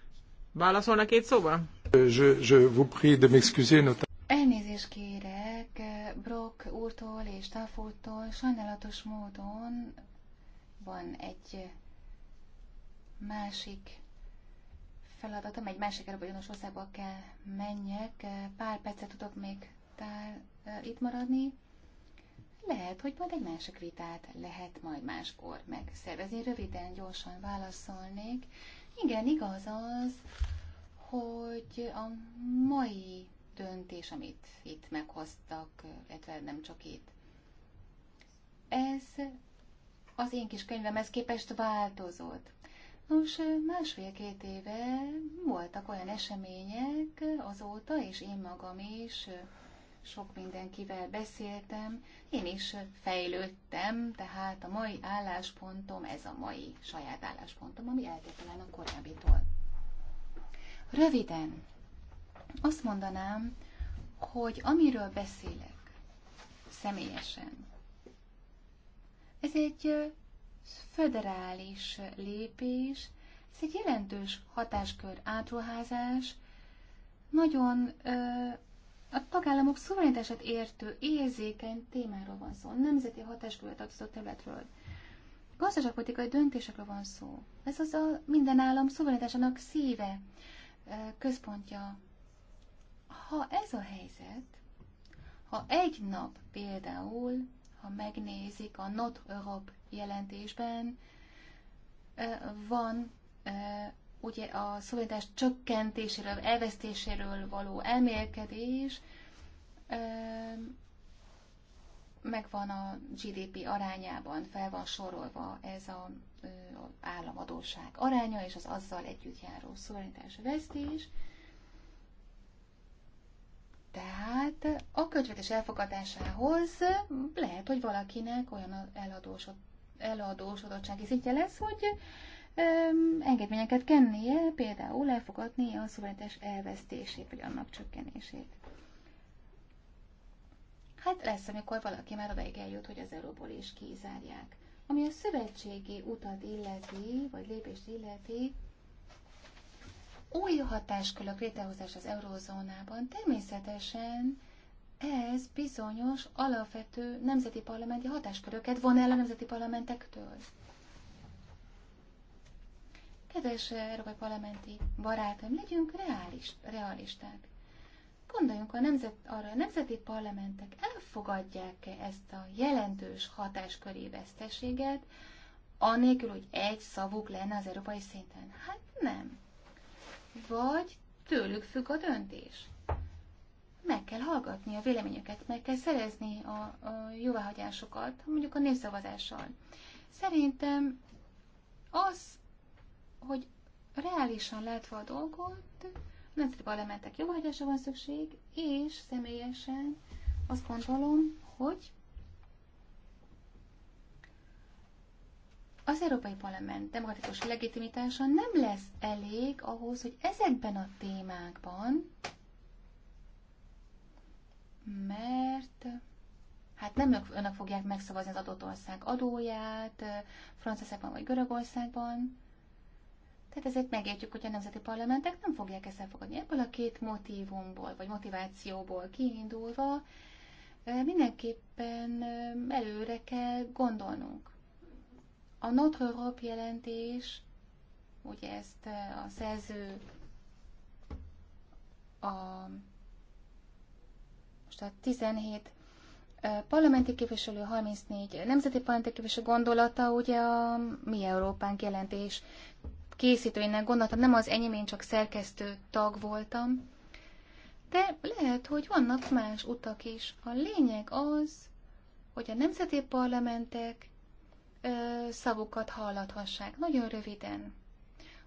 válaszolna két szóban? Je, je vous prie de m'excuser, Elnézést kérek Brock úrtól és Tafúrtól, Sajnálatos módon van egy másik feladatom, egy másik Európai Uniós országba kell menjek. Pár percet tudok még tár, itt maradni. Lehet, hogy majd egy másik vitát lehet majd máskor megszervezni. Röviden, gyorsan válaszolnék. Igen, igaz az, hogy a mai döntés, amit itt meghoztak, illetve nem csak itt, ez az én kis könyvemhez képest változott. Nos, másfél-két éve voltak olyan események azóta, és én magam is sok mindenkivel beszéltem, én is fejlődtem, tehát a mai álláspontom, ez a mai saját álláspontom, ami eltér talán a korábbitól. Röviden, azt mondanám, hogy amiről beszélek személyesen, ez egy föderális lépés, ez egy jelentős hatáskör átruházás, nagyon ö, a tagállamok szuverenitását értő, érzékeny témáról van szó, nemzeti adott tartozó területről. Gazdaságpolitikai döntésekről van szó. Ez az a minden állam szuverenitásának szíve, központja. Ha ez a helyzet, ha egy nap például ha megnézik a Not Europe jelentésben, van ugye a szolidaritás csökkentéséről, elvesztéséről való elmélkedés, megvan a GDP arányában, fel van sorolva ez a, államadóság aránya és az azzal együtt járó szolidaritás vesztés. Tehát a költségvetés elfogadásához lehet, hogy valakinek olyan eladósod, eladósodottsági szintje lesz, hogy öm, engedményeket kennie, például elfogadni a szuverenitás elvesztését, vagy annak csökkenését. Hát lesz, amikor valaki már odaig eljut, hogy az euróból is kizárják. Ami a szövetségi utat illeti, vagy lépést illeti, új hatáskörök létrehozás az eurózónában, természetesen ez bizonyos, alapvető nemzeti parlamenti hatásköröket von el a nemzeti parlamentektől. Kedves európai parlamenti barátom, legyünk reális, realisták. Gondoljunk a nemzet, arra, a nemzeti parlamentek elfogadják-e ezt a jelentős hatásköré veszteséget, anélkül, hogy egy szavuk lenne az európai szinten? Hát nem vagy tőlük függ a döntés. Meg kell hallgatni a véleményeket, meg kell szerezni a, a jóváhagyásokat, mondjuk a népszavazással. Szerintem az, hogy reálisan látva a dolgot, nemzeti parlamentek jóváhagyása van szükség, és személyesen azt gondolom, hogy az Európai Parlament demokratikus legitimitása nem lesz elég ahhoz, hogy ezekben a témákban, mert hát nem önök fogják megszavazni az adott ország adóját, Franciaországban vagy Görögországban, tehát ezért megértjük, hogy a nemzeti parlamentek nem fogják ezt elfogadni. Ebből a két motivumból, vagy motivációból kiindulva mindenképpen előre kell gondolnunk. A Notre Europe jelentés, ugye ezt eh, a szerző a most a 17 eh, parlamenti képviselő, 34 nemzeti parlamenti képviselő gondolata, ugye a Mi Európánk jelentés készítőinek gondolata, nem az enyém, én csak szerkesztő tag voltam. De lehet, hogy vannak más utak is. A lényeg az, hogy a nemzeti parlamentek szavukat hallathassák. Nagyon röviden,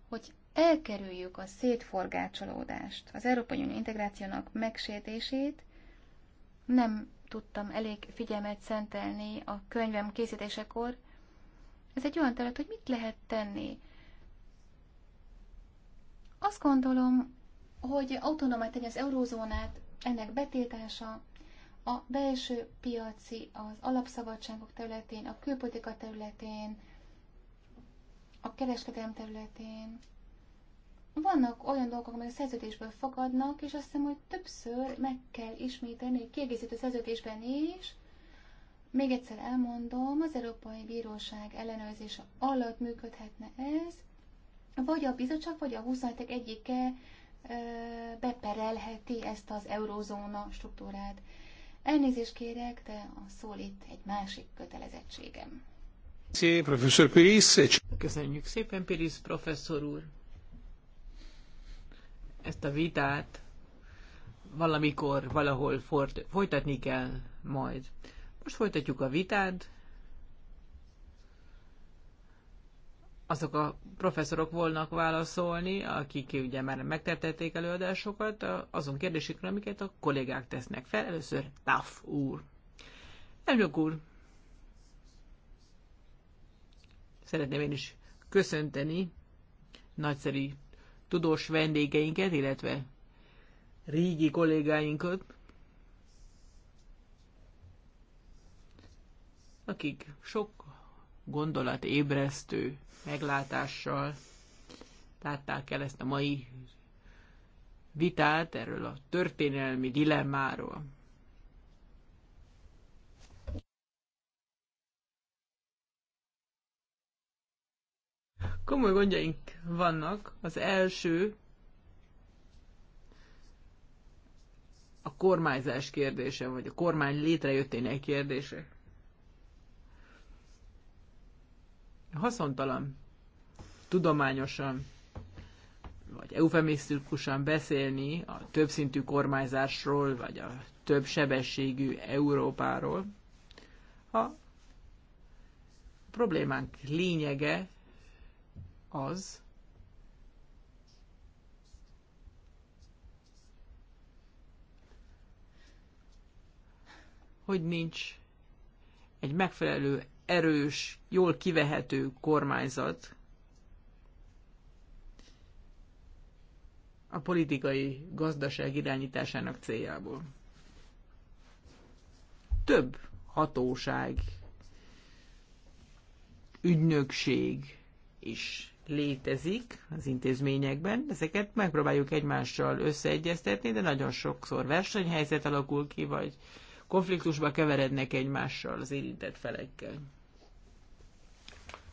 hogy elkerüljük a szétforgácsolódást, az Európai Unió integrációnak megsértését, nem tudtam elég figyelmet szentelni a könyvem készítésekor. Ez egy olyan terület, hogy mit lehet tenni. Azt gondolom, hogy autonómát tenni az eurózónát, ennek betiltása, a belső piaci, az alapszabadságok területén, a külpolitika területén, a kereskedelem területén. Vannak olyan dolgok, amelyek a szerződésből fogadnak, és azt hiszem, hogy többször meg kell ismételni, hogy a szerződésben is, még egyszer elmondom, az Európai Bíróság ellenőrzése alatt működhetne ez, vagy a bizottság, vagy a 27 egyike beperelheti ezt az eurózóna struktúrát. Elnézést kérek, de a szól itt egy másik kötelezettségem. Köszönjük szépen, Piris professzor úr. Ezt a vitát valamikor, valahol folytatni kell majd. Most folytatjuk a vitát, azok a professzorok volnak válaszolni, akik ugye már megtertették előadásokat, azon kérdésükre, amiket a kollégák tesznek fel. Először TAF úr. Elnök úr, szeretném én is köszönteni nagyszerű tudós vendégeinket, illetve régi kollégáinkat, akik sok gondolat ébresztő meglátással látták el ezt a mai vitát erről a történelmi dilemmáról. Komoly gondjaink vannak. Az első a kormányzás kérdése, vagy a kormány létrejöttének kérdése. haszontalan tudományosan vagy eufemisztikusan beszélni a többszintű kormányzásról, vagy a több sebességű Európáról, ha a problémánk lényege az, hogy nincs egy megfelelő erős, jól kivehető kormányzat a politikai gazdaság irányításának céljából. Több hatóság, ügynökség is létezik az intézményekben. Ezeket megpróbáljuk egymással összeegyeztetni, de nagyon sokszor versenyhelyzet alakul ki, vagy konfliktusba keverednek egymással az érintett felekkel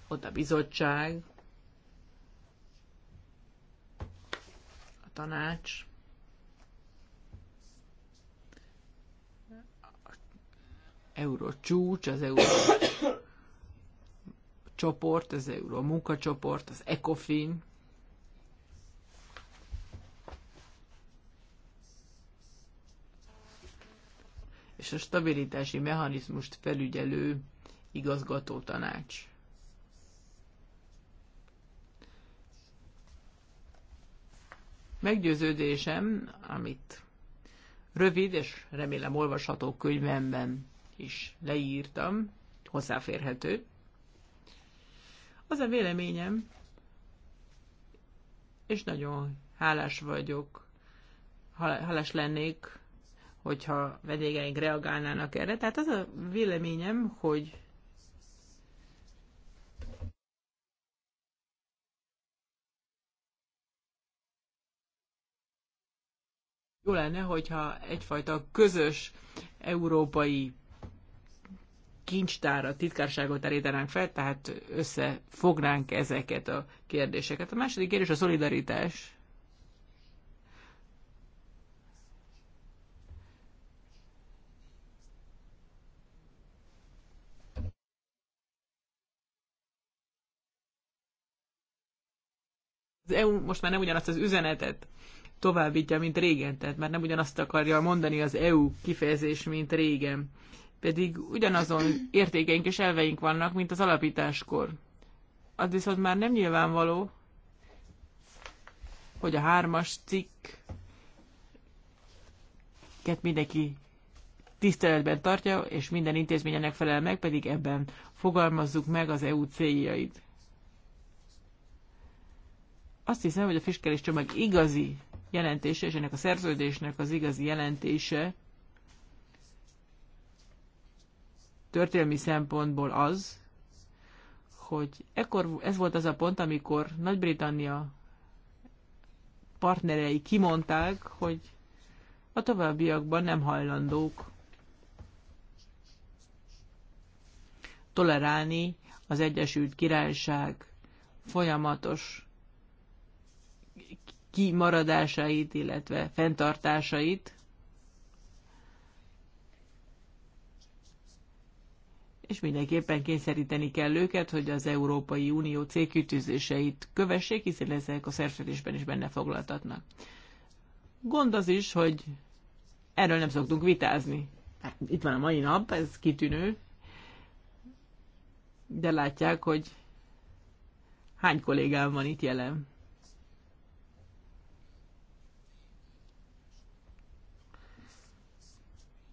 ott a bizottság, a tanács, euró csúcs, az euró csoport, az euró munkacsoport, az ECOFIN. És a stabilitási mechanizmust felügyelő igazgató tanács. Meggyőződésem, amit rövid és remélem olvasható könyvemben is leírtam, hozzáférhető. Az a véleményem, és nagyon hálás vagyok, hálás lennék, hogyha vendégeink reagálnának erre. Tehát az a véleményem, hogy Jó lenne, hogyha egyfajta közös európai kincstára, titkárságot elítenánk fel, tehát összefognánk ezeket a kérdéseket. A második kérdés a szolidaritás. Az EU most már nem ugyanazt az üzenetet továbbítja, mint régen, tehát már nem ugyanazt akarja mondani az EU kifejezés, mint régen. Pedig ugyanazon értékeink és elveink vannak, mint az alapításkor. Az viszont már nem nyilvánvaló, hogy a hármas cikket mindenki tiszteletben tartja, és minden intézményenek felel meg, pedig ebben fogalmazzuk meg az EU céljait. Azt hiszem, hogy a fiskális csomag igazi jelentése és ennek a szerződésnek az igazi jelentése történelmi szempontból az, hogy ekkor, ez volt az a pont, amikor Nagy-Britannia partnerei kimondták, hogy a továbbiakban nem hajlandók tolerálni az Egyesült Királyság folyamatos kimaradásait, illetve fenntartásait. És mindenképpen kényszeríteni kell őket, hogy az Európai Unió célkütőzéseit kövessék, hiszen ezek a szerződésben is benne foglaltatnak. Gond az is, hogy erről nem szoktunk vitázni. Hát, itt van a mai nap, ez kitűnő, de látják, hogy hány kollégám van itt jelen.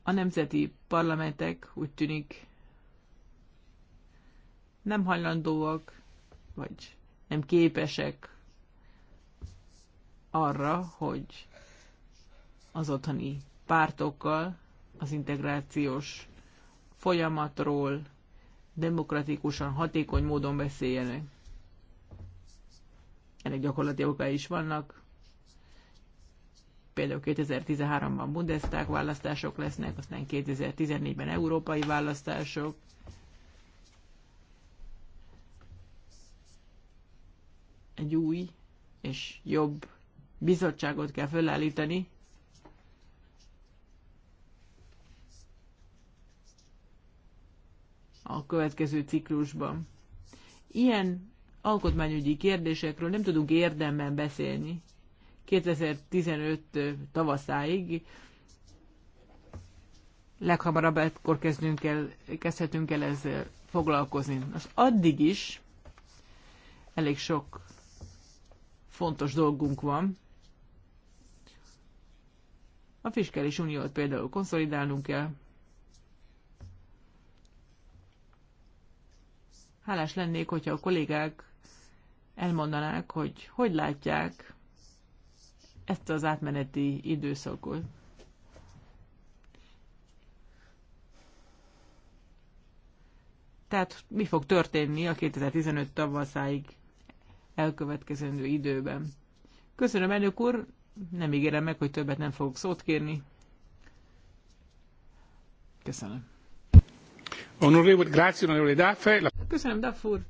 A nemzeti parlamentek úgy tűnik nem hajlandóak, vagy nem képesek arra, hogy az otthoni pártokkal az integrációs folyamatról demokratikusan, hatékony módon beszéljenek. Ennek gyakorlati okai is vannak például 2013-ban Bundestag választások lesznek, aztán 2014-ben európai választások. Egy új és jobb bizottságot kell fölállítani, a következő ciklusban. Ilyen alkotmányügyi kérdésekről nem tudunk érdemben beszélni. 2015 tavaszáig. Leghamarabb ekkor kezdünk el, kezdhetünk el ezzel foglalkozni. Most addig is elég sok fontos dolgunk van. A fiskális uniót például konszolidálnunk kell. Hálás lennék, hogyha a kollégák elmondanák, hogy hogy látják ezt az átmeneti időszakot. Tehát mi fog történni a 2015 tavaszáig elkövetkezendő időben? Köszönöm, elnök úr, nem ígérem meg, hogy többet nem fogok szót kérni. Köszönöm. Köszönöm, Daffur.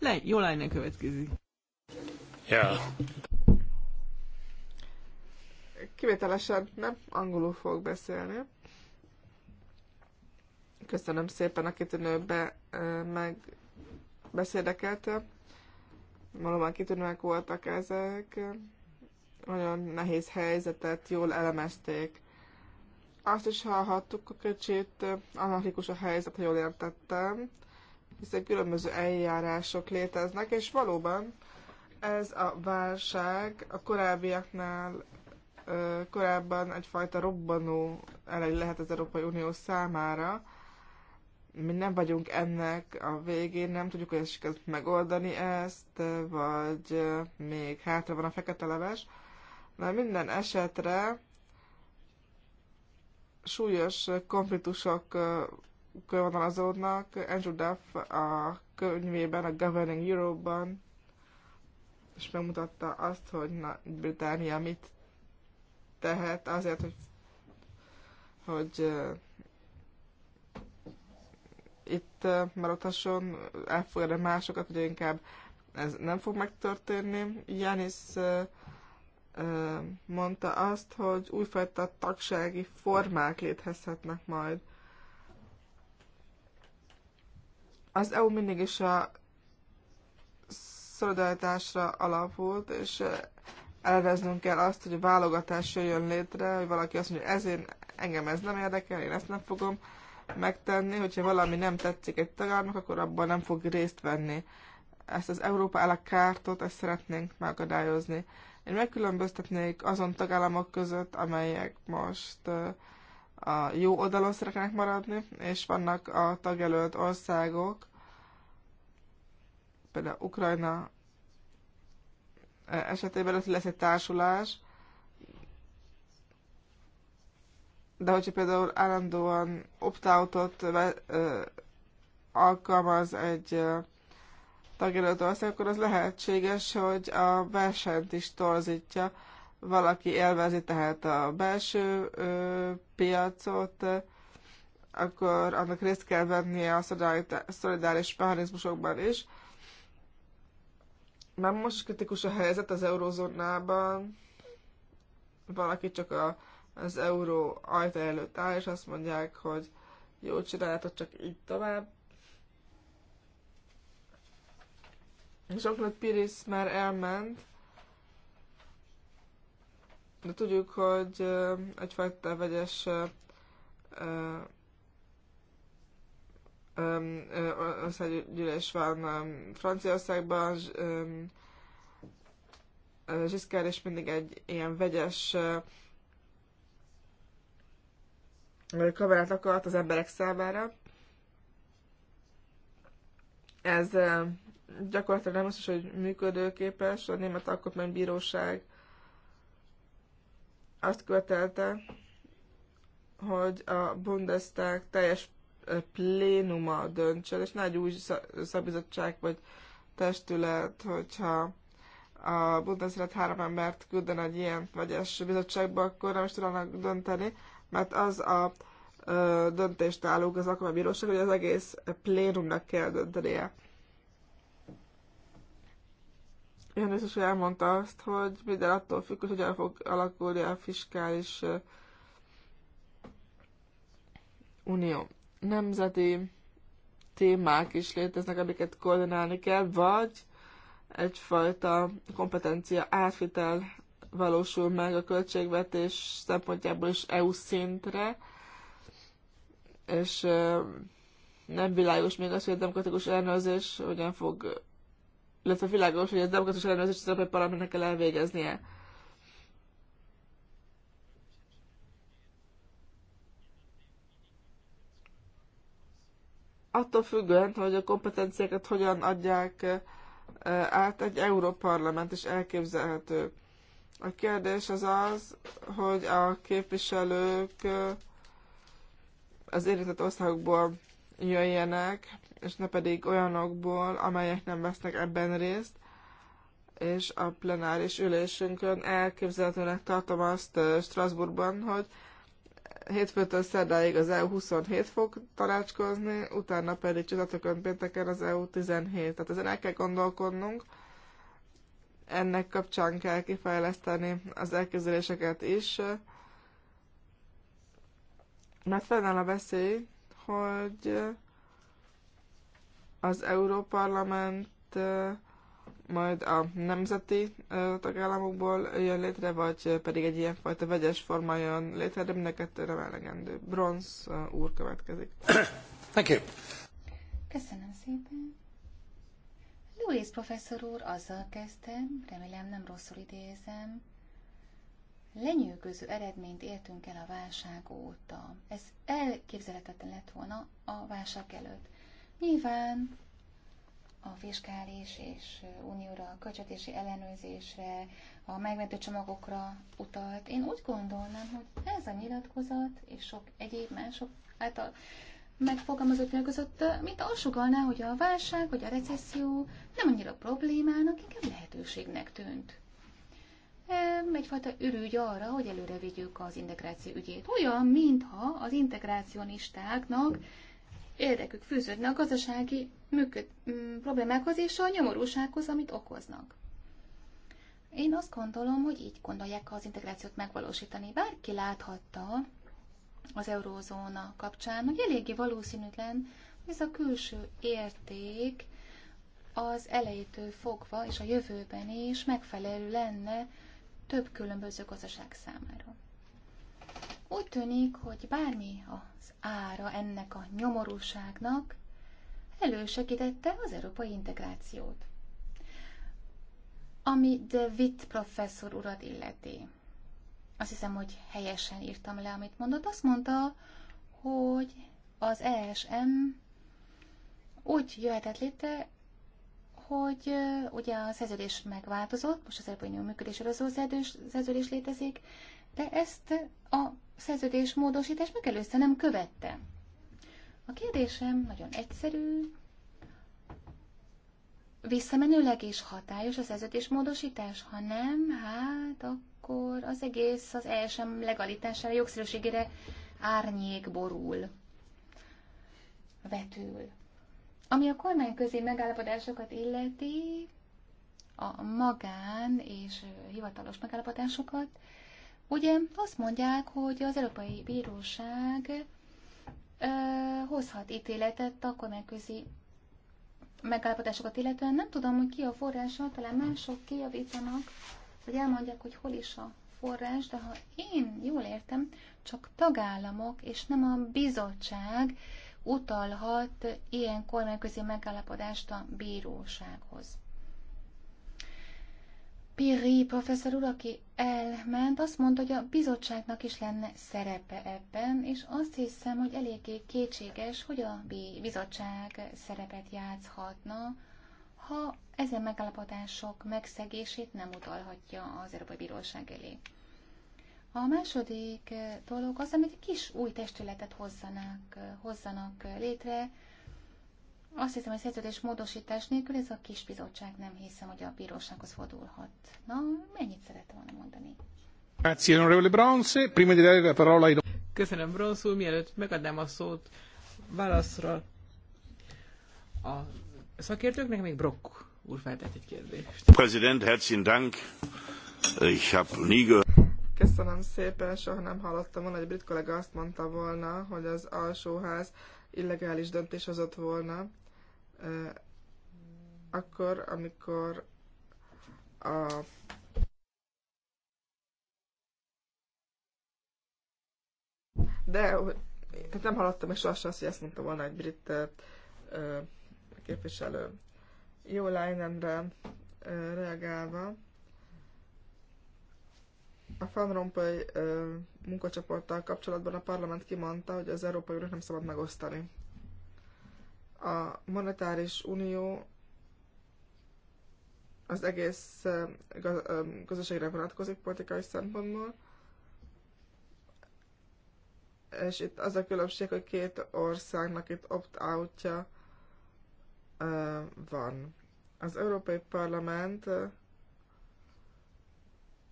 Le, jól lenne következik. Yeah. Kivételesen nem angolul fogok beszélni. Köszönöm szépen a kitűnőbe meg beszédeket. Valóban kitűnőek voltak ezek. Nagyon nehéz helyzetet jól elemezték. Azt is hallhattuk, kicsit anarchikus a helyzet, ha jól értettem, hiszen különböző eljárások léteznek, és valóban ez a válság a korábbiaknál korábban egyfajta robbanó elej lehet az Európai Unió számára. Mi nem vagyunk ennek a végén, nem tudjuk, hogy ezt megoldani ezt, vagy még hátra van a fekete leves. De minden esetre súlyos konfliktusok körvonalazódnak. Andrew Duff a könyvében, a Governing Europe-ban és megmutatta azt, hogy na, Britannia mit tehet azért, hogy, hogy itt maradhasson, elfogadja másokat, hogy inkább ez nem fog megtörténni. Janis mondta azt, hogy újfajta tagsági formák létezhetnek majd. Az EU mindig is a szolidaritásra alapult, és elveznünk kell azt, hogy a válogatás jön létre, hogy valaki azt mondja, ez én, engem ez nem érdekel, én ezt nem fogom megtenni, hogyha valami nem tetszik egy tagállamnak, akkor abban nem fog részt venni. Ezt az Európa a kártot, ezt szeretnénk megadályozni. Én megkülönböztetnék azon tagállamok között, amelyek most a jó oldalon szeretnek maradni, és vannak a tagjelölt országok, például Ukrajna, E, esetében ez lesz egy társulás, de hogyha például állandóan opt-outot e, alkalmaz egy e, tagjelölt ország, akkor az lehetséges, hogy a versenyt is torzítja. Valaki élvezi tehát a belső ö, piacot, akkor annak részt kell vennie a szolidáris mechanizmusokban is, már most kritikus a helyzet az eurózónában. Valaki csak a, az euró ajta előtt áll, és azt mondják, hogy jó, csináljátok csak így tovább. Jean-Claude Piris már elment, de tudjuk, hogy egyfajta vegyes országgyűlés van Franciaországban, Zsiszkár is mindig egy ilyen vegyes kamerát akart az emberek számára. Ez gyakorlatilag nem biztos, hogy működőképes. A Német Alkotmánybíróság azt követelte, hogy a Bundestag teljes plénuma döntsön, és nagy új szabizottság vagy testület, hogyha a Bundesrat három embert külden egy ilyen vegyes bizottságba, akkor nem is tudnak dönteni, mert az a ö, döntést állók az bíróság, hogy az egész plénumnak kell döntenie. Ilyen biztos, hogy elmondta azt, hogy minden attól függ, hogy hogyan fog alakulni a fiskális unió nemzeti témák is léteznek, amiket koordinálni kell, vagy egyfajta kompetencia átvitel valósul meg a költségvetés szempontjából is EU szintre, és nem világos még az, hogy a demokratikus ellenőrzés hogyan fog, illetve világos, hogy a demokratikus ellenőrzés az Európai Parlamentnek kell elvégeznie. attól függően, hogy a kompetenciákat hogyan adják eh, át, egy Európarlament is elképzelhető. A kérdés az az, hogy a képviselők eh, az érintett országokból jöjjenek, és ne pedig olyanokból, amelyek nem vesznek ebben részt, és a plenáris ülésünkön elképzelhetőnek tartom azt eh, Strasbourgban, hogy hétfőtől szerdáig az EU 27 fog tanácskozni, utána pedig csütörtökön pénteken az EU 17. Tehát ezen el kell gondolkodnunk, ennek kapcsán kell kifejleszteni az elképzeléseket is, mert fennáll a veszély, hogy az Európarlament majd a nemzeti tagállamokból jön létre, vagy pedig egy ilyenfajta vegyes forma jön létre, de mind nem elegendő. Bronz úr következik. Thank you. Köszönöm szépen. Louis professzor úr azzal kezdtem, remélem nem rosszul idézem, lenyűgöző eredményt értünk el a válság óta. Ez elképzelhetetlen lett volna a válság előtt. Nyilván a fiskális és unióra, a költségvetési ellenőrzésre, a megmentő csomagokra utalt. Én úgy gondolnám, hogy ez a nyilatkozat és sok egyéb mások által megfogalmazott nyilatkozat, mint azt sugalná, hogy a válság vagy a recesszió nem annyira problémának, inkább lehetőségnek tűnt. Egyfajta ürügy arra, hogy előre vigyük az integráció ügyét. Olyan, mintha az integrációnistáknak érdekük fűződne a gazdasági működ, mm, problémákhoz és a nyomorúsághoz, amit okoznak. Én azt gondolom, hogy így gondolják az integrációt megvalósítani. Bárki láthatta az eurózóna kapcsán, hogy eléggé valószínűtlen, hogy ez a külső érték az elejétől fogva és a jövőben is megfelelő lenne több különböző gazdaság számára. Úgy tűnik, hogy bármi az ára ennek a nyomorúságnak, elősegítette az európai integrációt. Ami De Witt professzor urat illeti. Azt hiszem, hogy helyesen írtam le, amit mondott. Azt mondta, hogy az ESM úgy jöhetett létre, hogy ugye a szerződés megváltozott, most az Európai Unió működéséről szóló szerződés, szerződés létezik, de ezt a szerződés módosítás megelőzte, nem követte. A kérdésem nagyon egyszerű, visszamenőleg is hatályos a és módosítás, ha nem, hát akkor az egész az ESM legalitására, jogszerűségére árnyék borul, vetül. Ami a kormányközi megállapodásokat illeti, a magán és hivatalos megállapodásokat, ugye azt mondják, hogy az Európai Bíróság hozhat ítéletet a megállapodásokat illetően. Nem tudom, hogy ki a forrása, talán mások kijavítanak, vagy elmondják, hogy hol is a forrás, de ha én jól értem, csak tagállamok és nem a bizottság utalhat ilyen kormányközi megállapodást a bírósághoz. Piri professzor úr, aki elment, azt mondta, hogy a bizottságnak is lenne szerepe ebben, és azt hiszem, hogy eléggé kétséges, hogy a bizottság szerepet játszhatna, ha ezen megállapodások megszegését nem utalhatja az Európai Bíróság elé. A második dolog az, amit egy kis új testületet hozzanak, hozzanak létre, azt hiszem, hogy szerződés módosítás nélkül ez a kis bizottság nem hiszem, hogy a bírósághoz fordulhat. Na, mennyit szerettem volna mondani? Köszönöm, Bronsz úr, mielőtt megadnám a szót válaszra a szakértőknek, még Brock úr feltett egy kérdést. President, herzlichen Dank. Ich habe nie Köszönöm szépen, soha nem hallottam volna, egy brit kollega azt mondta volna, hogy az alsóház illegális döntés hozott volna, akkor, amikor a De tehát nem hallottam még sohasem azt, hogy ezt mondta volna egy brit ö, képviselő. Jó lányemre reagálva. A Van Rompuy munkacsoporttal kapcsolatban a parlament kimondta, hogy az Európai Uniót nem szabad megosztani. A monetáris unió az egész gazdaságre vonatkozik politikai szempontból, és itt az a különbség, hogy két országnak itt opt-outja van. Az Európai Parlament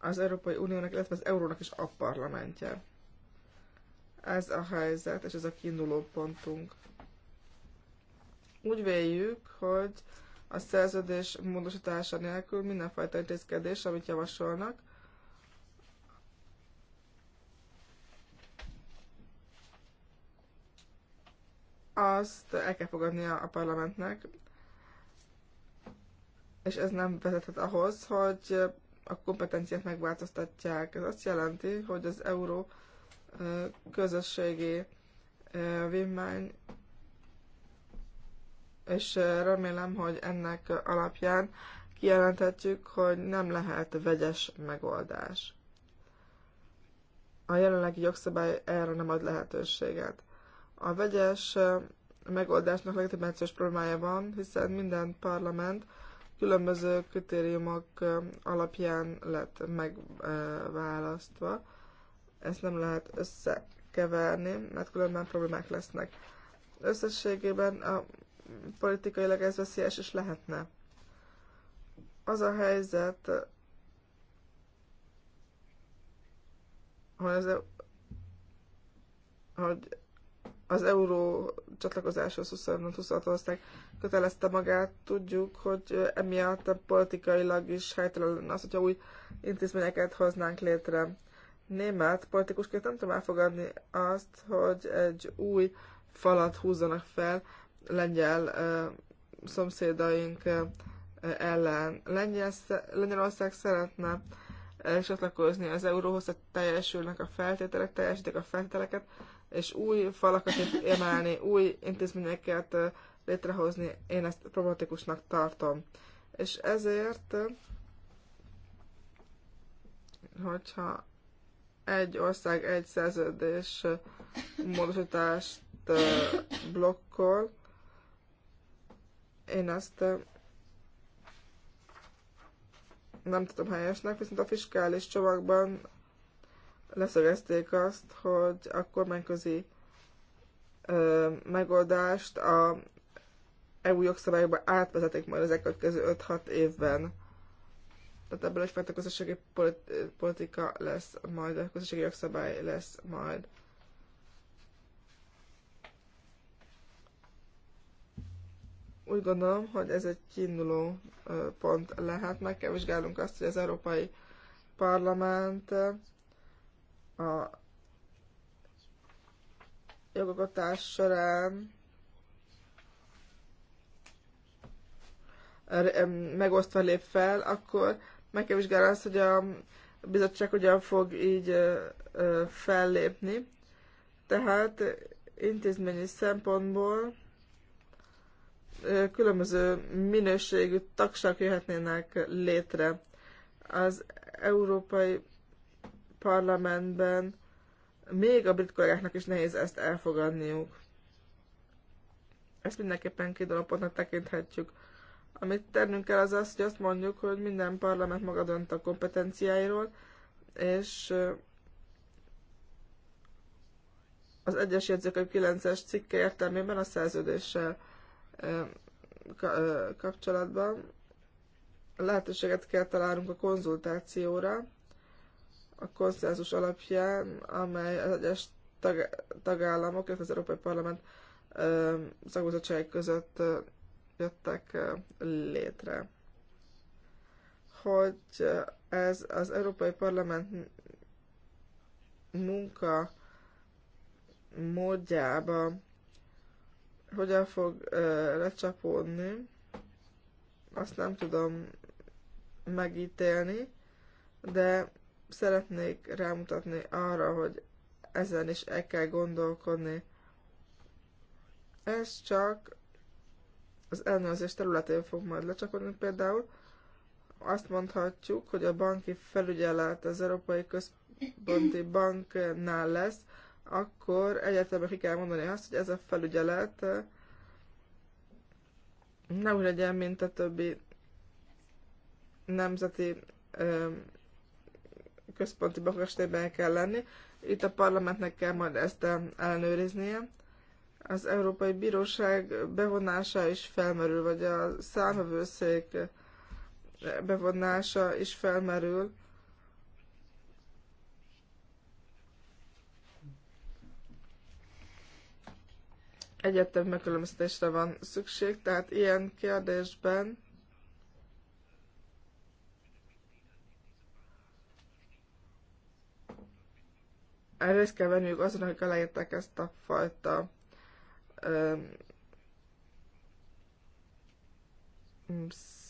az Európai Uniónak, illetve az Eurónak is a parlamentje. Ez a helyzet, és ez a kiinduló pontunk. Úgy véljük, hogy a szerződés módosítása nélkül mindenfajta intézkedés, amit javasolnak, azt el kell fogadnia a parlamentnek, és ez nem vezethet ahhoz, hogy a kompetenciát megváltoztatják. Ez azt jelenti, hogy az euró közösségi vívmány, és remélem, hogy ennek alapján kijelenthetjük, hogy nem lehet vegyes megoldás. A jelenlegi jogszabály erre nem ad lehetőséget. A vegyes megoldásnak legtöbb egyszerűs problémája van, hiszen minden parlament különböző kritériumok alapján lett megválasztva. Ezt nem lehet összekeverni, mert különben problémák lesznek. Összességében a politikailag ez veszélyes is lehetne. Az a helyzet, hogy az, e- hogy az euró csatlakozáshoz 26 ország kötelezte magát, tudjuk, hogy emiatt a politikailag is helytelen lenne az, hogyha új intézményeket hoznánk létre. Német politikusként nem tudom elfogadni azt, hogy egy új falat húzzanak fel lengyel uh, szomszédaink uh, ellen. Lengyel, Lengyelország szeretne uh, csatlakozni az euróhoz, hogy teljesülnek a feltételek, teljesítik a feltételeket, és új falakat emelni, új intézményeket uh, létrehozni, én ezt problematikusnak tartom. És ezért, hogyha egy ország egy szerződés módosítást blokkol, én azt nem tudom helyesnek, viszont a fiskális csomagban leszögezték azt, hogy a kormányközi megoldást a EU jogszabályokba átvezetik majd az ekkor közö 5-6 évben. Tehát ebből egyfajta közösségi politika lesz majd, a közösségi jogszabály lesz majd. Úgy gondolom, hogy ez egy kiinduló pont lehet. Meg kell vizsgálnunk azt, hogy az Európai Parlament a jogokatás során megosztva lép fel, akkor meg kell vizsgálni azt, hogy a bizottság hogyan fog így fellépni. Tehát intézményi szempontból különböző minőségű tagság jöhetnének létre. Az Európai Parlamentben még a brit kollégáknak is nehéz ezt elfogadniuk. Ezt mindenképpen kidolapotnak tekinthetjük. Amit tennünk kell az az, hogy azt mondjuk, hogy minden parlament maga dönt a kompetenciáiról, és az egyes jegyzőkönyv 9-es cikke értelmében a szerződéssel kapcsolatban lehetőséget kell találnunk a konzultációra, a konszenzus alapján, amely az egyes tag, tagállamok, illetve az Európai Parlament szakbizottságok között jöttek létre. Hogy ez az Európai Parlament munka módjába hogyan fog lecsapódni, azt nem tudom megítélni, de szeretnék rámutatni arra, hogy ezen is el kell gondolkodni. Ez csak az ellenőrzés területén fog majd lecsakodni például, azt mondhatjuk, hogy a banki felügyelet az Európai Központi Banknál lesz, akkor egyáltalán ki kell mondani azt, hogy ez a felügyelet eh, ne úgy legyen, mint a többi nemzeti eh, központi bankos kell lenni. Itt a parlamentnek kell majd ezt eh, ellenőriznie az Európai Bíróság bevonása is felmerül, vagy a számövőszék bevonása is felmerül. Egyetemi megkülönböztetésre van szükség, tehát ilyen kérdésben részt kell venniük azon, hogy aláírták ezt a fajta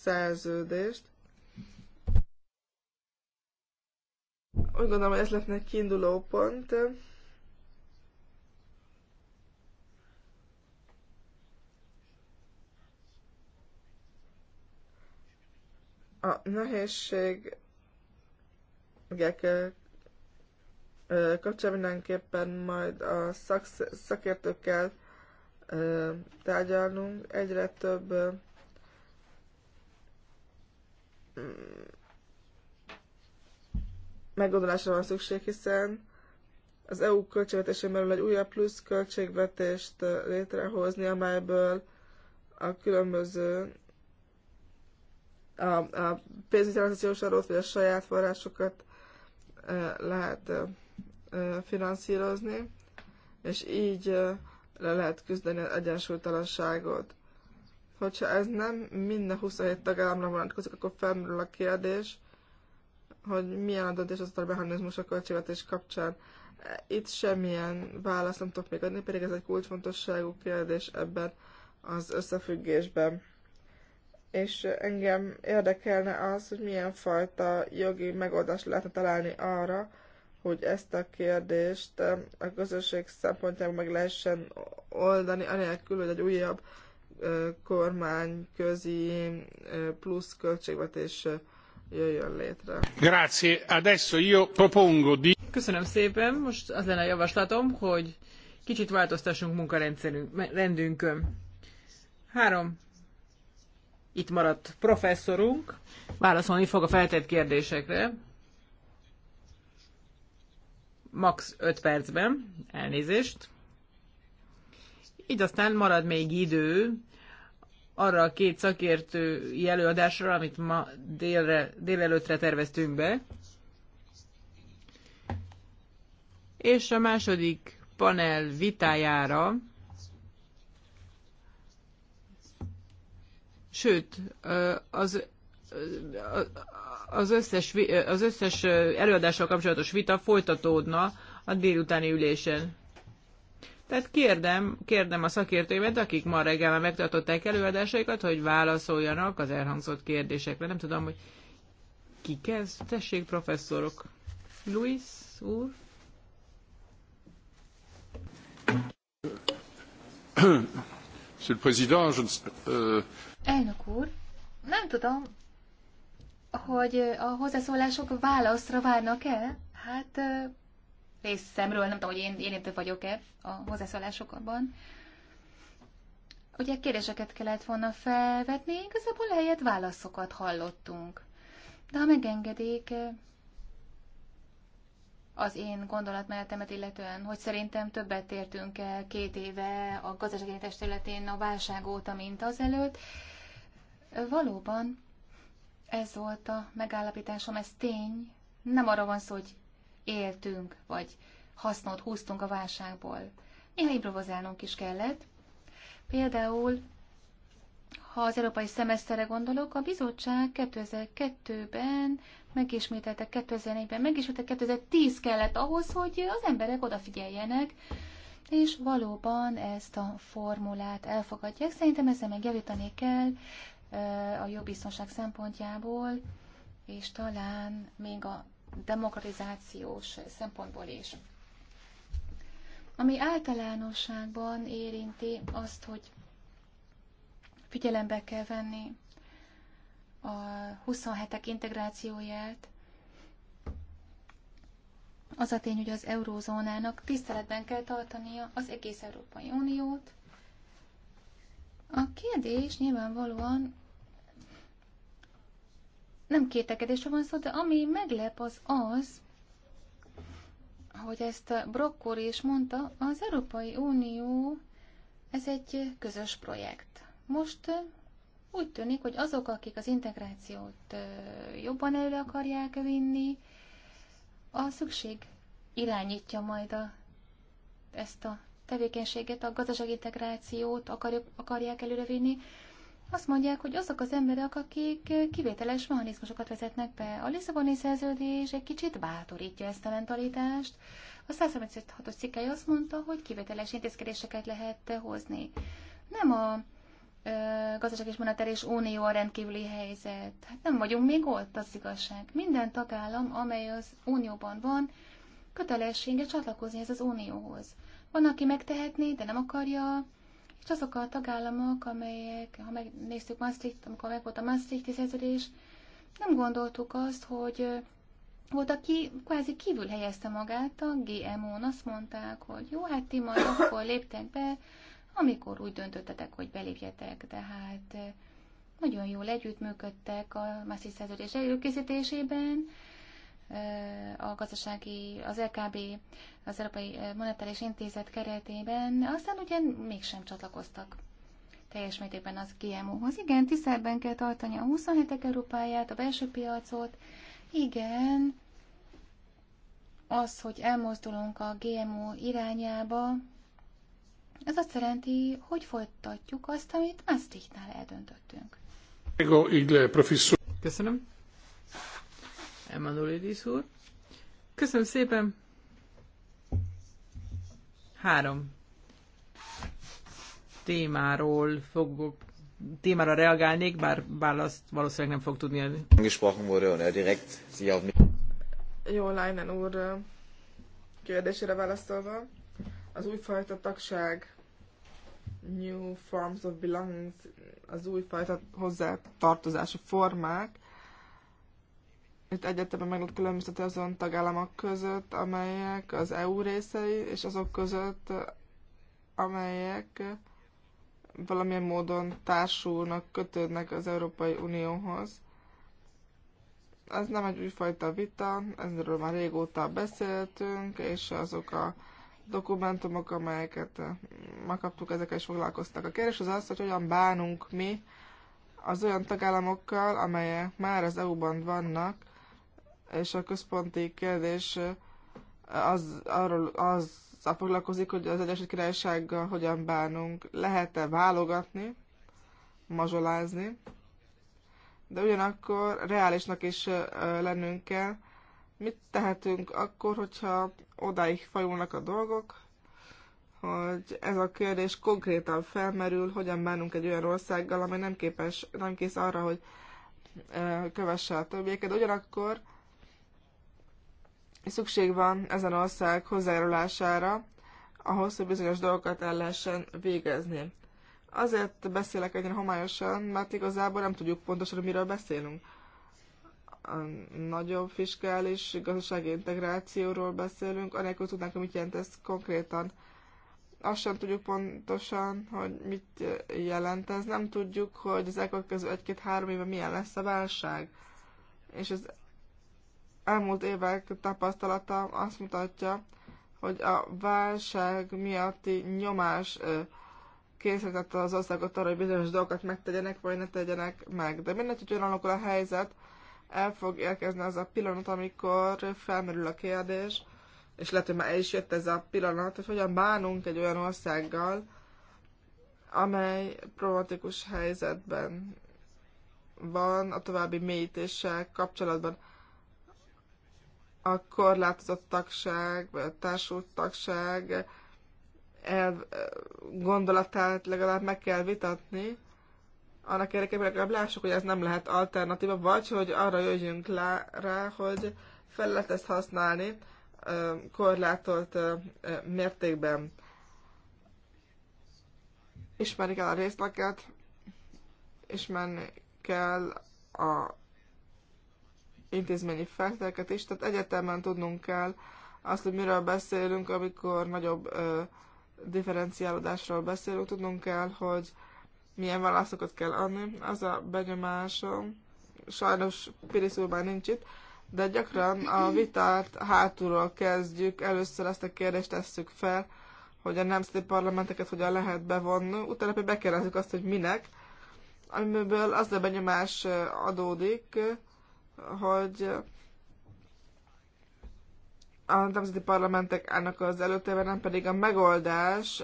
szerződést. Úgy gondolom, hogy ez lett egy kiinduló pont. a nehézség kapcsolatban mindenképpen majd a szak, szakértőkkel tárgyalnunk. Egyre több meggondolásra van szükség, hiszen az EU költségvetésén belül egy újabb plusz költségvetést létrehozni, amelyből a különböző a, a pénzügyi adót vagy a saját forrásokat lehet finanszírozni, és így le lehet küzdeni az egyensúlytalanságot. Hogyha ez nem minden 27 tagállamra vonatkozik, akkor felmerül a kérdés, hogy milyen a döntéshozatali mechanizmus a költségvetés kapcsán. Itt semmilyen választ nem tudok még adni, pedig ez egy kulcsfontosságú kérdés ebben az összefüggésben. És engem érdekelne az, hogy milyen fajta jogi megoldást lehetne találni arra, hogy ezt a kérdést a közösség szempontjából meg lehessen oldani, anélkül, hogy egy újabb kormány közi plusz költségvetés jöjjön létre. Grazie. Adesso io propongo di... Köszönöm szépen. Most az lenne a javaslatom, hogy kicsit változtassunk munkarendünkön. Három itt maradt professzorunk válaszolni fog a feltett kérdésekre max. 5 percben, elnézést. Így aztán marad még idő arra a két szakértő előadásra, amit ma délre, délelőttre terveztünk be. És a második panel vitájára, sőt, az az összes, az összes előadással kapcsolatos vita folytatódna a délutáni ülésen. Tehát kérdem, kérdem a szakértőimet, akik ma reggel megtartották előadásaikat, hogy válaszoljanak az elhangzott kérdésekre. Nem tudom, hogy ki kezd. Tessék, professzorok. Luis úr. Euh, Elnök úr, nem tudom, hogy a hozzászólások válaszra várnak-e? Hát részemről, nem tudom, hogy én én érintő vagyok-e a hozzászólásokban. Ugye kérdéseket kellett volna felvetni, igazából helyett válaszokat hallottunk. De ha megengedik, az én gondolatmenetemet illetően, hogy szerintem többet értünk el két éve a gazdasági területén a válság óta, mint azelőtt. Valóban ez volt a megállapításom, ez tény. Nem arra van szó, hogy éltünk, vagy hasznot húztunk a válságból. Néha improvizálnunk is kellett. Például, ha az európai szemeszterre gondolok, a bizottság 2002-ben megismételte 2004-ben, megismételte 2010 kellett ahhoz, hogy az emberek odafigyeljenek, és valóban ezt a formulát elfogadják. Szerintem ezzel még javítani kell a jogbiztonság szempontjából, és talán még a demokratizációs szempontból is. Ami általánosságban érinti azt, hogy figyelembe kell venni a 27-ek integrációját, az a tény, hogy az eurózónának tiszteletben kell tartania az egész Európai Uniót, a kérdés nyilvánvalóan nem kétekedésről van szó, de ami meglep az az, hogy ezt Brokkor is mondta, az Európai Unió ez egy közös projekt. Most úgy tűnik, hogy azok, akik az integrációt jobban előre akarják vinni, a szükség irányítja majd a, ezt a tevékenységet, a gazdasági integrációt akarjuk, akarják előrevinni, azt mondják, hogy azok az emberek, akik kivételes mechanizmusokat vezetnek be. A Lisszaboni szerződés egy kicsit bátorítja ezt a mentalitást. A 136-os cikkely azt mondta, hogy kivételes intézkedéseket lehet hozni. Nem a ö, gazdaság és monetáris unió a rendkívüli helyzet. Hát nem vagyunk még ott, az igazság. Minden tagállam, amely az unióban van, kötelessége csatlakozni ez az unióhoz. Van, aki megtehetné, de nem akarja, és azok a tagállamok, amelyek, ha megnéztük Maastricht, amikor meg volt a Maastrichti szerződés, nem gondoltuk azt, hogy volt, aki kvázi kívül helyezte magát a GMO-n, azt mondták, hogy jó, hát ti majd akkor léptek be, amikor úgy döntöttetek, hogy belépjetek, de hát nagyon jól együttműködtek a Maastricht szerződés előkészítésében, a gazdasági, az LKB, az Európai Monetáris Intézet keretében, aztán ugye mégsem csatlakoztak teljes mértékben az GMO-hoz. Igen, tisztában kell tartani a 27 Európáját, a belső piacot. Igen, az, hogy elmozdulunk a GMO irányába, ez azt jelenti, hogy folytatjuk azt, amit Maastrichtnál eldöntöttünk. Köszönöm. Emanulidis úr. Köszönöm szépen. Három témáról fogok témára reagálnék, bár választ valószínűleg nem fog tudni adni. wurde und er direkt sie auf Jó, Leinen úr kérdésére válaszolva, az újfajta tagság New Forms of belonging, az újfajta hozzátartozási formák, itt egyetemben meg lehet különböztetni azon tagállamok között, amelyek az EU részei, és azok között, amelyek valamilyen módon társulnak, kötődnek az Európai Unióhoz. Ez nem egy újfajta vita, ezről már régóta beszéltünk, és azok a dokumentumok, amelyeket megkaptuk, ezekkel is foglalkoztak. A kérdés az az, hogy hogyan bánunk mi az olyan tagállamokkal, amelyek már az EU-ban vannak, és a központi kérdés az, arról, az a foglalkozik, hogy az Egyesült Királysággal hogyan bánunk. Lehet-e válogatni, mazsolázni, de ugyanakkor reálisnak is lennünk kell. Mit tehetünk akkor, hogyha odáig fajulnak a dolgok, hogy ez a kérdés konkrétan felmerül, hogyan bánunk egy olyan országgal, amely nem, képes, nem kész arra, hogy kövesse a többieket. ugyanakkor Szükség van ezen ország hozzájárulására, ahhoz, hogy bizonyos dolgokat el lehessen végezni. Azért beszélek ennyire homályosan, mert igazából nem tudjuk pontosan, miről beszélünk. A nagyobb fiskális gazdasági integrációról beszélünk, anélkül tudnánk, hogy mit jelent ez konkrétan. Azt sem tudjuk pontosan, hogy mit jelent ez. Nem tudjuk, hogy az elkövetkező egy-két-három évben milyen lesz a válság. És ez elmúlt évek tapasztalata azt mutatja, hogy a válság miatti nyomás készítette az országot arra, hogy bizonyos dolgokat megtegyenek, vagy ne tegyenek meg. De mindegy, hogy alakul a helyzet, el fog érkezni az a pillanat, amikor felmerül a kérdés, és lehet, hogy már el is jött ez a pillanat, hogy hogyan bánunk egy olyan országgal, amely problematikus helyzetben van a további mélyítéssel kapcsolatban a korlátozott tagság, vagy a társult tagság el, gondolatát legalább meg kell vitatni, annak érdekében legalább lássuk, hogy ez nem lehet alternatíva, vagy hogy arra jöjjünk rá, hogy fel lehet ezt használni korlátolt mértékben. Ismerik el a részleket, ismerni kell a intézményi feltételeket is, tehát egyetemen tudnunk kell azt, hogy miről beszélünk, amikor nagyobb ö, differenciálódásról beszélünk, tudnunk kell, hogy milyen válaszokat kell adni. Az a benyomásom, sajnos Piris már nincs itt, de gyakran a vitát hátulról kezdjük, először ezt a kérdést tesszük fel, hogy a nemzeti parlamenteket hogyan lehet bevonni, utána pedig bekérdezzük azt, hogy minek, amiből az a benyomás adódik, hogy a nemzeti parlamentek állnak az előtérben, nem pedig a megoldás,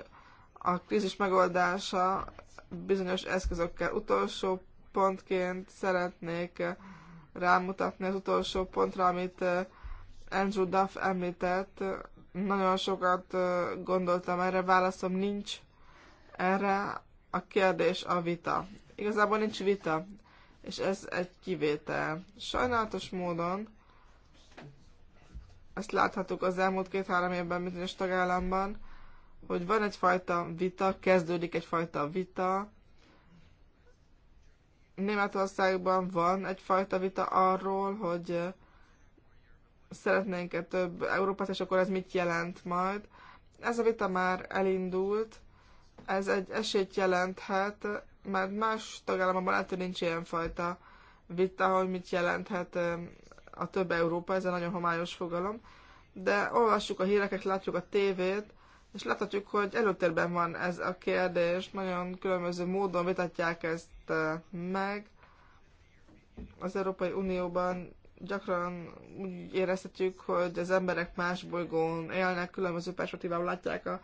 a krízis megoldása bizonyos eszközökkel. Utolsó pontként szeretnék rámutatni az utolsó pontra, amit eh, Andrew Duff említett. Nagyon sokat eh, gondoltam erre, válaszom nincs erre. A kérdés a vita. Igazából nincs vita és ez egy kivétel. Sajnálatos módon ezt láthatjuk az elmúlt két-három évben bizonyos tagállamban, hogy van egyfajta vita, kezdődik egyfajta vita. Németországban van egyfajta vita arról, hogy szeretnénk-e több Európát, és akkor ez mit jelent majd. Ez a vita már elindult, ez egy esélyt jelenthet mert más tagállamokban lehet, hogy nincs fajta vita, hogy mit jelenthet a több Európa, ez egy nagyon homályos fogalom, de olvassuk a híreket, látjuk a tévét, és láthatjuk, hogy előtérben van ez a kérdés, nagyon különböző módon vitatják ezt meg. Az Európai Unióban gyakran úgy érezhetjük, hogy az emberek más bolygón élnek, különböző perspektívából látják a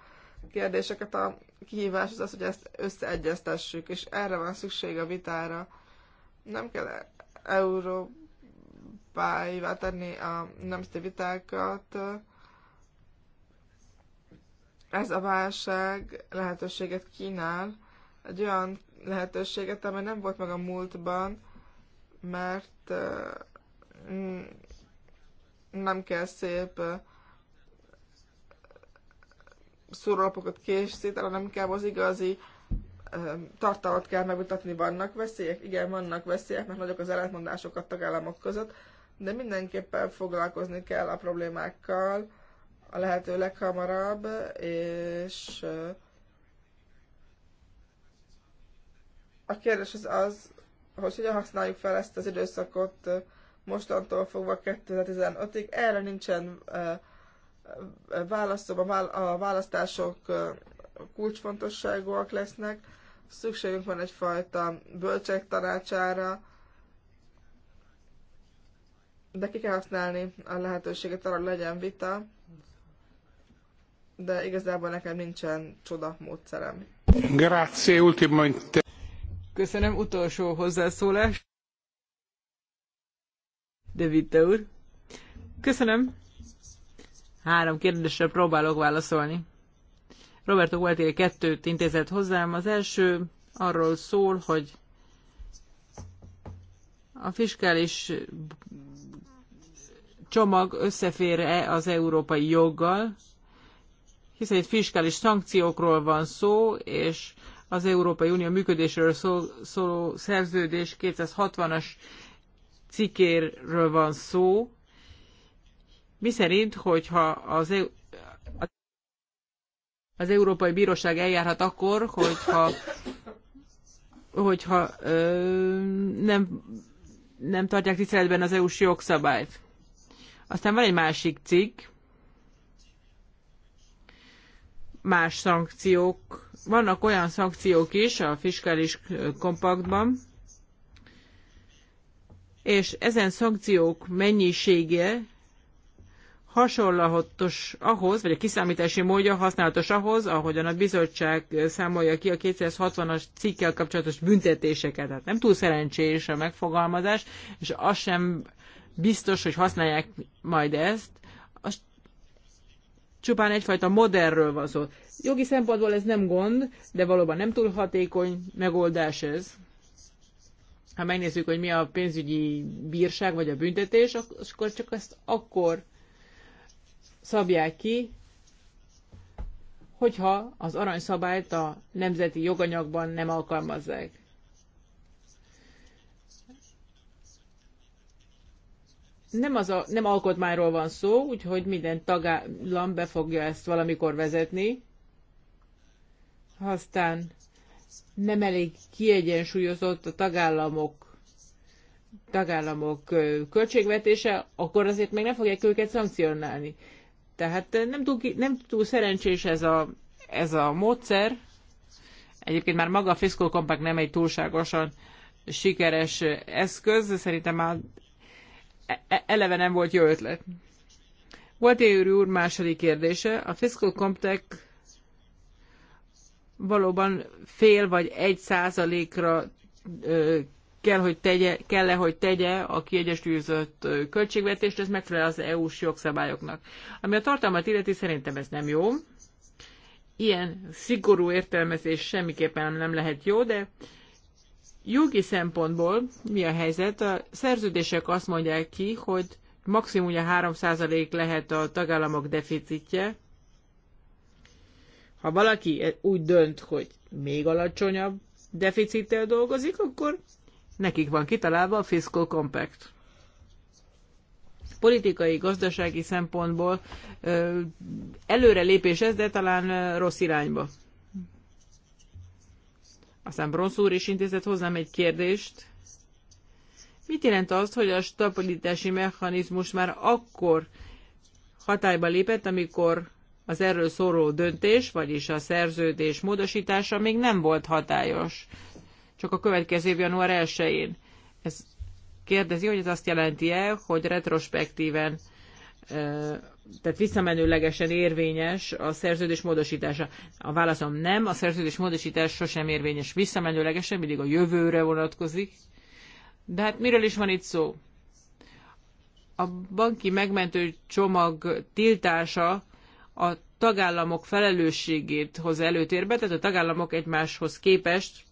kérdéseket. A kihívás az az, hogy ezt összeegyeztessük, és erre van szükség a vitára. Nem kell Európáivá tenni a nemzeti vitákat. Ez a válság lehetőséget kínál, egy olyan lehetőséget, amely nem volt meg a múltban, mert nem kell szép szórólapokat készít, hanem inkább az igazi tartalmat kell megmutatni, vannak veszélyek? Igen, vannak veszélyek, mert nagyok az ellentmondások a tagállamok között, de mindenképpen foglalkozni kell a problémákkal a lehető leghamarabb, és a kérdés az az, hogy hogyan használjuk fel ezt az időszakot mostantól fogva 2015-ig, erre nincsen választóban a választások kulcsfontosságúak lesznek, szükségünk van egyfajta bölcsek tanácsára, de ki kell használni a lehetőséget arra, hogy legyen vita, de igazából nekem nincsen csoda módszerem. Grazie, ultimo Köszönöm, utolsó hozzászólás. De Vita úr. Köszönöm. Három kérdésre próbálok válaszolni. Roberto Gualtieri kettőt intézett hozzám. Az első arról szól, hogy a fiskális csomag összefér-e az európai joggal, hiszen itt fiskális szankciókról van szó, és az Európai Unió működésről szóló szerződés 260-as cikérről van szó, mi szerint, hogyha az, EU, az Európai Bíróság eljárhat akkor, hogyha, hogyha ö, nem, nem tartják tiszteletben az EU-s jogszabályt. Aztán van egy másik cikk, más szankciók, vannak olyan szankciók is a fiskális kompaktban, és ezen szankciók mennyisége hasonlatos ahhoz, vagy a kiszámítási módja használatos ahhoz, ahogyan a bizottság számolja ki a 260-as cikkel kapcsolatos büntetéseket. Tehát nem túl szerencsés a megfogalmazás, és az sem biztos, hogy használják majd ezt. Az csupán egyfajta modernről van szó. Jogi szempontból ez nem gond, de valóban nem túl hatékony megoldás ez. Ha megnézzük, hogy mi a pénzügyi bírság vagy a büntetés, akkor csak ezt akkor szabják ki, hogyha az aranyszabályt a nemzeti joganyagban nem alkalmazzák. Nem, az a, nem alkotmányról van szó, úgyhogy minden tagállam be fogja ezt valamikor vezetni. Aztán nem elég kiegyensúlyozott a tagállamok tagállamok költségvetése, akkor azért még nem fogják őket szankcionálni. Tehát nem túl, nem túl szerencsés ez a, ez a módszer. Egyébként már maga a Fiscal Compact nem egy túlságosan sikeres eszköz, szerintem már e- e- eleve nem volt jó ötlet. Gualtieri úr második kérdése. A Fiscal Compact valóban fél vagy egy százalékra kell, hogy tegye, kell-e, hogy tegye a kiegyensúlyozott költségvetést, ez megfelel az EU-s jogszabályoknak. Ami a tartalmat illeti, szerintem ez nem jó. Ilyen szigorú értelmezés semmiképpen nem lehet jó, de jogi szempontból mi a helyzet? A szerződések azt mondják ki, hogy maximum ugye 3% lehet a tagállamok deficitje. Ha valaki úgy dönt, hogy még alacsonyabb deficittel dolgozik, akkor Nekik van kitalálva a Fiscal Compact. Politikai, gazdasági szempontból lépés ez, de talán rossz irányba. Aztán Bronsz úr is intézett hozzám egy kérdést. Mit jelent az, hogy a stabilitási mechanizmus már akkor hatályba lépett, amikor az erről szóló döntés, vagyis a szerződés módosítása még nem volt hatályos csak a következő év január 1-én. Ez kérdezi, hogy ez azt jelenti-e, hogy retrospektíven, tehát visszamenőlegesen érvényes a szerződés módosítása. A válaszom nem, a szerződés módosítás sosem érvényes visszamenőlegesen, mindig a jövőre vonatkozik. De hát miről is van itt szó? A banki megmentő csomag tiltása a tagállamok felelősségét hoz előtérbe, tehát a tagállamok egymáshoz képest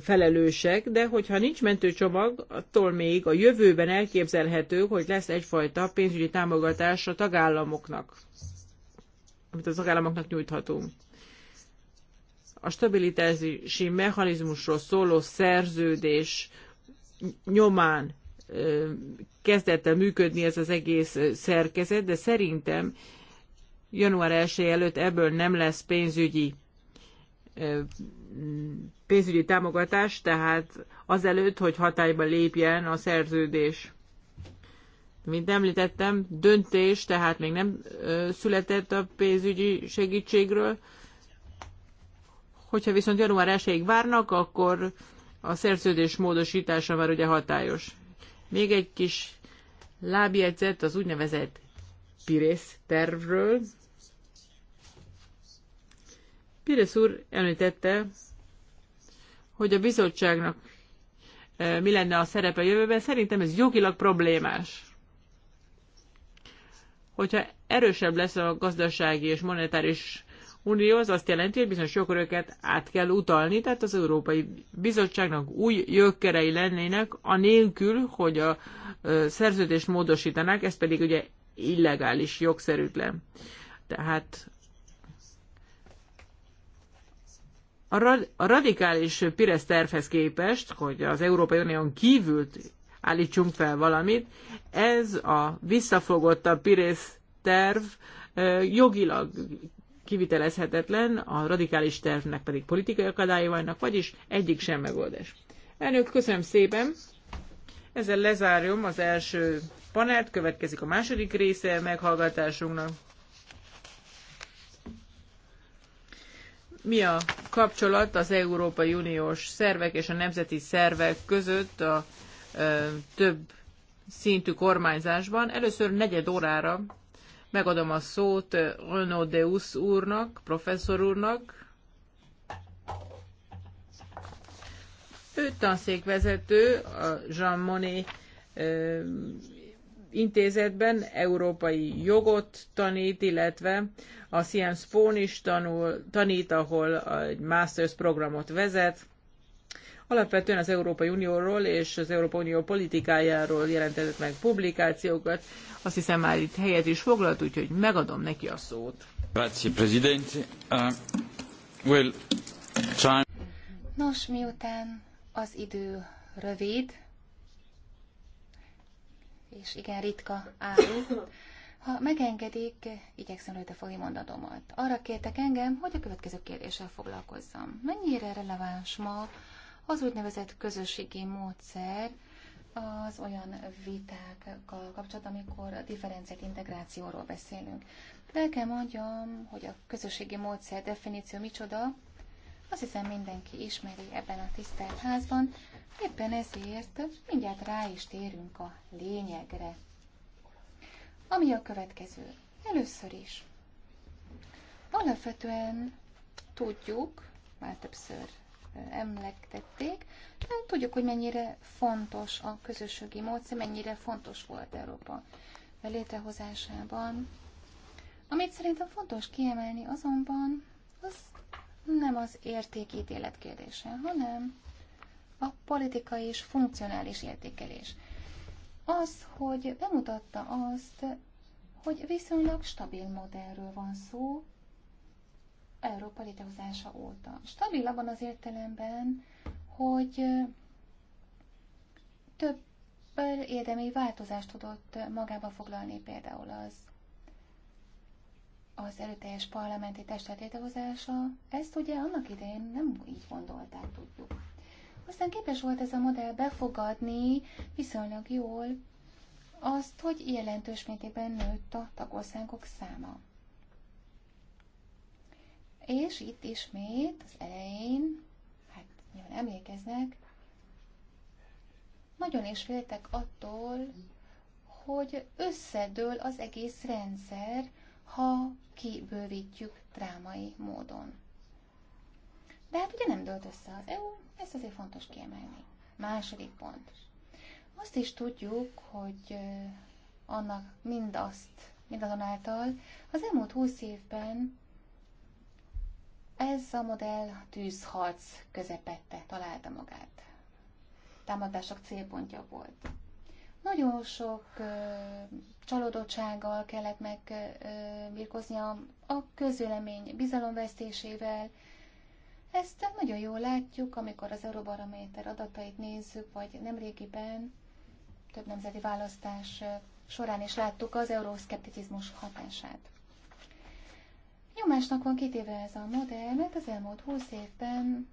felelősek, de hogyha nincs mentőcsomag, attól még a jövőben elképzelhető, hogy lesz egyfajta pénzügyi támogatás a tagállamoknak, amit a tagállamoknak nyújthatunk. A stabilitási mechanizmusról szóló szerződés nyomán kezdett el működni ez az egész szerkezet, de szerintem január 1 előtt ebből nem lesz pénzügyi pénzügyi támogatás, tehát azelőtt, hogy hatályba lépjen a szerződés. Mint említettem, döntés, tehát még nem született a pénzügyi segítségről. Hogyha viszont január 1 várnak, akkor a szerződés módosítása már ugye hatályos. Még egy kis lábjegyzet az úgynevezett Pirész tervről. Pires úr említette, hogy a bizottságnak e, mi lenne a szerepe a jövőben, szerintem ez jogilag problémás. Hogyha erősebb lesz a gazdasági és monetáris unió, az azt jelenti, hogy bizonyos jogköröket át kell utalni, tehát az Európai Bizottságnak új jogkerei lennének, anélkül, hogy a e, szerződést módosítanák, ez pedig ugye illegális, jogszerűtlen. Tehát A, radikális Pires tervhez képest, hogy az Európai Unión kívül állítsunk fel valamit, ez a visszafogottabb Pires terv jogilag kivitelezhetetlen, a radikális tervnek pedig politikai akadályai vannak, vagyis egyik sem megoldás. Elnök, köszönöm szépen! Ezzel lezárom az első panelt, következik a második része meghallgatásunknak. mi a kapcsolat az Európai Uniós szervek és a nemzeti szervek között a ö, több szintű kormányzásban. Először negyed órára megadom a szót Renaud Deus úrnak, professzor úrnak. Ő tanszékvezető a Jean Monnet intézetben európai jogot tanít, illetve a Sciences Po is tanul, tanít, ahol egy master's programot vezet. Alapvetően az Európai Unióról és az Európai Unió politikájáról jelentett meg publikációkat. Azt hiszem már itt helyet is foglalt, úgyhogy megadom neki a szót. Grazie, Presidente. Uh, well, time... Nos, miután az idő rövid, és igen ritka álló. Ha megengedik, igyekszem rajta fogni mondatomat. Arra kértek engem, hogy a következő kérdéssel foglalkozzam. Mennyire releváns ma az úgynevezett közösségi módszer az olyan vitákkal kapcsolatban, amikor a differenciált integrációról beszélünk. De el kell mondjam, hogy a közösségi módszer definíció micsoda, azt hiszem mindenki ismeri ebben a tisztelt házban, Éppen ezért mindjárt rá is térünk a lényegre. Ami a következő. Először is. Alapvetően tudjuk, már többször emlektették, tudjuk, hogy mennyire fontos a közösségi módszer, mennyire fontos volt Európa létrehozásában. Amit szerintem fontos kiemelni azonban, az nem az értékítélet kérdése, hanem a politikai és funkcionális értékelés. Az, hogy bemutatta azt, hogy viszonylag stabil modellről van szó, Európa létrehozása óta. Stabil abban az értelemben, hogy több érdemi változást tudott magába foglalni például az az erőteljes parlamenti testet létrehozása, ezt ugye annak idején nem így gondolták, tudjuk. Aztán képes volt ez a modell befogadni viszonylag jól azt, hogy jelentős mértékben nőtt a tagországok száma. És itt ismét az elején, hát nyilván emlékeznek, nagyon is féltek attól, hogy összedől az egész rendszer, ha kibővítjük drámai módon. De hát ugye nem dölt össze az EU, ezt azért fontos kiemelni. Második pont. Azt is tudjuk, hogy annak mindazt, mindazonáltal az elmúlt húsz évben ez a modell tűzharc közepette találta magát. Támadások célpontja volt. Nagyon sok ö, csalódottsággal kellett megbirkoznia a közvélemény bizalomvesztésével, ezt nagyon jól látjuk, amikor az Eurobarométer adatait nézzük, vagy nemrégiben több nemzeti választás során is láttuk az euroszkepticizmus hatását. Nyomásnak van két éve ez a modell, mert az elmúlt húsz évben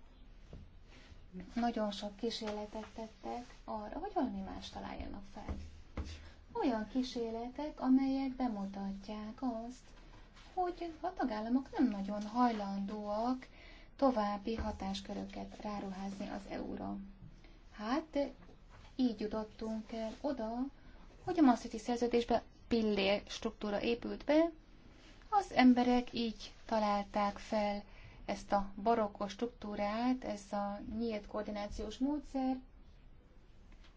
nagyon sok kísérletet tettek arra, hogy valami más találjanak fel. Olyan kísérletek, amelyek bemutatják azt, hogy a tagállamok nem nagyon hajlandóak további hatásköröket ráruházni az EU-ra. Hát így jutottunk el oda, hogy a Maastrichti szerződésben pillér struktúra épült be, az emberek így találták fel ezt a barokkos struktúrát, ez a nyílt koordinációs módszer,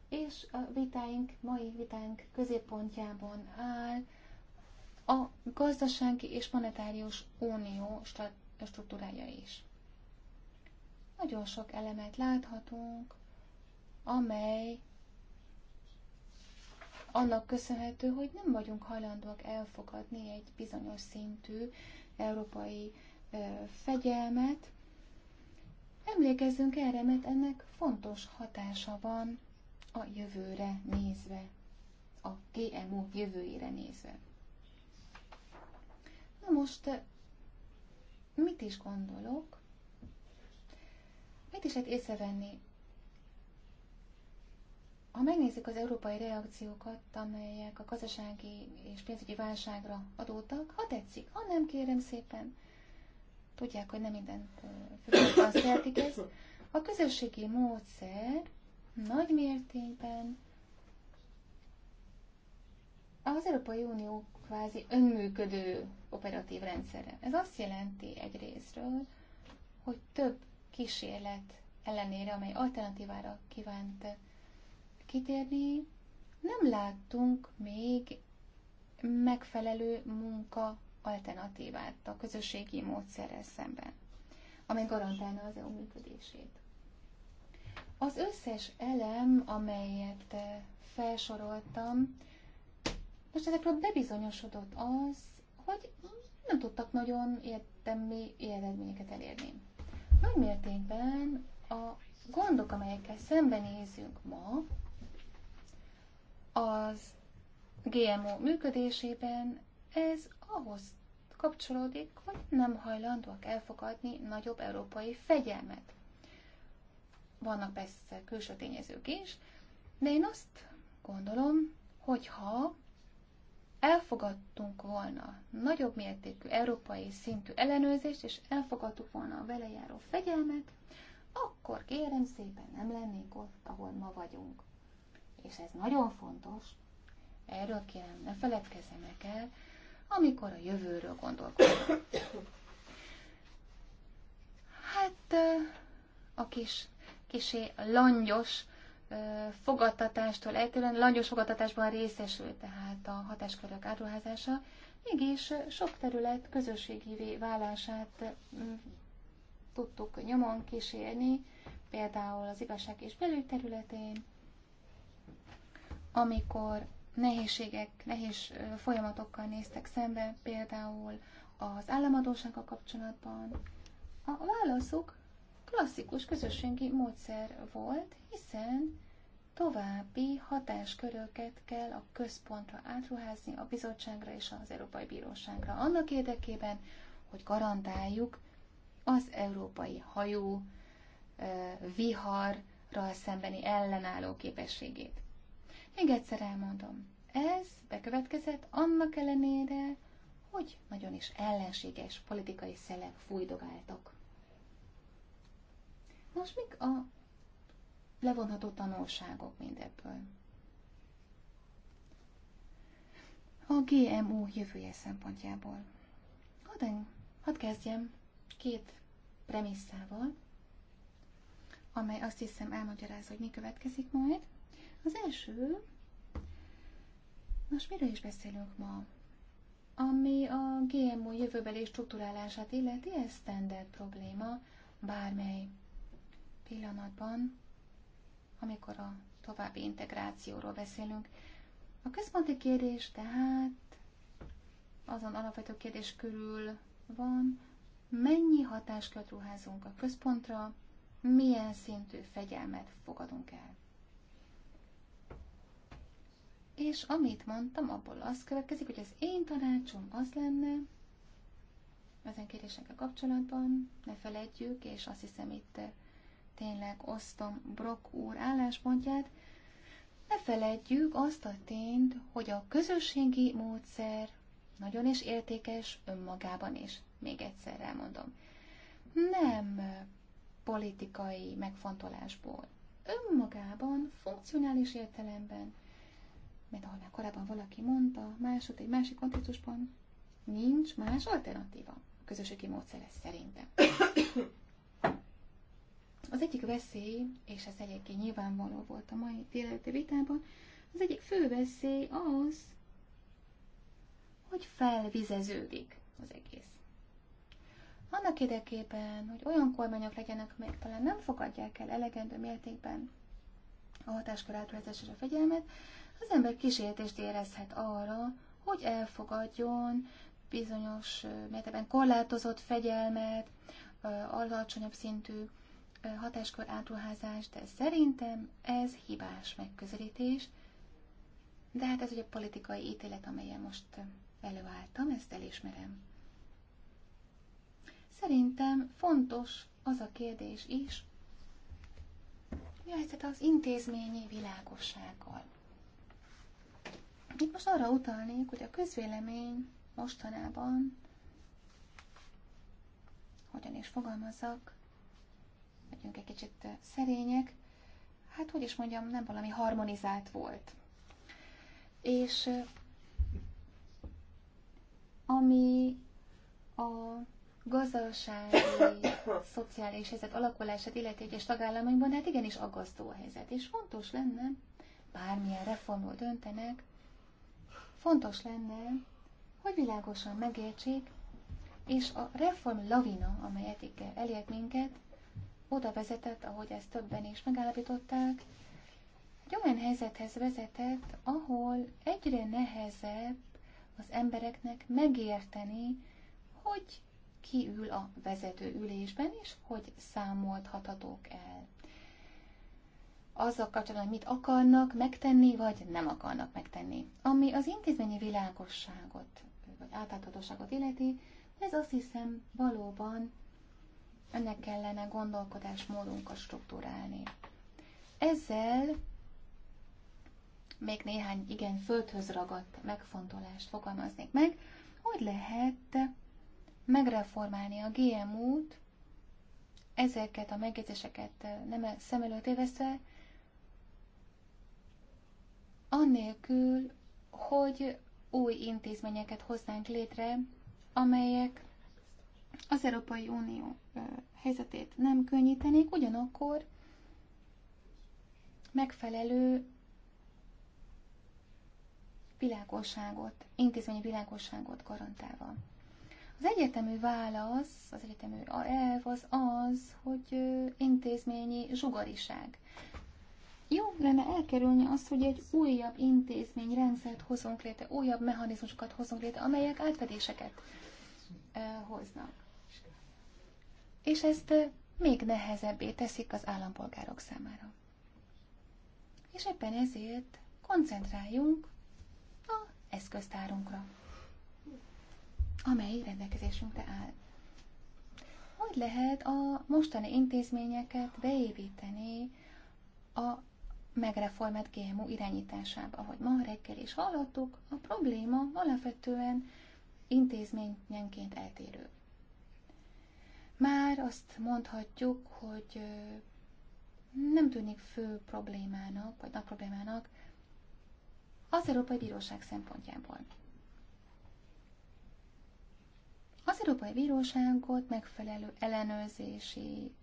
és a vitáink, mai vitánk középpontjában áll a gazdasági és monetárius unió struktúrája is. Nagyon sok elemet láthatunk, amely annak köszönhető, hogy nem vagyunk hajlandóak elfogadni egy bizonyos szintű európai fegyelmet. Emlékezzünk erre, mert ennek fontos hatása van a jövőre nézve, a GMO jövőjére nézve. Na most mit is gondolok? Mit is lehet észrevenni? Ha megnézzük az európai reakciókat, amelyek a gazdasági és pénzügyi válságra adódtak, ha tetszik, ha nem, kérem szépen, tudják, hogy nem mindent függően azt szeretik ezt, a közösségi módszer nagy mértékben az Európai Unió kvázi önműködő operatív rendszere. Ez azt jelenti egyrésztről, hogy több kísérlet ellenére, amely alternatívára kívánt kitérni, nem láttunk még megfelelő munka alternatívát a közösségi módszerrel szemben, amely garantálna az EU működését. Az összes elem, amelyet felsoroltam, most ezekről bebizonyosodott az, hogy nem tudtak nagyon értelmi eredményeket elérni. Nagy mértékben a gondok, amelyekkel szembenézünk ma, az GMO működésében ez ahhoz kapcsolódik, hogy nem hajlandóak elfogadni nagyobb európai fegyelmet. Vannak persze külső tényezők is, de én azt gondolom, hogyha elfogadtunk volna nagyobb mértékű európai szintű ellenőrzést, és elfogadtuk volna a vele járó fegyelmet, akkor kérem szépen nem lennénk ott, ahol ma vagyunk. És ez nagyon fontos, erről kérem ne feledkezzenek el, amikor a jövőről gondolkodunk. Hát a kis, kisé langyos fogadtatástól eltérően langyos fogadtatásban részesül, tehát a hatáskörök áruházása, mégis sok terület közösségivé válását tudtuk nyomon kísérni, például az igazság és belül területén, amikor nehézségek, nehéz folyamatokkal néztek szembe, például az államadósággal kapcsolatban. A válaszuk klasszikus közösségi módszer volt, hiszen további hatásköröket kell a központra átruházni, a bizottságra és az Európai Bíróságra. Annak érdekében, hogy garantáljuk az európai hajó viharral szembeni ellenálló képességét. Még egyszer elmondom, ez bekövetkezett annak ellenére, hogy nagyon is ellenséges politikai szelek fújdogáltak. Most mik a levonható tanulságok mindebből? A GMO jövője szempontjából. Hadd, hadd kezdjem két premisszával, amely azt hiszem elmagyarázza, hogy mi következik majd. Az első, most miről is beszélünk ma? Ami a GMO jövőbeli struktúrálását illeti, ez standard probléma bármely pillanatban, amikor a további integrációról beszélünk. A központi kérdés tehát azon alapvető kérdés körül van, mennyi hatáskört ruházunk a központra, milyen szintű fegyelmet fogadunk el. És amit mondtam, abból az következik, hogy az én tanácsom az lenne, ezen kérdésekkel kapcsolatban, ne felejtjük, és azt hiszem itt tényleg osztom Brock úr álláspontját, ne feledjük azt a tényt, hogy a közösségi módszer nagyon is értékes önmagában is. Még egyszer elmondom. Nem politikai megfontolásból. Önmagában, funkcionális értelemben, mert ahogy már korábban valaki mondta, másod egy másik kontextusban nincs más alternatíva a közösségi módszerhez szerintem. Az egyik veszély, és ez egyébként nyilvánvaló volt a mai délelőtti vitában, az egyik fő veszély az, hogy felvizeződik az egész. Annak érdekében, hogy olyan kormányok legyenek, amelyek talán nem fogadják el elegendő mértékben a hatáskor átruházás a fegyelmet, az ember kísértést érezhet arra, hogy elfogadjon bizonyos mértékben korlátozott fegyelmet, alacsonyabb szintű hatáskör átruházás, de szerintem ez hibás megközelítés, de hát ez ugye politikai ítélet, amelyen most előálltam, ezt elismerem. Szerintem fontos az a kérdés is, mi a helyzet az intézményi világossággal. Itt most arra utalnék, hogy a közvélemény mostanában, hogyan is fogalmazzak, vagyunk egy kicsit szerények, hát hogy is mondjam, nem valami harmonizált volt. És ami a gazdasági, szociális helyzet alakulását illeti egyes tagállamokban, hát igenis aggasztó a helyzet, és fontos lenne, bármilyen reformról döntenek, fontos lenne, hogy világosan megértsék, és a reform lavina, amelyet elért minket, oda vezetett, ahogy ezt többen is megállapították, egy olyan helyzethez vezetett, ahol egyre nehezebb az embereknek megérteni, hogy ki ül a vezető ülésben, és hogy számolthatatok el. Azzal kapcsolatban, mit akarnak megtenni, vagy nem akarnak megtenni. Ami az intézményi világosságot, vagy átláthatóságot illeti, ez azt hiszem valóban ennek kellene gondolkodásmódunkat struktúrálni. Ezzel még néhány igen földhöz ragadt megfontolást fogalmaznék meg, hogy lehet megreformálni a GMO-t, ezeket a megjegyzéseket nem szem előtt éveszve, annélkül, hogy új intézményeket hoznánk létre, amelyek az Európai Unió helyzetét nem könnyítenék, ugyanakkor megfelelő világosságot, intézményi világosságot garantálva. Az egyetemű válasz, az egyetemű elv az az, hogy intézményi zsugariság. Jó lenne elkerülni azt, hogy egy újabb intézményrendszert hozunk létre, újabb mechanizmusokat hozunk létre, amelyek átfedéseket hoznak és ezt még nehezebbé teszik az állampolgárok számára. És ebben ezért koncentráljunk a eszköztárunkra, amely rendelkezésünkre áll. Hogy lehet a mostani intézményeket beépíteni a megreformált GMO irányításába, ahogy ma reggel is hallottuk, a probléma alapvetően intézményenként eltérő már azt mondhatjuk, hogy nem tűnik fő problémának, vagy nagy problémának az Európai Bíróság szempontjából. Az Európai Bíróságot megfelelő ellenőrzési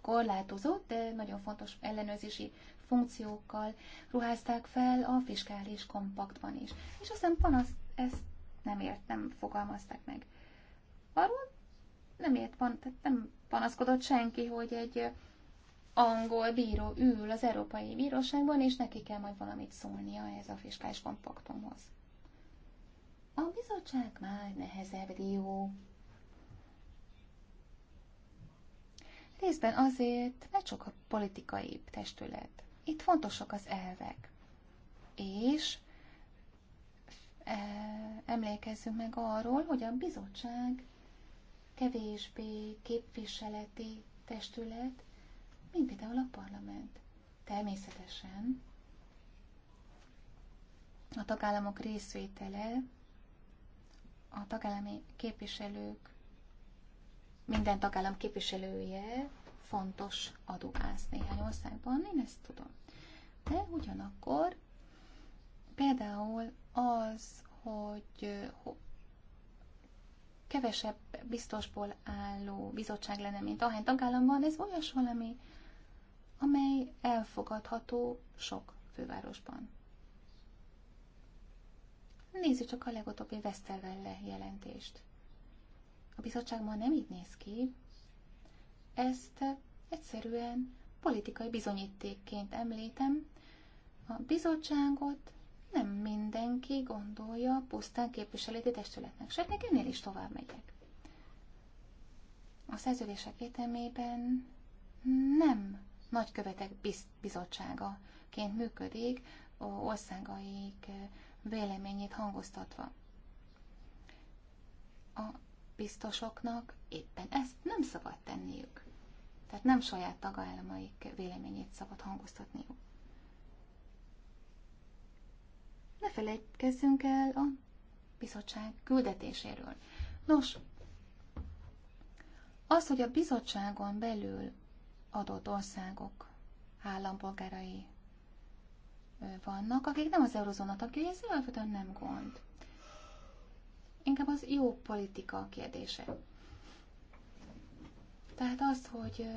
korlátozott, de nagyon fontos ellenőrzési funkciókkal ruházták fel a fiskális kompaktban is. És aztán panaszt ezt nem ért, nem fogalmazták meg. Arról nem ért pan, tehát nem panaszkodott senki, hogy egy angol bíró ül az Európai Bíróságban, és neki kell majd valamit szólnia ez a fiskális kompaktumhoz. A bizottság már nehezebb dió. Részben azért, mert csak a politikai testület. Itt fontosak az elvek. És e, emlékezzünk meg arról, hogy a bizottság kevésbé képviseleti testület, mint például a parlament. Természetesen a tagállamok részvétele, a tagállami képviselők, minden tagállam képviselője fontos adóász néhány országban, én ezt tudom. De ugyanakkor például az, hogy kevesebb biztosból álló bizottság lenne, mint ahány tagállam van, ez olyas valami, amely elfogadható sok fővárosban. Nézzük csak a legutóbbi Westerwelle jelentést. A bizottság ma nem így néz ki. Ezt egyszerűen politikai bizonyítékként említem. A bizottságot nem mindenki gondolja pusztán képviseleti testületnek, sőt, még ennél is tovább megyek. A szerződések értelmében nem nagykövetek biz- bizottságaként működik, országaik véleményét hangoztatva. A biztosoknak éppen ezt nem szabad tenniük. Tehát nem saját tagállamaik véleményét szabad hangoztatniuk ne felejtkezzünk el a bizottság küldetéséről. Nos, az, hogy a bizottságon belül adott országok állampolgárai vannak, akik nem az eurozóna tagjai, ez alapvetően nem gond. Inkább az jó politika kérdése. Tehát az, hogy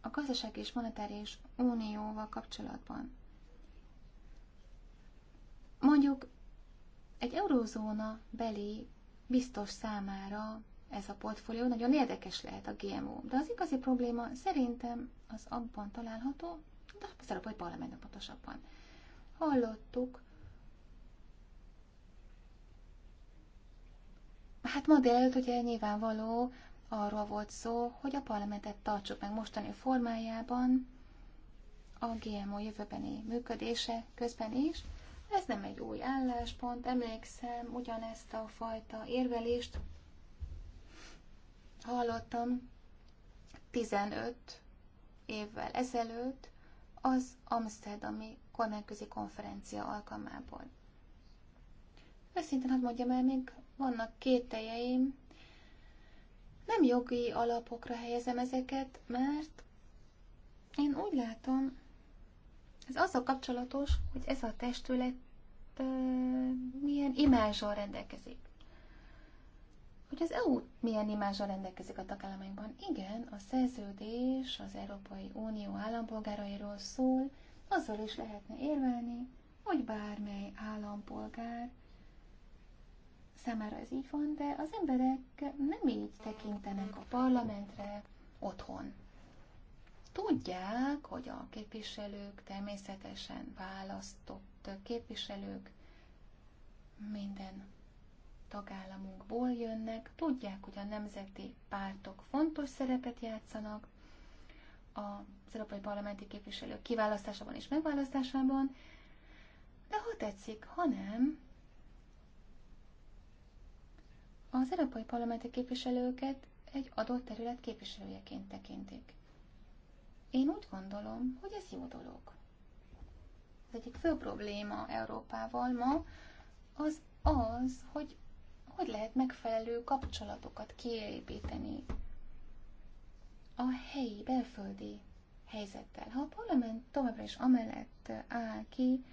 a gazdaság és monetáris unióval kapcsolatban Mondjuk egy eurózóna beli biztos számára ez a portfólió nagyon érdekes lehet a GMO, de az igazi probléma szerintem az abban található, de az Európai Parlamentben pontosabban. Hallottuk, hát ma délelőtt ugye nyilvánvaló arról volt szó, hogy a parlamentet tartsuk meg mostani formájában, a GMO jövőbeni működése közben is, ez nem egy új álláspont, emlékszem, ugyanezt a fajta érvelést hallottam 15 évvel ezelőtt az Amsterdami kormányközi konferencia alkalmából. Őszintén hát mondjam el, még vannak kételjeim, nem jogi alapokra helyezem ezeket, mert én úgy látom, ez azzal kapcsolatos, hogy ez a testület milyen imázsal rendelkezik. Hogy az EU milyen imázsal rendelkezik a tagállamainkban? Igen, a szerződés az Európai Unió állampolgárairól szól, azzal is lehetne érvelni, hogy bármely állampolgár számára ez így van, de az emberek nem így tekintenek a parlamentre otthon. Tudják, hogy a képviselők, természetesen választott képviselők minden tagállamunkból jönnek, tudják, hogy a nemzeti pártok fontos szerepet játszanak, az Európai Parlamenti képviselők kiválasztásában és megválasztásában, de ha tetszik, ha nem, az Európai Parlamenti képviselőket egy adott terület képviselőjeként tekintik. Én úgy gondolom, hogy ez jó dolog. Az egyik fő probléma Európával ma az az, hogy hogy lehet megfelelő kapcsolatokat kiépíteni a helyi, belföldi helyzettel. Ha a parlament továbbra is amellett áll ki,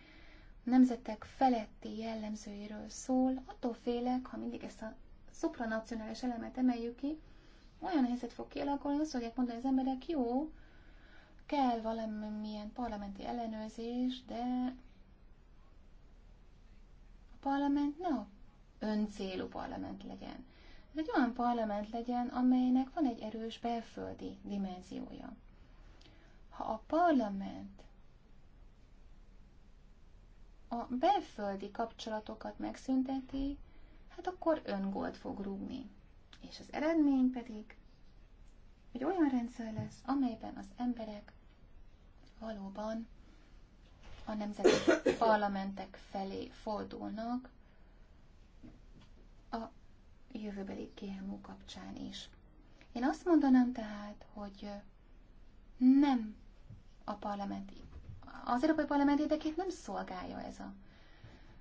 nemzetek feletti jellemzőiről szól, attól félek, ha mindig ezt a szupranacionális elemet emeljük ki, olyan helyzet fog kialakulni, azt fogják mondani az emberek, jó, kell valamilyen parlamenti ellenőrzés, de a parlament ne a öncélú parlament legyen. Ez egy olyan parlament legyen, amelynek van egy erős belföldi dimenziója. Ha a parlament a belföldi kapcsolatokat megszünteti, hát akkor öngolt fog rúgni. És az eredmény pedig egy olyan rendszer lesz, amelyben az emberek valóban a nemzeti parlamentek felé fordulnak a jövőbeli GMO kapcsán is. Én azt mondanám tehát, hogy nem a parlamenti, az Európai Parlament érdekét nem szolgálja ez a,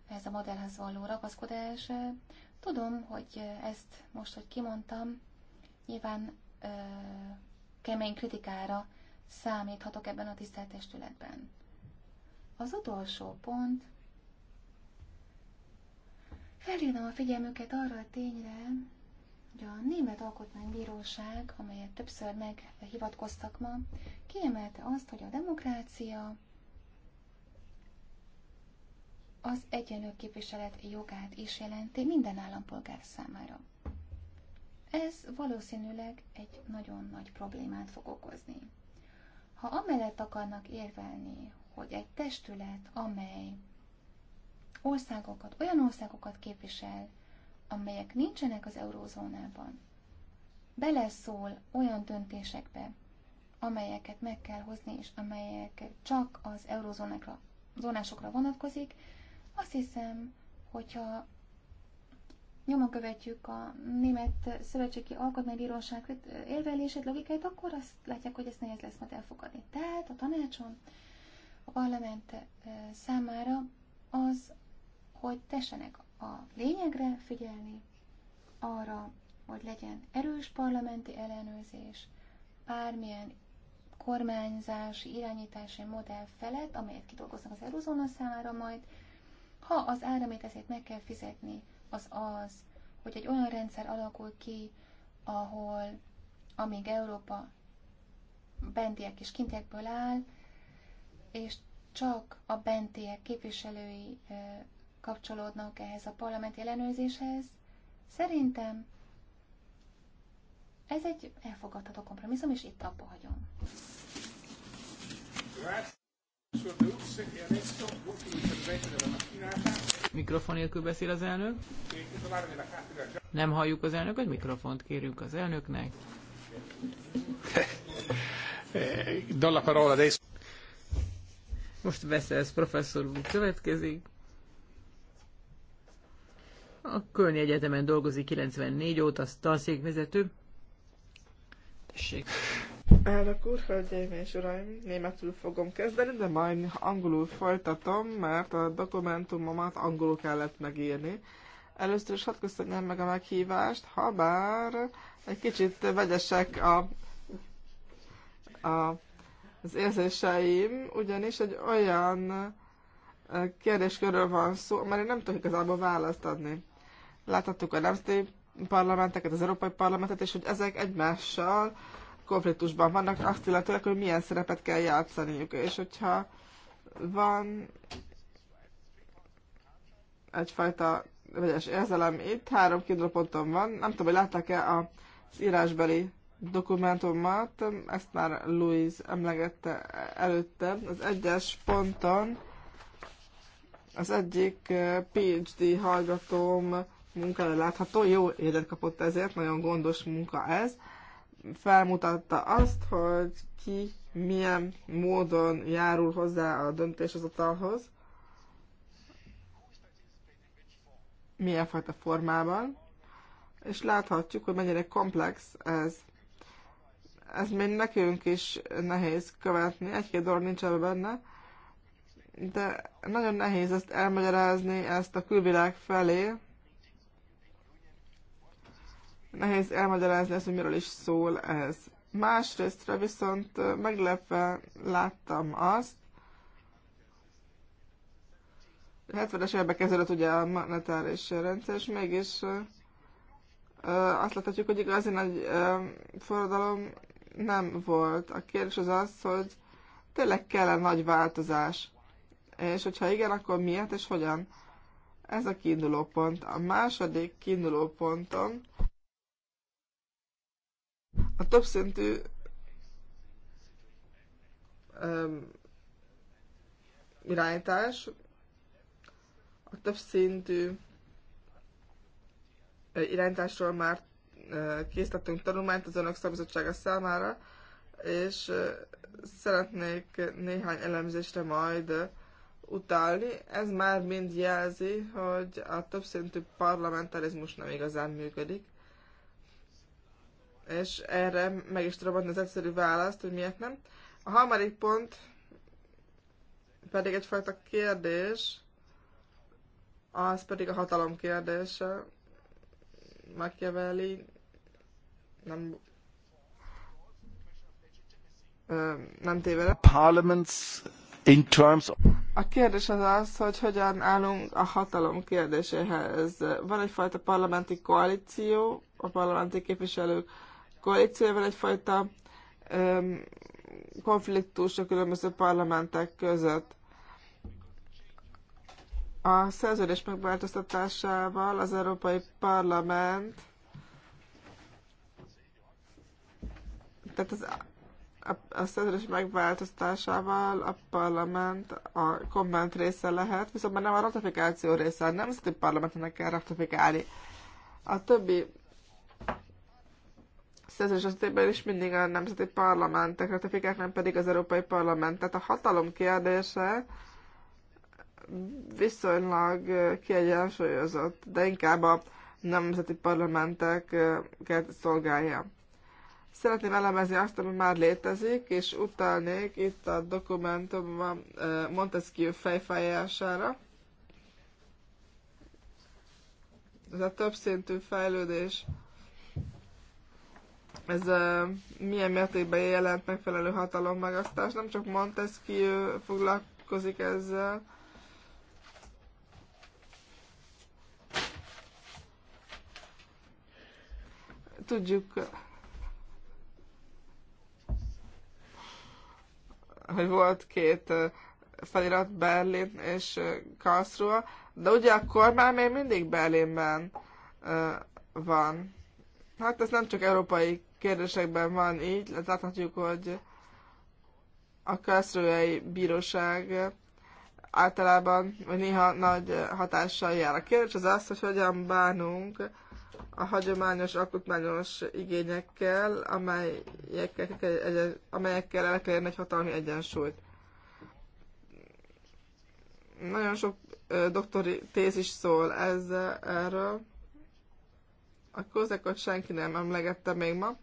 ez a modellhez való ragaszkodás. Tudom, hogy ezt most, hogy kimondtam, nyilván ö, kemény kritikára számíthatok ebben a tiszteltestületben. Az utolsó pont, felhívnám a figyelmüket arra a tényre, hogy a Német Alkotmánybíróság, amelyet többször meghivatkoztak ma, kiemelte azt, hogy a demokrácia az egyenlő képviselet jogát is jelenti minden állampolgár számára. Ez valószínűleg egy nagyon nagy problémát fog okozni. Ha amellett akarnak érvelni, hogy egy testület, amely országokat, olyan országokat képvisel, amelyek nincsenek az eurózónában, beleszól olyan döntésekbe, amelyeket meg kell hozni, és amelyek csak az eurozónákra, zónásokra vonatkozik, azt hiszem, hogyha nyomon követjük a Német Szövetségi Alkotmánybíróság érvelését, logikáit, akkor azt látják, hogy ezt nehéz lesz majd elfogadni. Tehát a tanácson, a parlament eh, számára az, hogy tessenek a lényegre figyelni, arra, hogy legyen erős parlamenti ellenőrzés, bármilyen kormányzási, irányítási modell felett, amelyet kidolgoznak az Eurózóna számára majd, ha az áramét ezért meg kell fizetni, az az, hogy egy olyan rendszer alakul ki, ahol amíg Európa bentiek és kintiekből áll, és csak a bentiek képviselői kapcsolódnak ehhez a parlamenti ellenőrzéshez, szerintem ez egy elfogadható kompromisszum, és itt abba hagyom. Grazie. Mikrofon nélkül beszél az elnök. Nem halljuk az elnököt, mikrofont kérünk az elnöknek. parola Most beszélsz, professzor úr következik. A Kölni Egyetemen dolgozik 94 óta, tanszékvezető. Tessék. Elnök úr, hölgyeim és uraim, németül fogom kezdeni, de majd angolul folytatom, mert a dokumentumomat angolul kellett megírni. Először is hadd köszönjem meg a meghívást, ha bár egy kicsit vegyesek a, a, az érzéseim, ugyanis egy olyan kérdéskörről van szó, én nem tudok igazából választ adni. Láthattuk a nemzeti parlamenteket, az Európai Parlamentet, és hogy ezek egymással konfliktusban vannak, azt illetőleg, hogy milyen szerepet kell játszaniuk. És hogyha van egyfajta vegyes érzelem itt, három kidropontom van, nem tudom, hogy látták-e az írásbeli dokumentumot, ezt már Louis emlegette előtte, az egyes ponton az egyik eh, PhD hallgatóm munkája látható, jó élet kapott ezért, nagyon gondos munka ez, felmutatta azt, hogy ki milyen módon járul hozzá a döntéshozatalhoz, milyen fajta formában, és láthatjuk, hogy mennyire komplex ez. Ez még nekünk is nehéz követni, egy-két dolog nincs ebben benne, de nagyon nehéz ezt elmagyarázni, ezt a külvilág felé, Nehéz elmagyarázni ezt, hogy miről is szól ez. Másrésztről viszont meglepve láttam azt, 70-es évben kezdődött ugye a monetáris rendszer, és mégis azt láthatjuk, hogy igazi nagy forradalom nem volt. A kérdés az az, hogy tényleg kell -e nagy változás? És hogyha igen, akkor miért és hogyan? Ez a kiinduló pont. A második kiinduló ponton a többszintű um, irányítás, a többszintű irányításról már készítettünk tanulmányt az Önök Szabizottsága számára, és szeretnék néhány elemzésre majd utalni. Ez már mind jelzi, hogy a többszintű parlamentarizmus nem igazán működik és erre meg is tudom adni az egyszerű választ, hogy miért nem. A harmadik pont pedig egyfajta kérdés, az pedig a hatalom kérdése. Machiavelli nem nem tévedek. Parliaments in terms of... A kérdés az az, hogy hogyan állunk a hatalom kérdéséhez. Van egyfajta parlamenti koalíció, a parlamenti képviselők koalícióval egyfajta um, konfliktus a különböző parlamentek között. A szerződés megváltoztatásával az Európai Parlament tehát az, a, a szerződés megváltoztatásával a parlament a komment része lehet, viszont már nem a ratifikáció része, nem nemzeti parlamentnek kell ratifikálni. A többi szerződés esetében is mindig a nemzeti parlamentek ratifikálják, nem pedig az Európai Parlament. Tehát a hatalom kérdése viszonylag kiegyensúlyozott, de inkább a nemzeti parlamenteket szolgálja. Szeretném elemezni azt, ami már létezik, és utalnék itt a dokumentumban eh, Montesquieu fejfájására. Ez a többszintű fejlődés ez milyen mértékben jelent megfelelő hatalom megasztás. Nem csak Montesquieu foglalkozik ezzel, tudjuk, hogy volt két felirat Berlin és Karlsruhe, de ugye a kormány még mindig Berlinben van. Hát ez nem csak európai kérdésekben van így. Láthatjuk, hogy a Kászrőei Bíróság általában, vagy néha nagy hatással jár. A kérdés az az, hogy hogyan bánunk a hagyományos alkotmányos igényekkel, amelyekkel, amelyekkel el kell érni egy hatalmi egyensúlyt. Nagyon sok doktori tézis szól ezzel, erről. A kozekot senki nem emlegette még ma.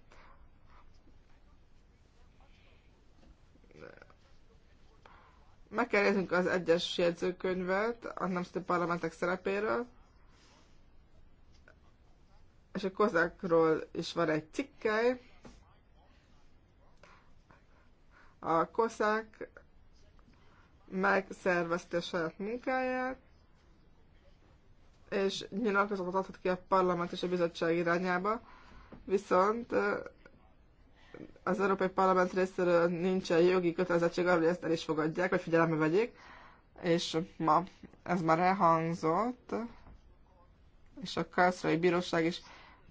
Meg kell néznünk az egyes jegyzőkönyvet a nemzeti parlamentek szerepéről, és a kozákról is van egy cikkely. A kozák megszervezte a saját munkáját, és nyilatkozatot adhat ki a parlament és a bizottság irányába, viszont az Európai Parlament részéről nincsen jogi kötelezettség arra, hogy ezt el is fogadják, vagy figyelembe vegyék, és ma ez már elhangzott, és a Kászrai Bíróság is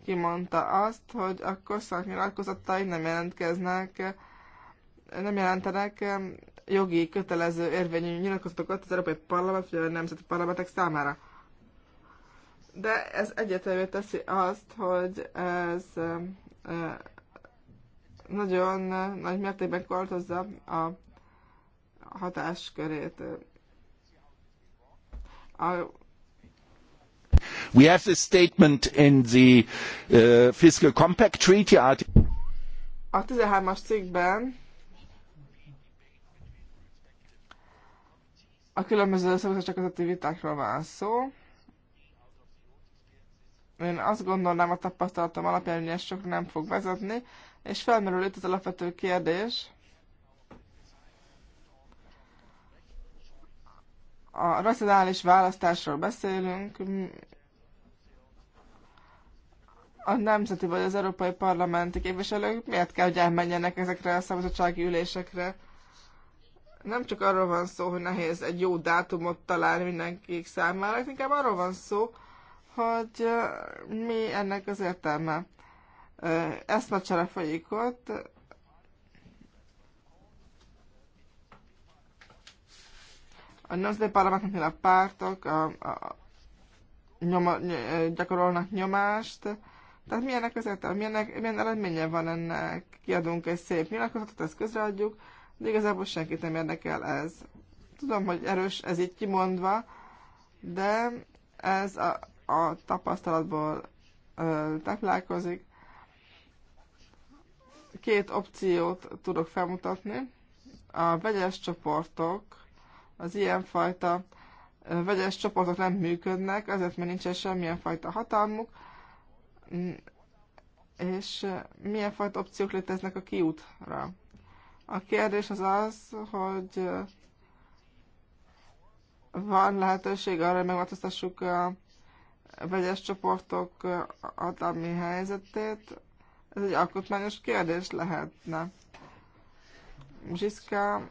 kimondta azt, hogy a korszak nyilatkozatai nem jelentkeznek, nem jelentenek jogi kötelező érvényű nyilatkozatokat az Európai Parlament vagy a Nemzeti Parlamentek számára. De ez egyértelmű teszi azt, hogy ez nagyon eh, nagy mértékben korlátozza a hatáskörét. A We have this statement in the uh, Fiscal Compact Treaty. A 13-as cikkben a különböző szabadság közötti vitákról van szó. Én azt gondolnám a tapasztalatom alapján, hogy ez sokra nem fog vezetni, és felmerül itt az alapvető kérdés, a racionális választásról beszélünk, a nemzeti vagy az európai parlamenti képviselők miért kell, hogy elmenjenek ezekre a szabadsági ülésekre? Nem csak arról van szó, hogy nehéz egy jó dátumot találni mindenki számára, inkább arról van szó, hogy eh, mi ennek az értelme ezt a cselefolyékot. A nemzeti parlamentnél a pártok a, a, nyoma, gyakorolnak nyomást, tehát milyenek az értelme, milyennek, milyen eredménye van ennek, kiadunk egy szép nyilatkozatot, ezt közreadjuk, de igazából senkit nem érdekel ez. Tudom, hogy erős ez így kimondva, de ez a, a tapasztalatból ö, táplálkozik. Két opciót tudok felmutatni. A vegyes csoportok, az ilyenfajta vegyes csoportok nem működnek, azért, mert nincsen semmilyen fajta hatalmuk, mm, és milyen fajta opciók léteznek a kiútra. A kérdés az az, hogy van lehetőség arra, hogy megváltoztassuk a vegyes csoportok hatalmi helyzetét, ez egy alkotmányos kérdés lehetne. Zsiszka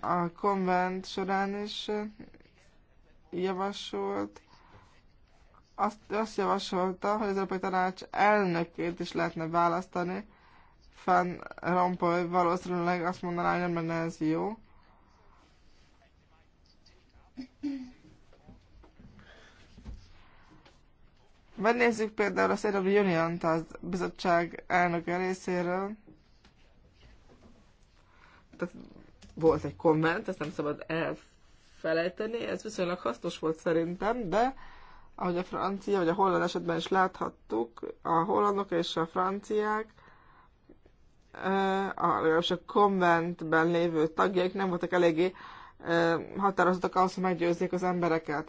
a konvent során is eh, javasolt, azt, azt javasolta, hogy az Európai Tanács elnökét is lehetne választani. Fenn Rompuy valószínűleg azt mondaná, hogy nem lenne ez jó. Vagy nézzük például a State of the union az bizottság elnöke részéről. Tehát volt egy komment, ezt nem szabad elfelejteni, ez viszonylag hasznos volt szerintem, de ahogy a francia vagy a holland esetben is láthattuk, a hollandok és a franciák a, legalábbis a konventben lévő tagjaik nem voltak eléggé határozottak ahhoz, hogy meggyőzzék az embereket.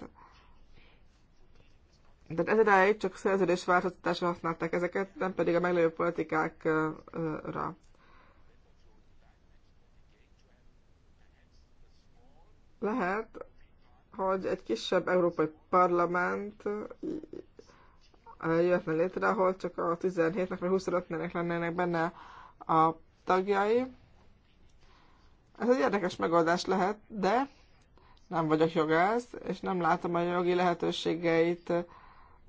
Tehát ez idáig csak szerződés változtatásra használták ezeket, nem pedig a meglévő politikákra. Lehet, hogy egy kisebb európai parlament jöhetne létre, ahol csak a 17-nek vagy 25-nek lennének benne a tagjai. Ez egy érdekes megoldás lehet, de nem vagyok jogász, és nem látom a jogi lehetőségeit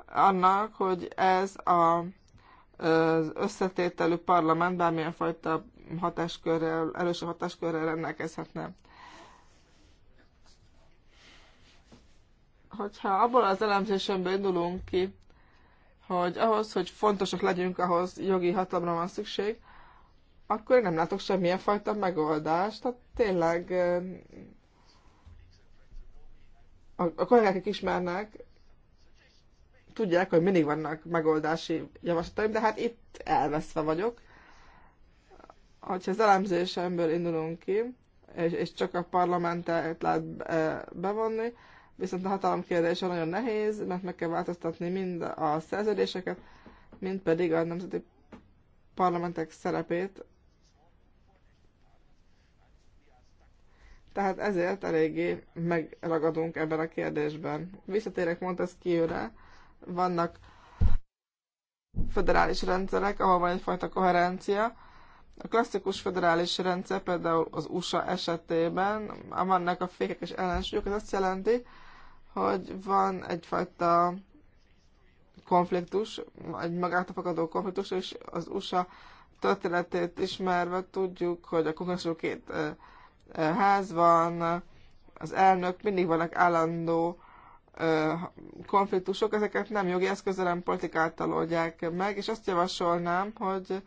annak, hogy ez a, az összetételű parlament bármilyen fajta hatáskörrel, erősebb hatáskörrel rendelkezhetne. Hogyha abból az elemzésemből indulunk ki, hogy ahhoz, hogy fontosak legyünk, ahhoz jogi hatalomra van szükség, akkor én nem látok semmilyen fajta megoldást. Tehát tényleg a, a kollégák, akik ismernek, tudják, hogy mindig vannak megoldási javaslataim, de hát itt elveszve vagyok. hogyha az elemzésemből indulunk ki, és, és csak a parlamentet lehet e, bevonni, viszont a hatalom kérdése nagyon nehéz, mert meg kell változtatni mind a szerződéseket, mind pedig a nemzeti parlamentek szerepét. Tehát ezért eléggé megragadunk ebben a kérdésben. Visszatérek Montesquieu-re, vannak föderális rendszerek, ahol van egyfajta koherencia. A klasszikus föderális rendszer például az USA esetében, vannak a fékek és ellensúlyok, ez azt jelenti, hogy van egyfajta konfliktus, egy magátapakadó konfliktus, és az USA történetét ismerve tudjuk, hogy a kongresszusban két eh, eh, ház van, az elnök, mindig vannak állandó konfliktusok, ezeket nem jogi eszközzel, hanem politikáltal oldják meg, és azt javasolnám, hogy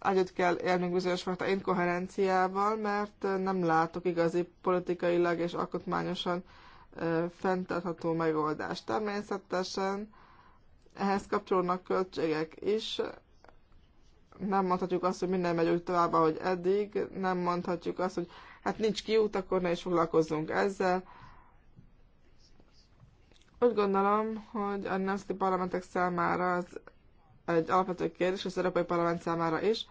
együtt kell élnünk bizonyos fajta inkoherenciával, mert nem látok igazi politikailag és alkotmányosan fenntartható megoldást. Természetesen ehhez kapcsolódnak költségek is. Nem mondhatjuk azt, hogy minden megy úgy tovább, ahogy eddig. Nem mondhatjuk azt, hogy hát nincs kiút, akkor ne is foglalkozzunk ezzel úgy gondolom, hogy a nemzeti parlamentek számára az egy alapvető kérdés, az Európai Parlament számára is.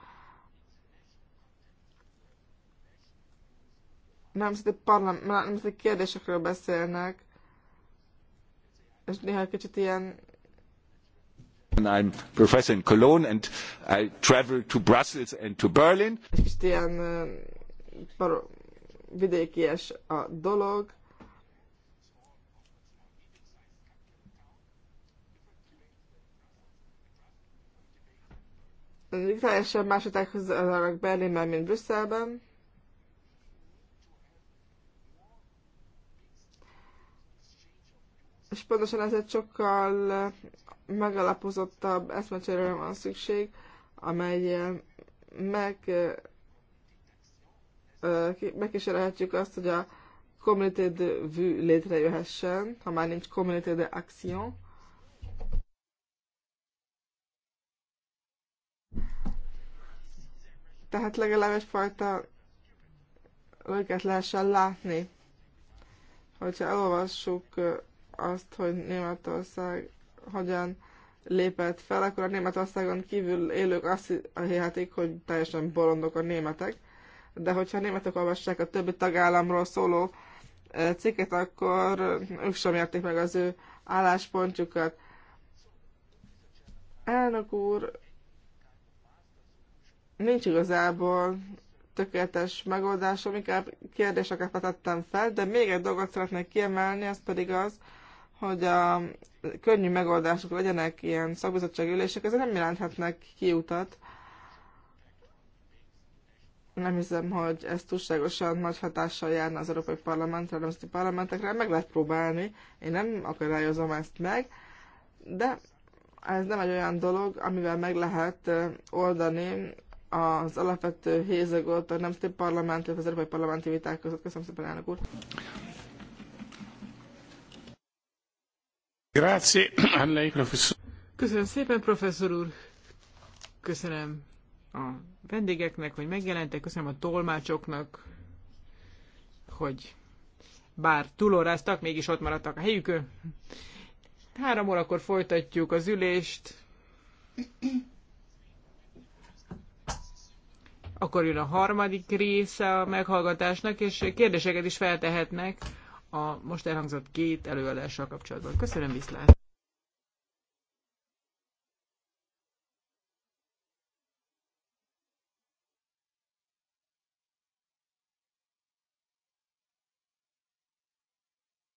Nemzeti, parlament, nemzeti kérdésekről beszélnek, és néha kicsit ilyen I'm professor in Cologne and I travel to Brussels and to Berlin. Egy ilyen vidékies a dolog. teljesen más vitákhoz Berlinben, mint Brüsszelben. És pontosan ezért sokkal megalapozottabb eszmecserére van szükség, amely meg megkísérelhetjük azt, hogy a community de vue létrejöhessen, ha már nincs community de action. Tehát legalább egyfajta őket lehessen látni. Hogyha elolvassuk azt, hogy Németország hogyan lépett fel, akkor a Németországon kívül élők azt hihetik, hogy teljesen bolondok a németek. De hogyha a németek olvassák a többi tagállamról szóló cikket, akkor ők sem érték meg az ő álláspontjukat. Elnök úr, nincs igazából tökéletes megoldásom, inkább kérdéseket vetettem fel, de még egy dolgot szeretnék kiemelni, az pedig az, hogy a könnyű megoldások legyenek ilyen szakbizottságülések, ezek nem jelenthetnek kiutat. Nem hiszem, hogy ez túlságosan nagy hatással járna az Európai Parlamentre, a nemzeti parlamentekre, meg lehet próbálni, én nem akadályozom ezt meg, de ez nem egy olyan dolog, amivel meg lehet oldani az alapvető hézagot a Nemzeti Parlament, az Európai Parlamenti viták között. Köszönöm szépen, elnök úr! professzor. Köszönöm szépen, professzor úr! Köszönöm a vendégeknek, hogy megjelentek, köszönöm a tolmácsoknak, hogy bár túlóráztak, mégis ott maradtak a helyükön. Három órakor folytatjuk az ülést. akkor jön a harmadik része a meghallgatásnak, és kérdéseket is feltehetnek a most elhangzott két előadással kapcsolatban. Köszönöm, viszlát!